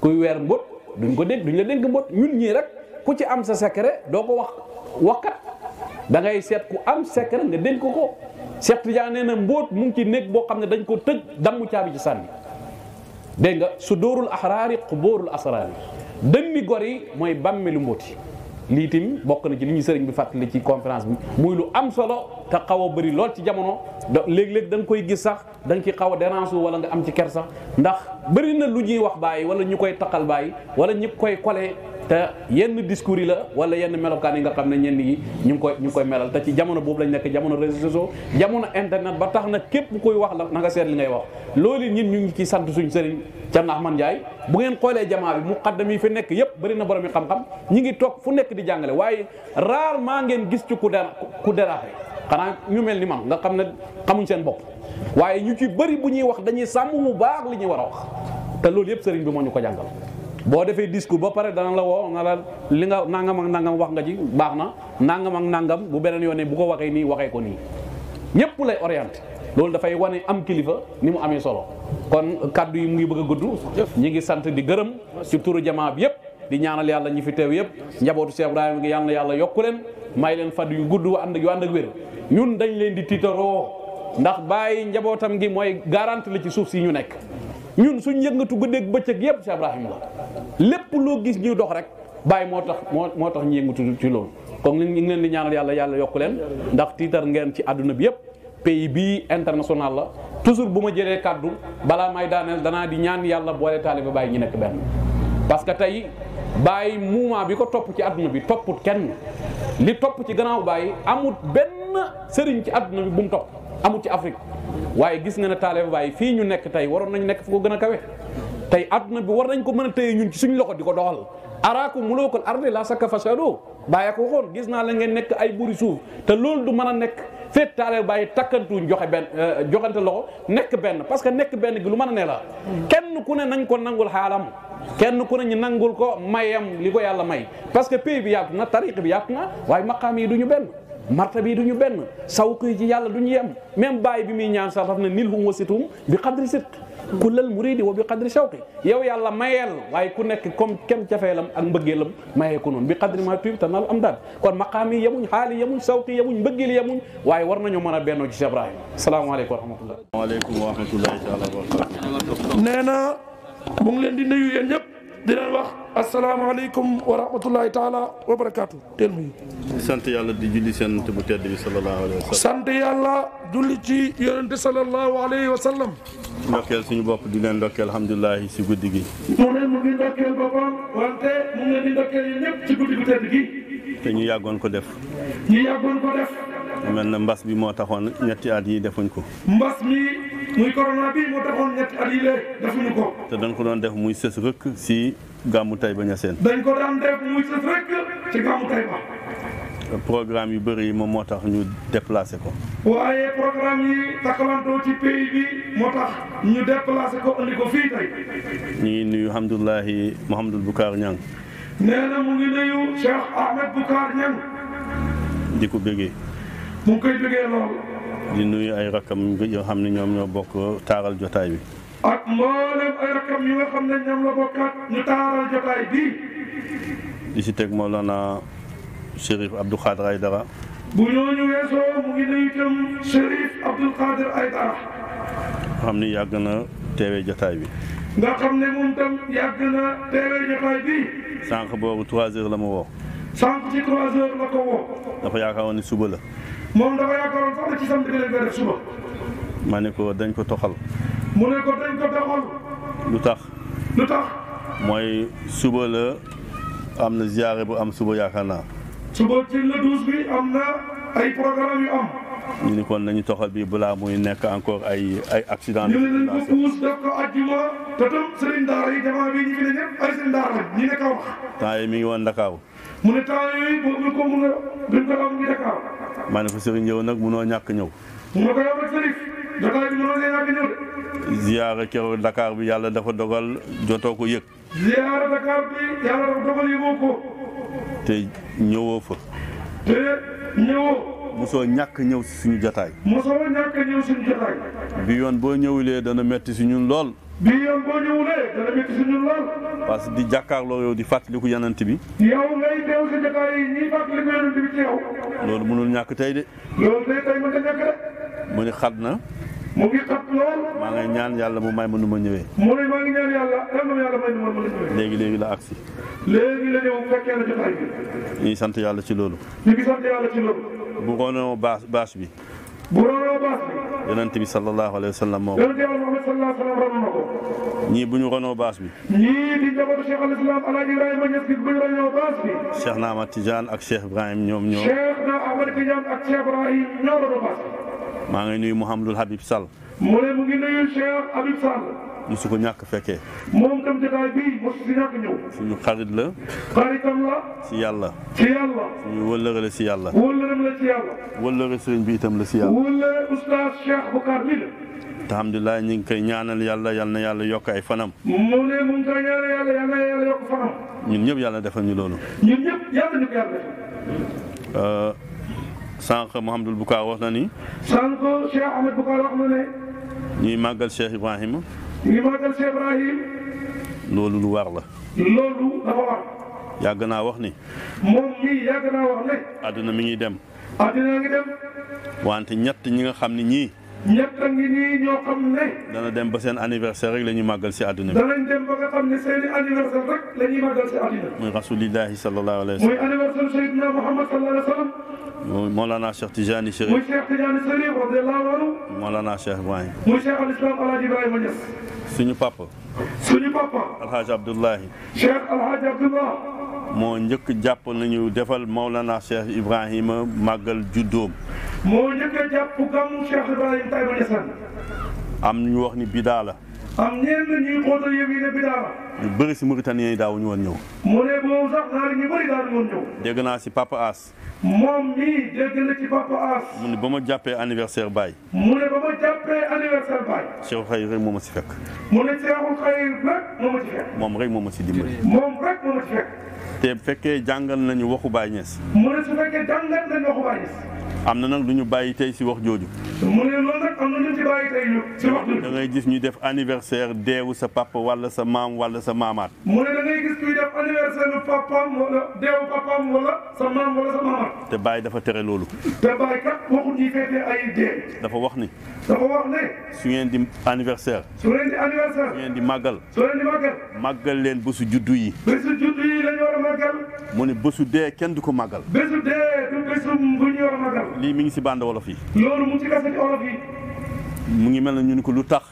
kuy weer mbóot duñ ko dénk duñ la dénk mbóot ñun ñii rek ku ci am sa secret doo ko wax wax da dangay seet ku am secret nga dénk ko Cheikh Tidiane nee na mbóot mu ci néeg boo xam ne dañ ko tëj damm caabi ci sànni dégg nga su dóorul axraari xuboorul asraari dëmmi gor yi mooy bàmmeelu mbóoti lii itam bokk na ci li ñuy sëriñ bi fàttali ci conférence bi muy lu am solo te xaw a bëri lool ci jamono léeg-léeg da koy gis sax da nga ci xaw a dérange wala nga am ci ker sax ndax bari na lu ñuy wax bàyyi wala ñu koy taqal bàyyi wala ñu koy kole te yenn discours yi la wala yenn melokaan yi nga xam ne ñenn yi ñu ngi koy ñu ngi koy melal te ci jamono boobu lañ nekk jamono réseaux sociaux jamono internet ba tax na képp koy wax la nanga nga seet li ngay wax loolu ñun ñu ngi ci sant suñ sëriñ Thierno Ahmad Ndiaye bu ngeen xoolee jamaa bi muqaddam mi fi nekk yëpp bari na borom yi xam-xam ñi ngi toog fu nekk di jàngale waaye maa ngeen gis ci ku dera ku déraper xanaa ñu mel ni man nga xam ne xamuñ seen bopp waaye ñu ci bëri bu ñuy wax dañuy sàmm mu baax li ñuy war a te loolu yëpp sëriñ bi moo ñu ko jàngal boo defee discours ba pare dana la woo na la li nga nangam ak nangam wax nga ji baax na nangam ak nangam bu beneen yoonee bu ko waxee nii waxee ko nii ñëpp lay orienté loolu dafay wane am kilifa ni mu amee solo kon kaddu yi mu ngi bëgg a gudd ñi ngi sant di gërëm ci jamaa bi yëpp di ñaanal yàlla ñi fi teew yëpp njabootu Cheikh Ibrahima gi yàlla na yàlla yokku leen may leen fadd yu gudd ànd yu ànd ak wér ñun dañ leen di tiitaroo ndax bàyyi njabootam gi mooy garanti la ci suuf si ñu nekk ñun suñ yëngatu guddeeg bëccëg yëpp Cheikh Ibrahima la lépp loo gis ñuy dox rek bàyyi moo tax moo moo tax ñu yëngatu ci loolu kon ñu ngi leen di ñaanal yàlla yàlla yokk leen ndax tiitar ngeen ci àdduna bi yëpp pays bii international la toujours bu ma jëlee kàddu balaa may daaneel danaa di ñaan yàlla boole taaliba bàyyi ñu nekk benn parce que tey bàyyi mouvement bi ko topp ci àdduna bi topput kenn li topp ci gannaaw bàyyi amut benn sëriñ ci àdduna bi bu mu topp amul ci Afrique waaye gis nga ne taalibe Baay fii ñu nekk tey waroon nañu nekk fu ko gën a kawe tey na bi war nañ ko mën a téye ñun ci suñu loxo di ko doxal araakum muluukal ardi laa sakka fasadu bàyyi ko waxoon gis naa la ngeen nekk ay buri suuf te loolu du mën a nekk feet taale bàyyi takkantuñ joxe benn euh, joxante loxo nekk benn parce que nekk benn gi lu mën a ne kenn ku ne nañ ko nangul xaalam kenn ku ne ñu nangul ko mayam li ko yàlla may parce que pays bi yaatu na tariq bi yaatu na waaye marta bi du ñu benn sawq yi ci yàlla du ñu yem même bàyyi bi muy ñaan sax daf na nil hum wasitum bi xadri sidq kullal muridi wa bi xadri shawqi yow yàlla mayeel waaye ku nekk comme kem cafeelam ak mbëggeelam mayee ko noonu bi xadri ma tuib tanal am daal kon maqaam yi yemuñ xaal yi yemuñ sawq yi yemuñ mbëggeel yemuñ waaye war nañoo mën a bennoo ci Cheikh Ibrahima salaamaaleykum wa rahmatullah waaleykum wa rahmatullahi taala wa barakatu nee na mu ngi leen di nuyu yéen ñëpp di leen asalaamaaleykum wa rahmatullahi taala wa barakaatu. teel ma yi. sant yàlla di julli seen yonent bu tedd bi sallallahu alayhi wa sallam. sant yàlla julli ci yonent sallallahu alayhi wa sallam. ndokkeel suñu bopp di leen ndokkeel alhamdulilah si guddi gi. moom it mu ngi ndokkeel boppam wante mu ngi leen di ndokkeel yéen ñëpp ci guddi gu tedd gi. te ñu yàggoon ko def. ñu yàggoon ko def. mel na mbas bi moo taxoon ñetti at yi defuñ ko. mbas mi muy corona bi moo taxoon ñetti at yi lee defuñu ko. te dañ ko doon def muy sës rëkk si. gàmmu Taïba Niassène. dañ ko daan def muy sës rek ci gàmmu Taïba. programme yu bëri yi moom moo tax ñu déplacé ko. waaye programme yi takalantoo ci pays bi moo tax ñu déplacé ko andi ko fii tey. ñu ngi nuyu Hamdoulaye Mouhamadul Boucar Niang. nee na mu ngi nuyu Cheikh Ahmed Boucar Niang. di ko bëggee. mu ngi koy bëggee lool. di nuyu ay rakkam yoo xam ne ñoom ñoo bokk taaral jotaay bi. ak mboolem ay rakam yi nga xam ne ñoom la bokkaat ñu taaral jotaay bii. di si teg Mawlana Chérif Abdou Khadir Aydara. bu ñooñu weesoo mu ngi nuyu itam Chérif Abdou Khadir Aydara. xam ni yàgg na teewee jotaay bi. nga xam ne moom itam yàgg na teewee jotaay bi. sànq boobu trois heures la ma woo. sànq ci trois heures la ko woo. dafa yaakaaroon ni suba la. moom dafa yaakaaroon sax ci samedi bi suba. ma ne ko dañ ko toxal mu ne ko dañ ko toxal lu tax lu tax mooy suba la am na ziare bu am suba yaakaar naa suba ci le douze bi am na ay programme yu am ñu ni kon nañu toxal bi balaa muy nekk encore ay ay accident te tam sëriñ daara yi bi ñu fi ne ñëpp ay sëriñ daara la wax temps yi mi ngi woon Dakar mu ne temps yooyu boobu ko mun ko am ne ko ñàkk ñëw mu ne ko yow nag sëriñ jotaay bi mënoo leen ak ñëw. ziyaara keroog Dakar bi yàlla dafa dogal jotoo ko yëg. ziyaara Dakar bi yàlla dafa ko. te ñëwoo fa. te ñëwoo. mosoo ñàkk ñëw si suñu jotaay. mosoo ñàkk ñëw bi yoon boo ñëwulee dana metti si ñu lool. bi yoon boo ñëwulee dana metti si ñun lool. parce di jàkkaarloo yow di fàttaliku yanant bi. yow ngay teew si jotaay yi ñuy fàttaliku yanant bi ci yow. loolu mënul ñàkk tey de. de. mu ne xat na. mu ngi topp lool. maa ngay ñaan yàlla mu may ma nu ma ñëwee. mu ne maa ngi ñaan yàlla lan la ma yàlla may nu ma ñëwee. léegi léegi la agsi. léegi la ñëw fekkee na jotaay bi. ñu ngi sant yàlla ci loolu. ñu ngi sant yàlla ci loolu. bu ronoo baas baas bi. bu ronoo baas bi. yonent bi sallallahu alayhi wa sallam moo ko. yonent yàlla Muhammad sallallahu alayhi wa sallam ronoo na ko. ñii bu ñu ronoo baas bi. ñii di njabootu Cheikh al Islam El Hadj Ibrahima Niass bi bu ñu ronoo baas bi. Cheikh na Ahmad Tidiane ak Cheikh Ibrahim ñoom ñoo. Cheikh na Ahmad Tidiane ak Cheikh Ibrahim ñoo ronoo baas bi. maa ngi nuyu Mouhamadul Habib Sall. mu ne mu ngi nuyu Cheikh Habib Sall. mosu ko ñàkk fekkee. moom tam jotaay bii mosu si ñàkk ñëw. suñu xarit la. xaritam la. si yàlla. si yàlla. suñu wëllëre la si yàlla. wëllëram la si yàlla. wëllëre sëriñ bi itam la si yàlla. wëllëre oustaz Cheikh Boucar lii la. alhamdulilah ñu ngi koy ñaanal yàlla yal na yàlla yokk ay fanam. mu ne mu ngi koy ñaanal yàlla yal na yàlla yokk fanam. ñun ñëpp yàlla defal ñu loolu. ñun ñëpp yàlla ñu ko yàlla defal. Euh, sànq Mouhamadul Boucar wax na ni. sànq Cheikh Ahmed Boucar wax na ne. ñuy màggal Cheikh Ibrahima. ñuy màggal Cheikh Ibrahima. loolu lu war la. loolu dafa war. yàgg naa wax ni. moom mii yàgg naa wax ne. àdduna mi ngi dem. àdduna ngi dem. wante ñett ñi nga xam ne ñii. ñett a ngi nii ñoo xam ne. dana dem ba seen anniversaire rek la ñuy màggal si àdduna bi. danañ dem ba nga xam ne seen i anniversaire rek la ñuy màggal si àdduna bi. muy rasulillahi sallallahu alayhi wa sallam. muy anniversaire Seydina Muhammad sallallahu alayhi wa sallam. muy Mawlana Cheikh Tijani Chérif. muy Cheikh Tijani Chérif radiyallahu anhu. Mawlana Cheikh Ibrahim. muy Cheikh al Islam Alhaji Ibrahima Niass. suñu papa. suñu papa. Alhaji Abdullahi. Cheikh Alhaji Abdullah. moo njëkk jàpp nañu defal Maulana Cheikh Ibrahima màggal juddoom. moo njëkk a jàpp gàmmu Cheikh Ibrahima Taïba Niassène. am ñu wax ni bidaa la. am ñenn ñuy xóotal yëf yi la. ñu bëri si Mauritaniens yi daawuñu woon ñëw. mu ne boobu sax naar ñu bëri daawuñu woon ñëw. dégg naa si Papa As. moom mii dégg na ci Papa As. mu ne ba ma jàppee anniversaire Baye. mu ne ba ma jàppee anniversaire Baye. Cheikh Xayr rek moo ma si fekk. mu ne Cheikh Xayr rek moo moom rek si te fekkee jàngal nañu waxu Baye Niass. mu ne su fekkee jàngal nañu waxu Baye am na nag lu ñu bàyyi tey na lu ñu ci bàyyi tey si wax jooju. da ngay gis ñu def anniversaire deewu sa papa wala sa maam wala sa maamaat. mu ne da gis ñuy def anniversaire lu papaam deewu papaam wala sa maam wala sa maamaat. te bàyyi dafa tere loolu. te Baye kat waxut ñi feete ay dee. dafa wax ni. dafa wax ne. su ngeen di anniversaire. su ngeen di anniversaire. màggal. su ngeen di màggal. màggal leen bésu juddu yi. bésu juddu yi la war a màggal. mu ne bésu dee kenn du ko màggal. bésu dee du bésu bu ñu war a màggal. lii mi ngi si band wolof yi. loolu mu ngi si kaseti wolof yi. mu ngi mel ne ñu ni ko lu tax.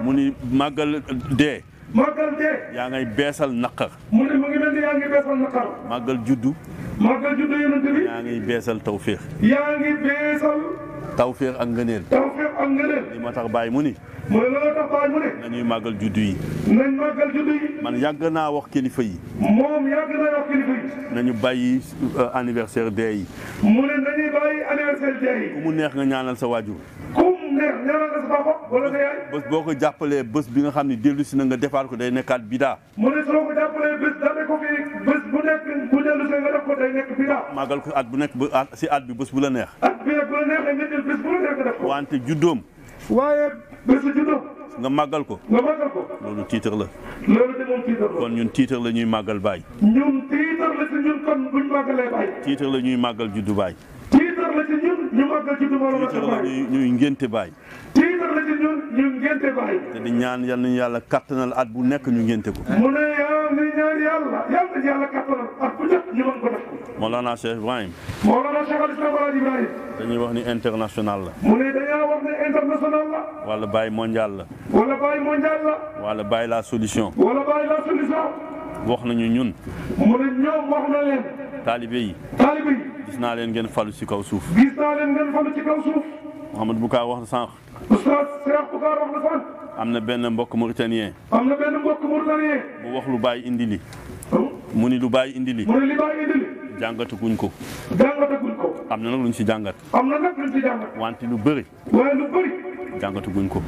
mu ni màggal dee. màggal dee. yaa ngay beesal naqar. mu ne mu ngi mel ni yaa ngi beesal naqar. màggal juddu. màggal juddu yonent bi. yaa ngi beesal tawféex. yaa ngi beesal. tawféex ak ngëneel. tawféex ak ngëneel. li ma tax bàyyi mu ni. mu ne. nañuy màggal juddu yi. nañ màggal juddu wax kilifa yi. Euh, nañu bàyyi anniversaire dee mu neex nga ñaanal sa waajur. neex ñaanal sa papa wala boo ko jàppalee bés bi nga xam ne dellu si na nga defaat ko day nekkaat bidaa. bu nekk bu dellu nga def ko day nekk bidaa. màggal ko at bu nekk si at bi bés bu la neex. at bi nag la neexee nga jël bés bu la neex def ko. wante juddoom. waaye bésu juddoom. nga màggal ko. nga màggal ko. loolu tiitar la. loolu de moom tiitar la. kon ñun tiitar la ñuy màggal baay. ñun tiitar la si ñun tiitar la ñuy màggal juddu baay. tiitar si ñun tiitar la ñuy ngénte baay. ci di ñaan yal nañu yàlla kattanal at bu nekk ñu ngénte ko mu ne dañuy wax ni international la mu ne dañoo wax ne international la wala Baye mondial la wala Baye mondial la solution wala wax nañu ñun mu ne ñoom wax na leen taalibe yi gis naa leen ngeen falu ci kaw suuf gis naa leen ngeen falu ci kaw suuf Mouhamadou Boucar wax na sànq oustaz Cheikh Boucar wax na ko am na benn mbokk mauritanien am na wax lu bàyyi indi li mu ni lu bàyyi indi li mu ni lu bàyyi ko am na nag luñ ci jàngat am lu bëri waaye lu bëri jàngataguñ ko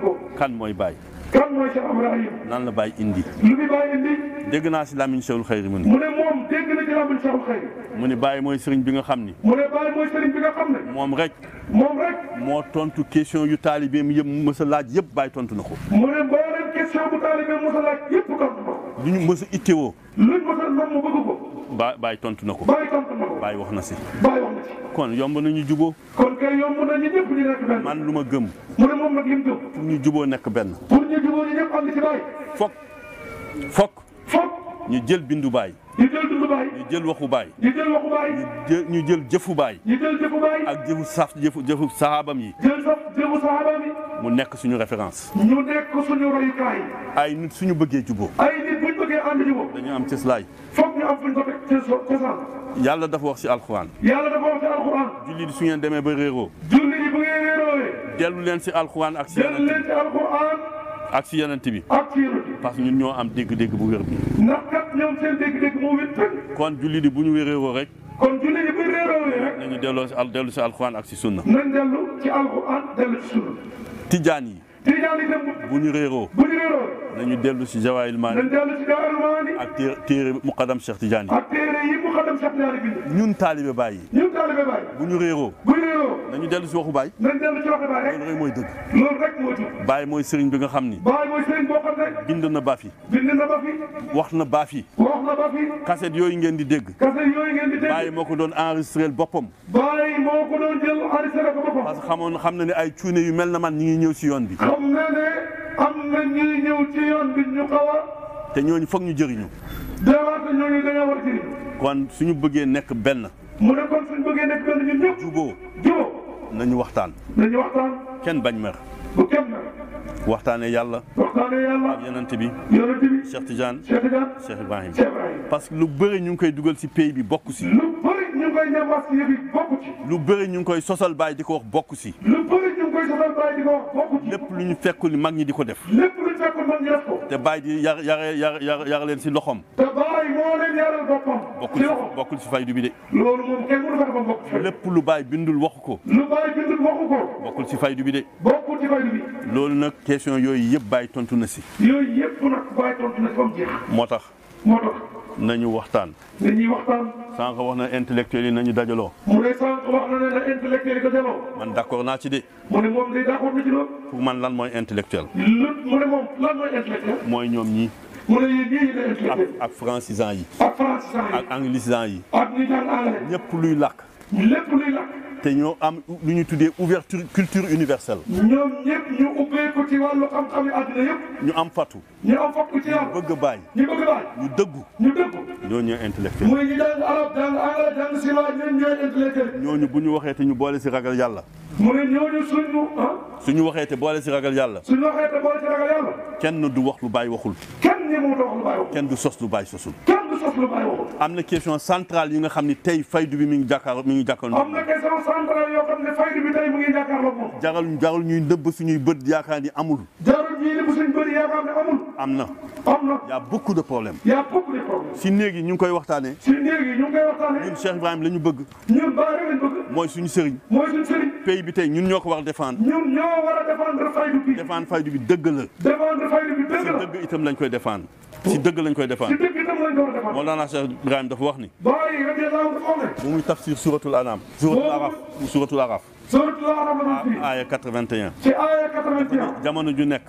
ko kan mooy bàyyi kan mooy Cheikh Ibrahim lan la bàyyi indi lu muy bàyyi indi dégg naa si lamiñ Cheikhul Xayri mu ni mu ne moom dégg na ci lamiñ Cheikhul Xayri mu ne bàyyi mooy sëriñ bi nga xam ni mu ne bàyyi mooy sëriñ bi nga xam ne moom rek moom rek. moo tontu question yu taalibeem yëpp mës laaj yëpp bàyyi tontu na ko. mu ne mbooleem question bu taalibeem mës laaj yëpp tontu na ko. lu ñu mës a itteewoo. luñ mës a nam bëgg ko. ba bàyyi tontu na ko. bàyyi tontu na ko wax na si. bàyyi wax na si. kon yomb nañu juboo. kon kay yomb nañu ñëpp ñu nekk benn. man lu ma gëm. mu ne moom nag lim gëm. ñu juboo nekk benn. pour ñu juboo ñëpp am na ci bàyyi. fokk fokk. ñu jël bindu baay ñu jël waxu baay. ñu ñu jël jëfu baay. ak jëfu sax jëfu jëfu saxaabam yi. mu nekk suñu référence. ñu nekk suñu royukaay. ay nit suñu bëggee jubóo. ay nit buñ bëggee ànd jubóo. dañu am cëslaay. foog ñu am fuñ ko teg cësaan. yàlla dafa wax si alxuraan. yàlla dafa su ngeen demee ba réeroo. julli yi bu ngeen réeroowee. dellu leen si alxuraan ak dellu leen si alxuraan. ak si yonent bi. ak si bi. parce que ñun ñoo am dégg-dégg bu wér bi. ñoom seen dégg-dégg moo wét tënk. kon julli di bu ñu wéréeroo rek. kon julli di bu ñu wéréeroo rek. nañu delloo si al dellu si alxuraan ak si sunna. nañ dellu ci alxuraan dellu si sunna. tijaan yi. tijaan yi dem bu ñu réeroo. bu ñu réeroo. nañu dellu si jawaayil maani. nañ dellu si jawaayil maani. ak téere téere muqadam Cheikh Tidiane. ak téere yi muqadam Cheikh Tidiane bi. ñun taalibe Baay yi. bu ñu réeroo bu ñu réeroo nañu dellu si waxu baay mooy dëgg baay mooy sëriñ bi nga xam ni baay mooy sëriñ boo xam ne bind na baaf yi bind na baaf yi wax na baaf yi kaset yooyu ngeen di dégg baay moo ko doon enregistré boppam baay moo ko doon jël enregistré ko boppam parce que xamoon xam na ne ay cuune yu mel na man ñu ngi ñëw si yoon bi xam na ne am na ñuy ñëw ci yoon bi ñu xaw te ñooñu foog ñu jëriñu daawaata ñooñu dañoo war a jëriñ kon suñu bëggee nekk benn mu ne nañu waxtaan. nañu waxtaan. kenn bañ mer. bu waxtaanee yàlla. waxtaanee yàlla bi. yonent bi Cheikh Tidiane. Cheikh parce que lu bëri ñu ngi koy dugal si pays bi bokk si. lu bëri ñu ngi koy ñambaas si yëf yi bokk ci. lu bëri ñu ngi koy sosal bàyyi di ko wax bokk si. koy lépp lu ñu fekkul ni mag ñi di ko def. lépp lu ñu fekkul mag ñi def ko. te bàyyi di yar leen si loxoom. te bàyyi bokkul si faydu bi de. loolu lépp lu bàyyi bindul waxu ko. lu bàyyi bindul waxu ko. bokkul si faydu bi de. bokkul loolu nag question yooyu yëpp bàyyi tontu na si. yooyu yëpp nag tontu na si moo tax. nañu waxtaan. nañuy waxtaan. sànq wax na intellectuel yi nañu dajaloo. mu ne sànq wax na na intellectuel yi dajaloo. man d' accord naa ci de mu ne moom man lan mooy intellectuel. mooy ñoom ñi mu ne yéen ñii la intellectuel. ak ak francisant yi. ak francisant yi. ak anglicisant yi. ak ñi jàng anglais. ñëpp lépp luy làkk. te ñoo am lu ñu tuddee ouverture culture universelle. ñoom ñëpp ñu ubbeeku ci wàllu xam-xam yi àddina yëpp. ñu am fatu. ñu am fatu ci yàlla bëgg bañ. ñu bëgg bañ ñu dëggu. ñu dëggu ñooñu ñooy intellectuel. muy ñu jàng arab jàng anglais jàng chinois ñoom ñooy intellectuel. ñooñu bu ñu waxee te ñu boole si ragal yàlla. muy ñu suñu ah. suñu waxee te boole si ragal yàlla. suñu waxee te boole si ragal yàlla. kenn du wax lu bàyyi waxul. kenn. kenn mënut a wax am na question centrale yi nga xam ni tey faydu bi mi ngi jàkkaar mi ngi jàkkaarloo. na question centrale yoo xam ñuy nëbb suñuy bët yaakaar ni amul. jarul ñuy nëbb suñu bët yaakaar ni amul. am na. am na beaucoup de problèmes. si néeg yi koy waxtaanee. si néeg yi koy waxtaanee. ñun Ibrahim la bëgg. ñun Baara lañ bëgg. mooy suñu sëriñ. mooy pays bi tey ñun ñoo ko war a défendre. ñoo war a défendre faydu bi. dëgg la. défendre faydu si dëgg itam lañ koy defaan si dëgg lañ koy defaan moo dëgg itam lañ Ibrahim dafa wax ni. Baara yi rajo Dado dafa wax ne. bu muy tafsir suratul anam. suratul araf suratul araf suratul Araf la doon firi. aaya 81. ci aaya ju nekk.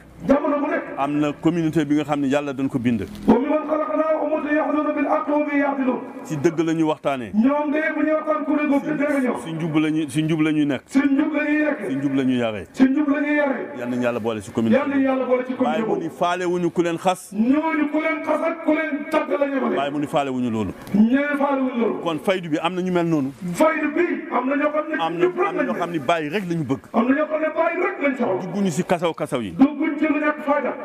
am na communauté bi nga xam ne yàlla dañ ko bind. dëgg la waxtaanee. ñoom de la ñëw. si njub la ñu si njub la ñuy nekk. si njub la ñuy nekk. si njub la boole si communauté bi. mu ni faale wuñu ku leen xas. ñooñu ku leen xas ak ku leen tàgg mu ni faale wuñu loolu. ñee faale wuñu loolu. kon faydu bi am na ñu mel noonu. faydu bi am na ñoo bàyyi rek la ñu bëgg. am na ñoo xam yi.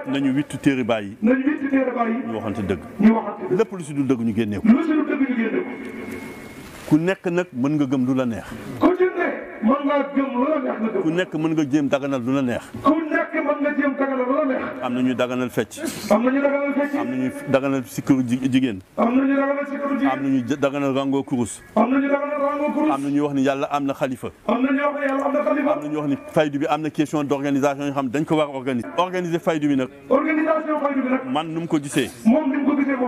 nañu wittu téere téere bàyyi. ñu waxante dëgg. ñu waxante génneeku. nekk nag mën nga gëm lu la neex. nekk mën nga jéem daganal lu neex. am na daganal fecc. am na ñuy daganal fecc. am jigéen. am na ñuy daganal sikkaru kurus. am na ñuy wax ni yàlla am na xalifa am na ñu wax ni faydu bi am na question d' organisation yoo xam dañ ko war a organiser organiser faydu bi nag man nu mu ko gisee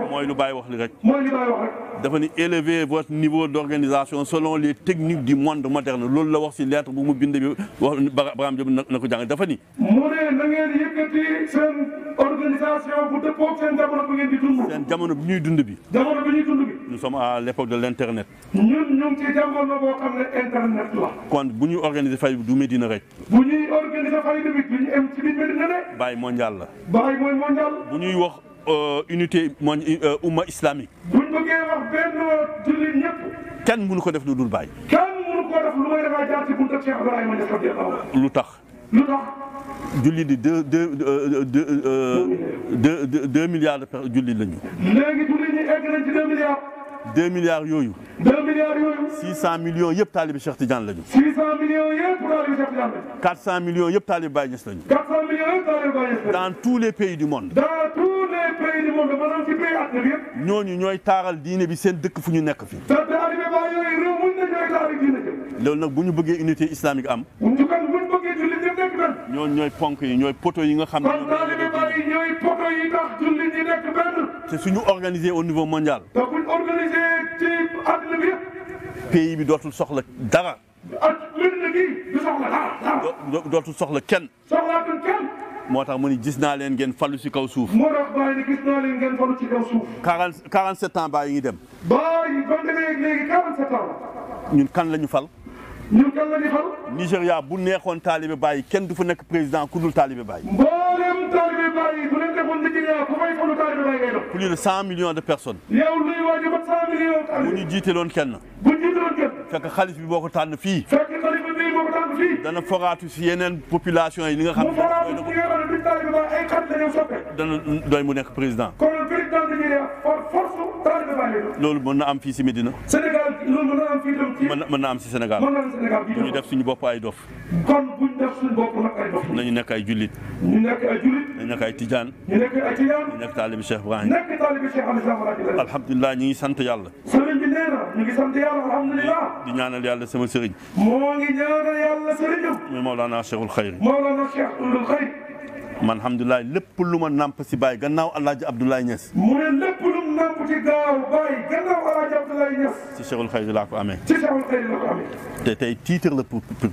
mooy lu Baye wax li rek. mooy li Baye wax rek. dafa ni élever votre niveau d' organisation selon les techniques du monde moderne loolu la wax si lettre bu mu bind bi wax Barham nag na ko jàng dafa ni. mu ne na ngeen seen organisation bu dëppoo seen jamono bu ñuy dund bi. jamono bi ñuy dund bi. nous sommes à de l' internet. ñun ñu ngi ci jamono boo xam internet la. kon bu ñuy organiser fay du Medina rek. bu ñuy organiser fay tamit du ñu am ci biir Medina ne. mondial la. Euh, unité mooy euh, umma kenn mënu ko def lu dul bàyyi. tax. lu tax. jullit di euh, deux deux deux deux jullit lañu. léegi jullit ñi egg nañ ci deux deux milliards yooyu. deux milliards cent millions yëpp taalibi Cheikh Tidiane lañu. six cent millions yëpp taalibi lañu. quatre cent millions yëpp taalibi Baye Niass lañu. quatre dans tous les pays du monde. dans tous les pays du monde maanaam ci pays àddina ñooñu ñooy taaral diine bi seen dëkk fu ñu nekk fii. te loolu nag bu ñu bëggee unité islamique am. nekk ñooy ponk yi ñooy poto yi nga xam ne. te suñu organisé au niveau mondial. te buñ organisé dootul soxla dara. ak mbir soxla dara. kenn. moo tax mu ni gis naa leen ngeen falu ci kaw suuf. moo tax baay yi dem. baay yi ba mu demee ñun kan la fal. ñun kan la defal. Nigéria bu neexoon Talibe Baye kenn du fa nekk président ku dul Talibe Baye. mboolem Talibe Baye bu leen defoon Nigéria ku fay falu Talibe Baye ngay dox. plus de cent millions de personnes. yow luy waaj a ba cent millions. bu ñu jiiteloon kenn. bu juddoo xaalis bi boo ko tànn fii. dana foraatu si yeneen population yi li nga xam. mu foraatu si nga xam nekk président. kon loolu mën na am fii si Medina. mën mën na am si Sénégal. ñu def suñu bopp ay dof. kon nañu nekk ay julit ñu nekk ay jullit. ñu nekk ay tijaan. ñu nekk ay tijaan. ñu nekk taalibe Cheikh Ibrahim. nekk taalibe Cheikh Alhamdulillah ñu sant yàlla. ñu ngi sant yàlla alhamdulilah di ñaanal yàlla sama sëriñ moo ngi ñaanal yàlla sëriñam muy Mawlana Cheikhul Khayri Mawlana Cheikhul Khayri man lu ma nàmp si bàyyi gannaaw El Hadj Abdoulaye Niass mu ne lépp lu namp ci gaaw tey titre la pour pour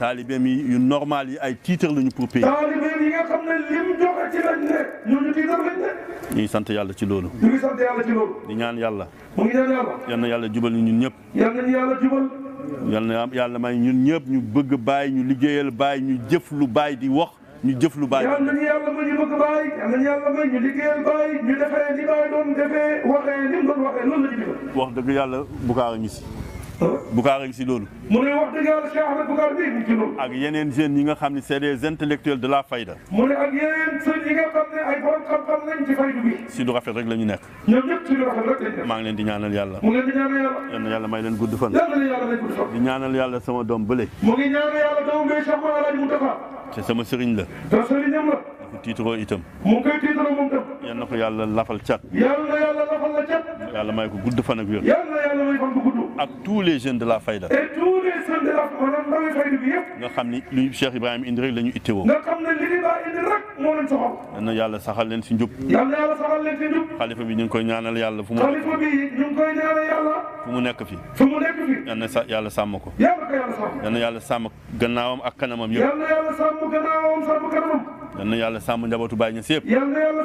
taalibeem yi yu normal yi ay titre lañu pour taalibeem yi nga xam ne lim joxe ci lañ ne ñooñu titre lañ ne. ñu ngi sant yàlla ci loolu. ñu ngi sant yàlla di ñaan yàlla. yàlla. yal na yàlla na yàlla may ñun ñëpp ñu bëgg bàyyi ñu liggéeyal bàyyi ñu jëf lu bàyyi di wax ñu jëf lu bàyyi. yal nañu yàlla ma ñu bëgg bàyyi yàlla ma ñu liggéeyal bàyyi ñu defee li bàyyi doon defee waxee li waxee noonu la ñu wax dëgg yàlla bukaar a si Boucar ngi si loolu. mu ne wax dëgg yàlla Cheikh bi ngi ak yeneen jeunes yi nga xam ni c'est des intellectuels de la fayda. mu ak yeneen jeunes yi nga xam ne ay borom xam-xam lañ ci fayda bi. si lu rafet rek la ñu nekk. maa ngi leen di ñaanal yàlla. mu ngi leen ñaanal yàlla. na yàlla may leen gudd fan. di ñaanal yàlla sama doom bële. mu ngi ñaanal yàlla doomu bi sama sëriñ la. tiitaroo itam mu koy tiitaroo moom tam yal na ko yàlla lafal cat yal na yàlla lafal la cat yàlla may ko gudd fan ak wér yal na yàlla may fan bu gudd ak tous les jeunes de la fayda et tous les jeunes de la maanaam ndawi fayda bi yëpp nga xam ni lu Cheikh Ibrahima indi rek la ñu ittewoo nga xam ne li ñu daa indi rek moo leen soxal yal na yàlla saxal leen si njub yal na yàlla saxal leen si njub xalifa bi ñu ngi koy ñaanal yàlla fu mu xalifa bi ñu ngi koy ñaanal yàlla fu mu nekk fi fu mu nekk fi yal na yàlla sàmm ko yal na yàlla sàmm gannaawam ak kanamam yëpp yal na yàlla sàmm gannaawam sàmm kanamam yal yàlla sàmm njabootu Baay Ñas yëpp. yal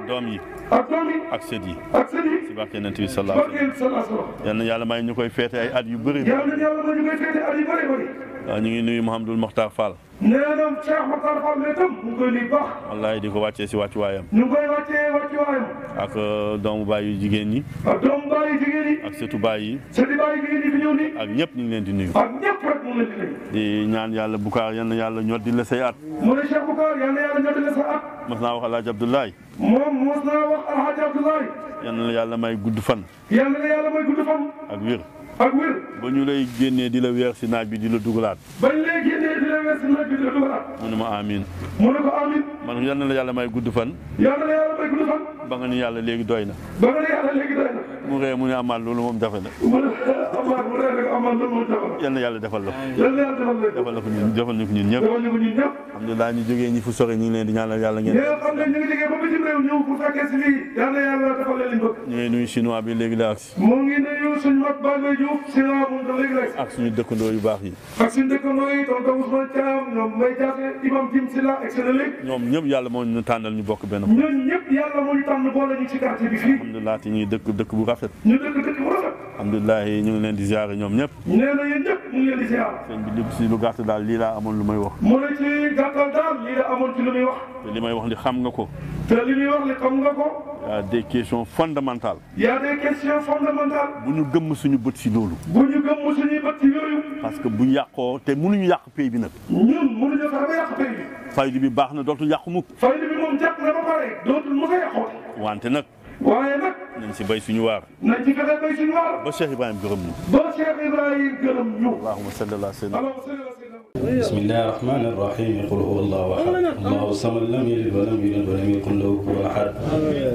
ak doom yi. ak doom yi ak sët yi. ak sët yi si barke Yonent bi sallallahu alayhi wa sallam. yal na yàlla may ñu koy féete ay at yu bëri. yal na yàlla may ñu koy féete ngi nuyu Mouhamadul Mokhtar Fall. nee na Cheikh Makhtar Fall mais mu koy nuyu baax. wallaay di ko wàccee si wàccuwaayam. ñu ngi koy wàccee wàccuwaayam. ak euh, doomu baay yu jigéen ñi. ak doomu baay jigéen ñi. ak sëtu baay yi. sëtu jigéen ñi fi ñëw nii. ak ñëpp ñu ngi leen di nuyu. ak ñëpp rek mu ngi leen di di ñaan yàlla Boucar yal na yàlla ñor di la say at. mu ne na yàlla ñor di naa wax El Hadj moom mos naa wax El Hadj Abdoulaye. na yàlla may gudd fan. yal na yàlla may gudd fan. ak wér. ñu lay génnee di la si naaj bi di la déggee sëñ Mbacke Sylla yàlla may gudd na ni yàlla léegi doy na. ni yàlla léegi mu ree mu ne amaat loolu moom jafe na. mu amaat mu ree rek amaat loolu moom jafe na. yal na yàlla defal la ko. yal na yàlla defal la ko defal la ko ñun defal ñu ko ñun ñëpp. defal ñu ko ñun ñëpp. alhamdulilah ñu jógee ñi fu sore ñu ngi leen di ñaanal yàlla ngeen. ñi nga xam ne ñu ngi jógee ba bitim réew ñëw pour fekkee si lii. yal na yàlla defal la liñ bëgg. ñu ngi nuyu chinois bi léegi la agsi. mu ngi nuyu suñu mag Balla Diouf chinois moom tam léegi la agsi. ak suñu dëkkandoo yu baax yi. ak suñu dëkkandoo yi tonton Ousmane Thiam ñoom Mbaye Diaté imam Jim Sila et cetera léegi. ñoom ñëpp yàlla moo ñu tànnal ñu bokk benn. ñoom ñëpp yàlla moo ñu tànn boole ñu ci quartier bi fii. alhamdulilah te ñuy dëkk dëkk bu rafet rafet ñu dëkk ngi leen di ziare ñoom ñëpp nee li daal lii laa amoon lu may wax mu ne ci gàttal daal lii la amoon ci lu muy wax te li may wax li xam nga ko te li muy wax li xam nga ko bu ñu gëmm suñu bët si loolu bu ñu gëmm suñu bët si yooyu parce que bu ñu yàqoo te mënuñu yàq pays bi nag ñun mënuñu fexe ba yàq pays bi faydu bi baax na dootu yàqu mukk faydu bi moom jàpp na ba pare dootul mos a yàqoo wante nag waaye nag. nañ si béy suñu waar. nañ si fexe béy suñu waar. ba Cheikh Ibrahim gërëm ñu. ba Cheikh Ibrahim gërëm ñu. allahumma salli ala sayyidina. بسم الله الرحمن الرحيم قل هو الله احد الله الصمد لم يلد ولم يولد ولم يكن له كفوا احد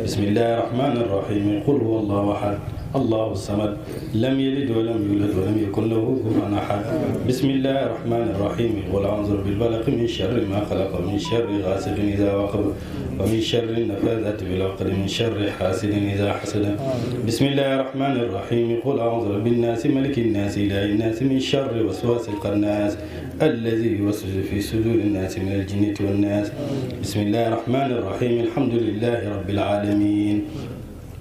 بسم الله الرحمن الرحيم قل هو الله احد الله الصمد لم يلد ولم يولد ولم يكن له كفوا احد بسم الله الرحمن الرحيم والعنظر بالبلق من شر ما خلق من شر غاسق اذا وقب ومن شر النفاذات بالعقد من شر حاسد اذا حسد بسم الله الرحمن الرحيم قل اعوذ بالناس ملك الناس اله الناس من شر وسواس القناس الذي يوسوس في صدور الناس من الجنه والناس بسم الله الرحمن الرحيم الحمد لله رب العالمين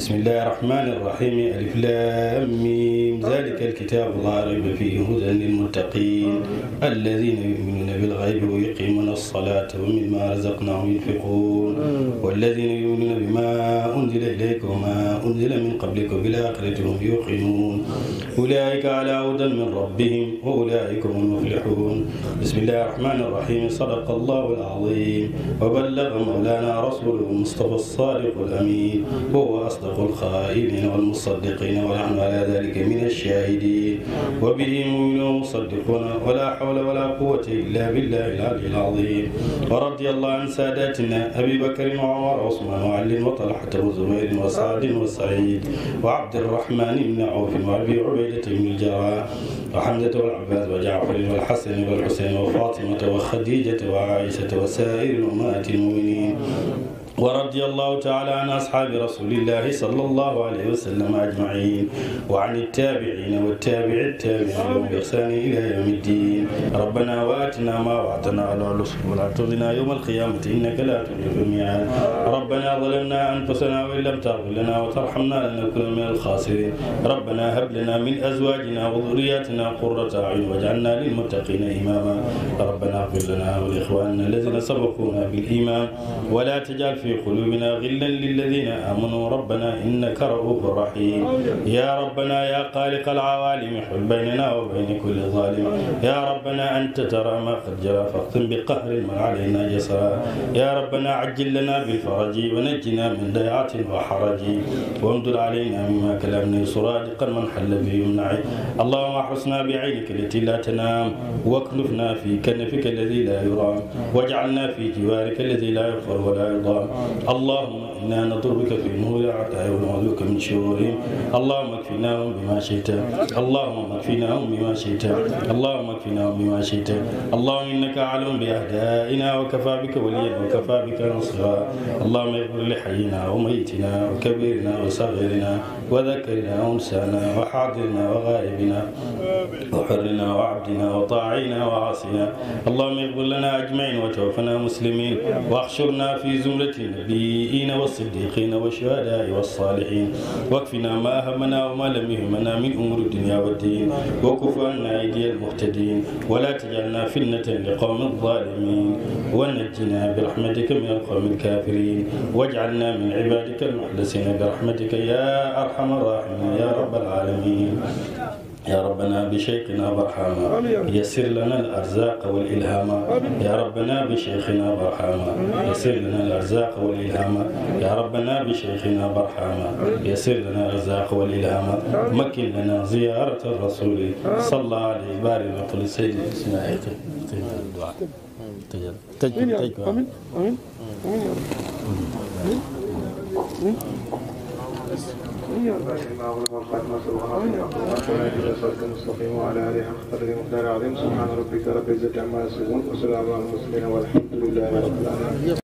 بسم الله الرحمن الرحيم ألف لام ميم ذلك الكتاب لا ريب فيه هدى للمتقين الذين يؤمنون بالغيب ويقيمون الصلاة ومما رزقناهم ينفقون والذين يؤمنون بما أنزل إليك وما أنزل من قبلك وبالآخرة هم يوقنون أولئك على هدى من ربهم وأولئك هم المفلحون بسم الله الرحمن الرحيم صدق الله العظيم وبلغ مولانا رسوله المصطفى الصادق الأمين وهو أصدق صادق الخائنين والمصدقين ونحن على ذلك من الشاهدين وبه مؤمنون مصدقون ولا حول ولا قوة إلا بالله العلي العظيم ورضي الله عن ساداتنا أبي بكر وعمر وعثمان وعلي وطلحة وزبير وسعد وسعيد وعبد الرحمن بن عوف وأبي عبيدة بن الجراح وحمزة والعباس وجعفر والحسن والحسين وفاطمة وخديجة وعائشة وسائر أمهات المؤمنين wa radiyallahu taala an ashaabi rasulillahi sallallahu alayhi wa sallam ajmain wa an ittaabiciina wa taabici taabicinahum bi ixsaani ila yawmi ddin rabbana wa atina ma wa'adtana ala rusulika wa la tuxzina yawma alqiyamati innaka la tuxlifu l-mii'aad rabbana zalamna anfusana wa in lam taghfir lana wa tarhamna lanakunanna min alxaasirin rabbana hab lana min azwajina wa dhurriyyatina qurrata a'yun waj'alna lilmuttaqina imama rabbana ighfir lana wa li ikhwanina allazina sabaquna bil iman wa la taj'al fi في قلوبنا غلا للذين آمنوا ربنا إنك رؤوف رحيم يا ربنا يا قالق العوالم حل بيننا وبين كل ظالم يا ربنا أنت ترى ما قد جرى فاختم بقهر من علينا جسرا يا ربنا عجل لنا بالفرج ونجنا من ضيعة وحرج وامدد علينا مما كلامنا سرادقا من حل بيمنعه اللهم احرسنا بعينك التي لا تنام واكلفنا في كنفك الذي لا يرام واجعلنا في جوارك الذي لا يغفر ولا يضام اللهم إنا نطلب بك في نور عطايا ونعوذ بك من شرورهم اللهم اكفناهم بما شئت اللهم اكفناهم بما شئت اللهم اكفناهم بما شئت اللهم إنك عالم بأعدائنا وكفى بك وليا وكفى بك نصرا اللهم اغفر لحينا وميتنا وكبيرنا وصغيرنا وذكرنا وانسانا وحاضرنا وغائبنا وحرنا وعبدنا وطاعينا وعاصينا اللهم اغفر لنا أجمعين وتوفنا مسلمين واحشرنا في زمرتنا النبيين والصديقين والشهداء والصالحين واكفنا ما همنا وما لم يهمنا من أمور الدنيا والدين وكف عنا أيدي المهتدين ولا تجعلنا فتنة لقوم الظالمين ونجنا برحمتك من القوم الكافرين واجعلنا من عبادك المخلصين برحمتك يا أرحم الراحمين يا رب العالمين يا ربنا بشيخنا برحاما يسر لنا الأرزاق والإلهاما يا ربنا بشيخنا برحاما يسر لنا الأرزاق والإلهاما يا ربنا بشيخنا برحاما يسر لنا الأرزاق والإلهاما مكن لنا زيارة الرسول صلى عليه بارك وطل سيد إسماعيل الدعاء تجد تجد تجد آمين آمين آمين الفاتحة اللهم الخاتمة صلى المستقيم وعلى آله حق قدره مقدار عظيم سبحان ربك رب العزة عما يصفون وسلام على المرسلين والحمد لله رب العالمين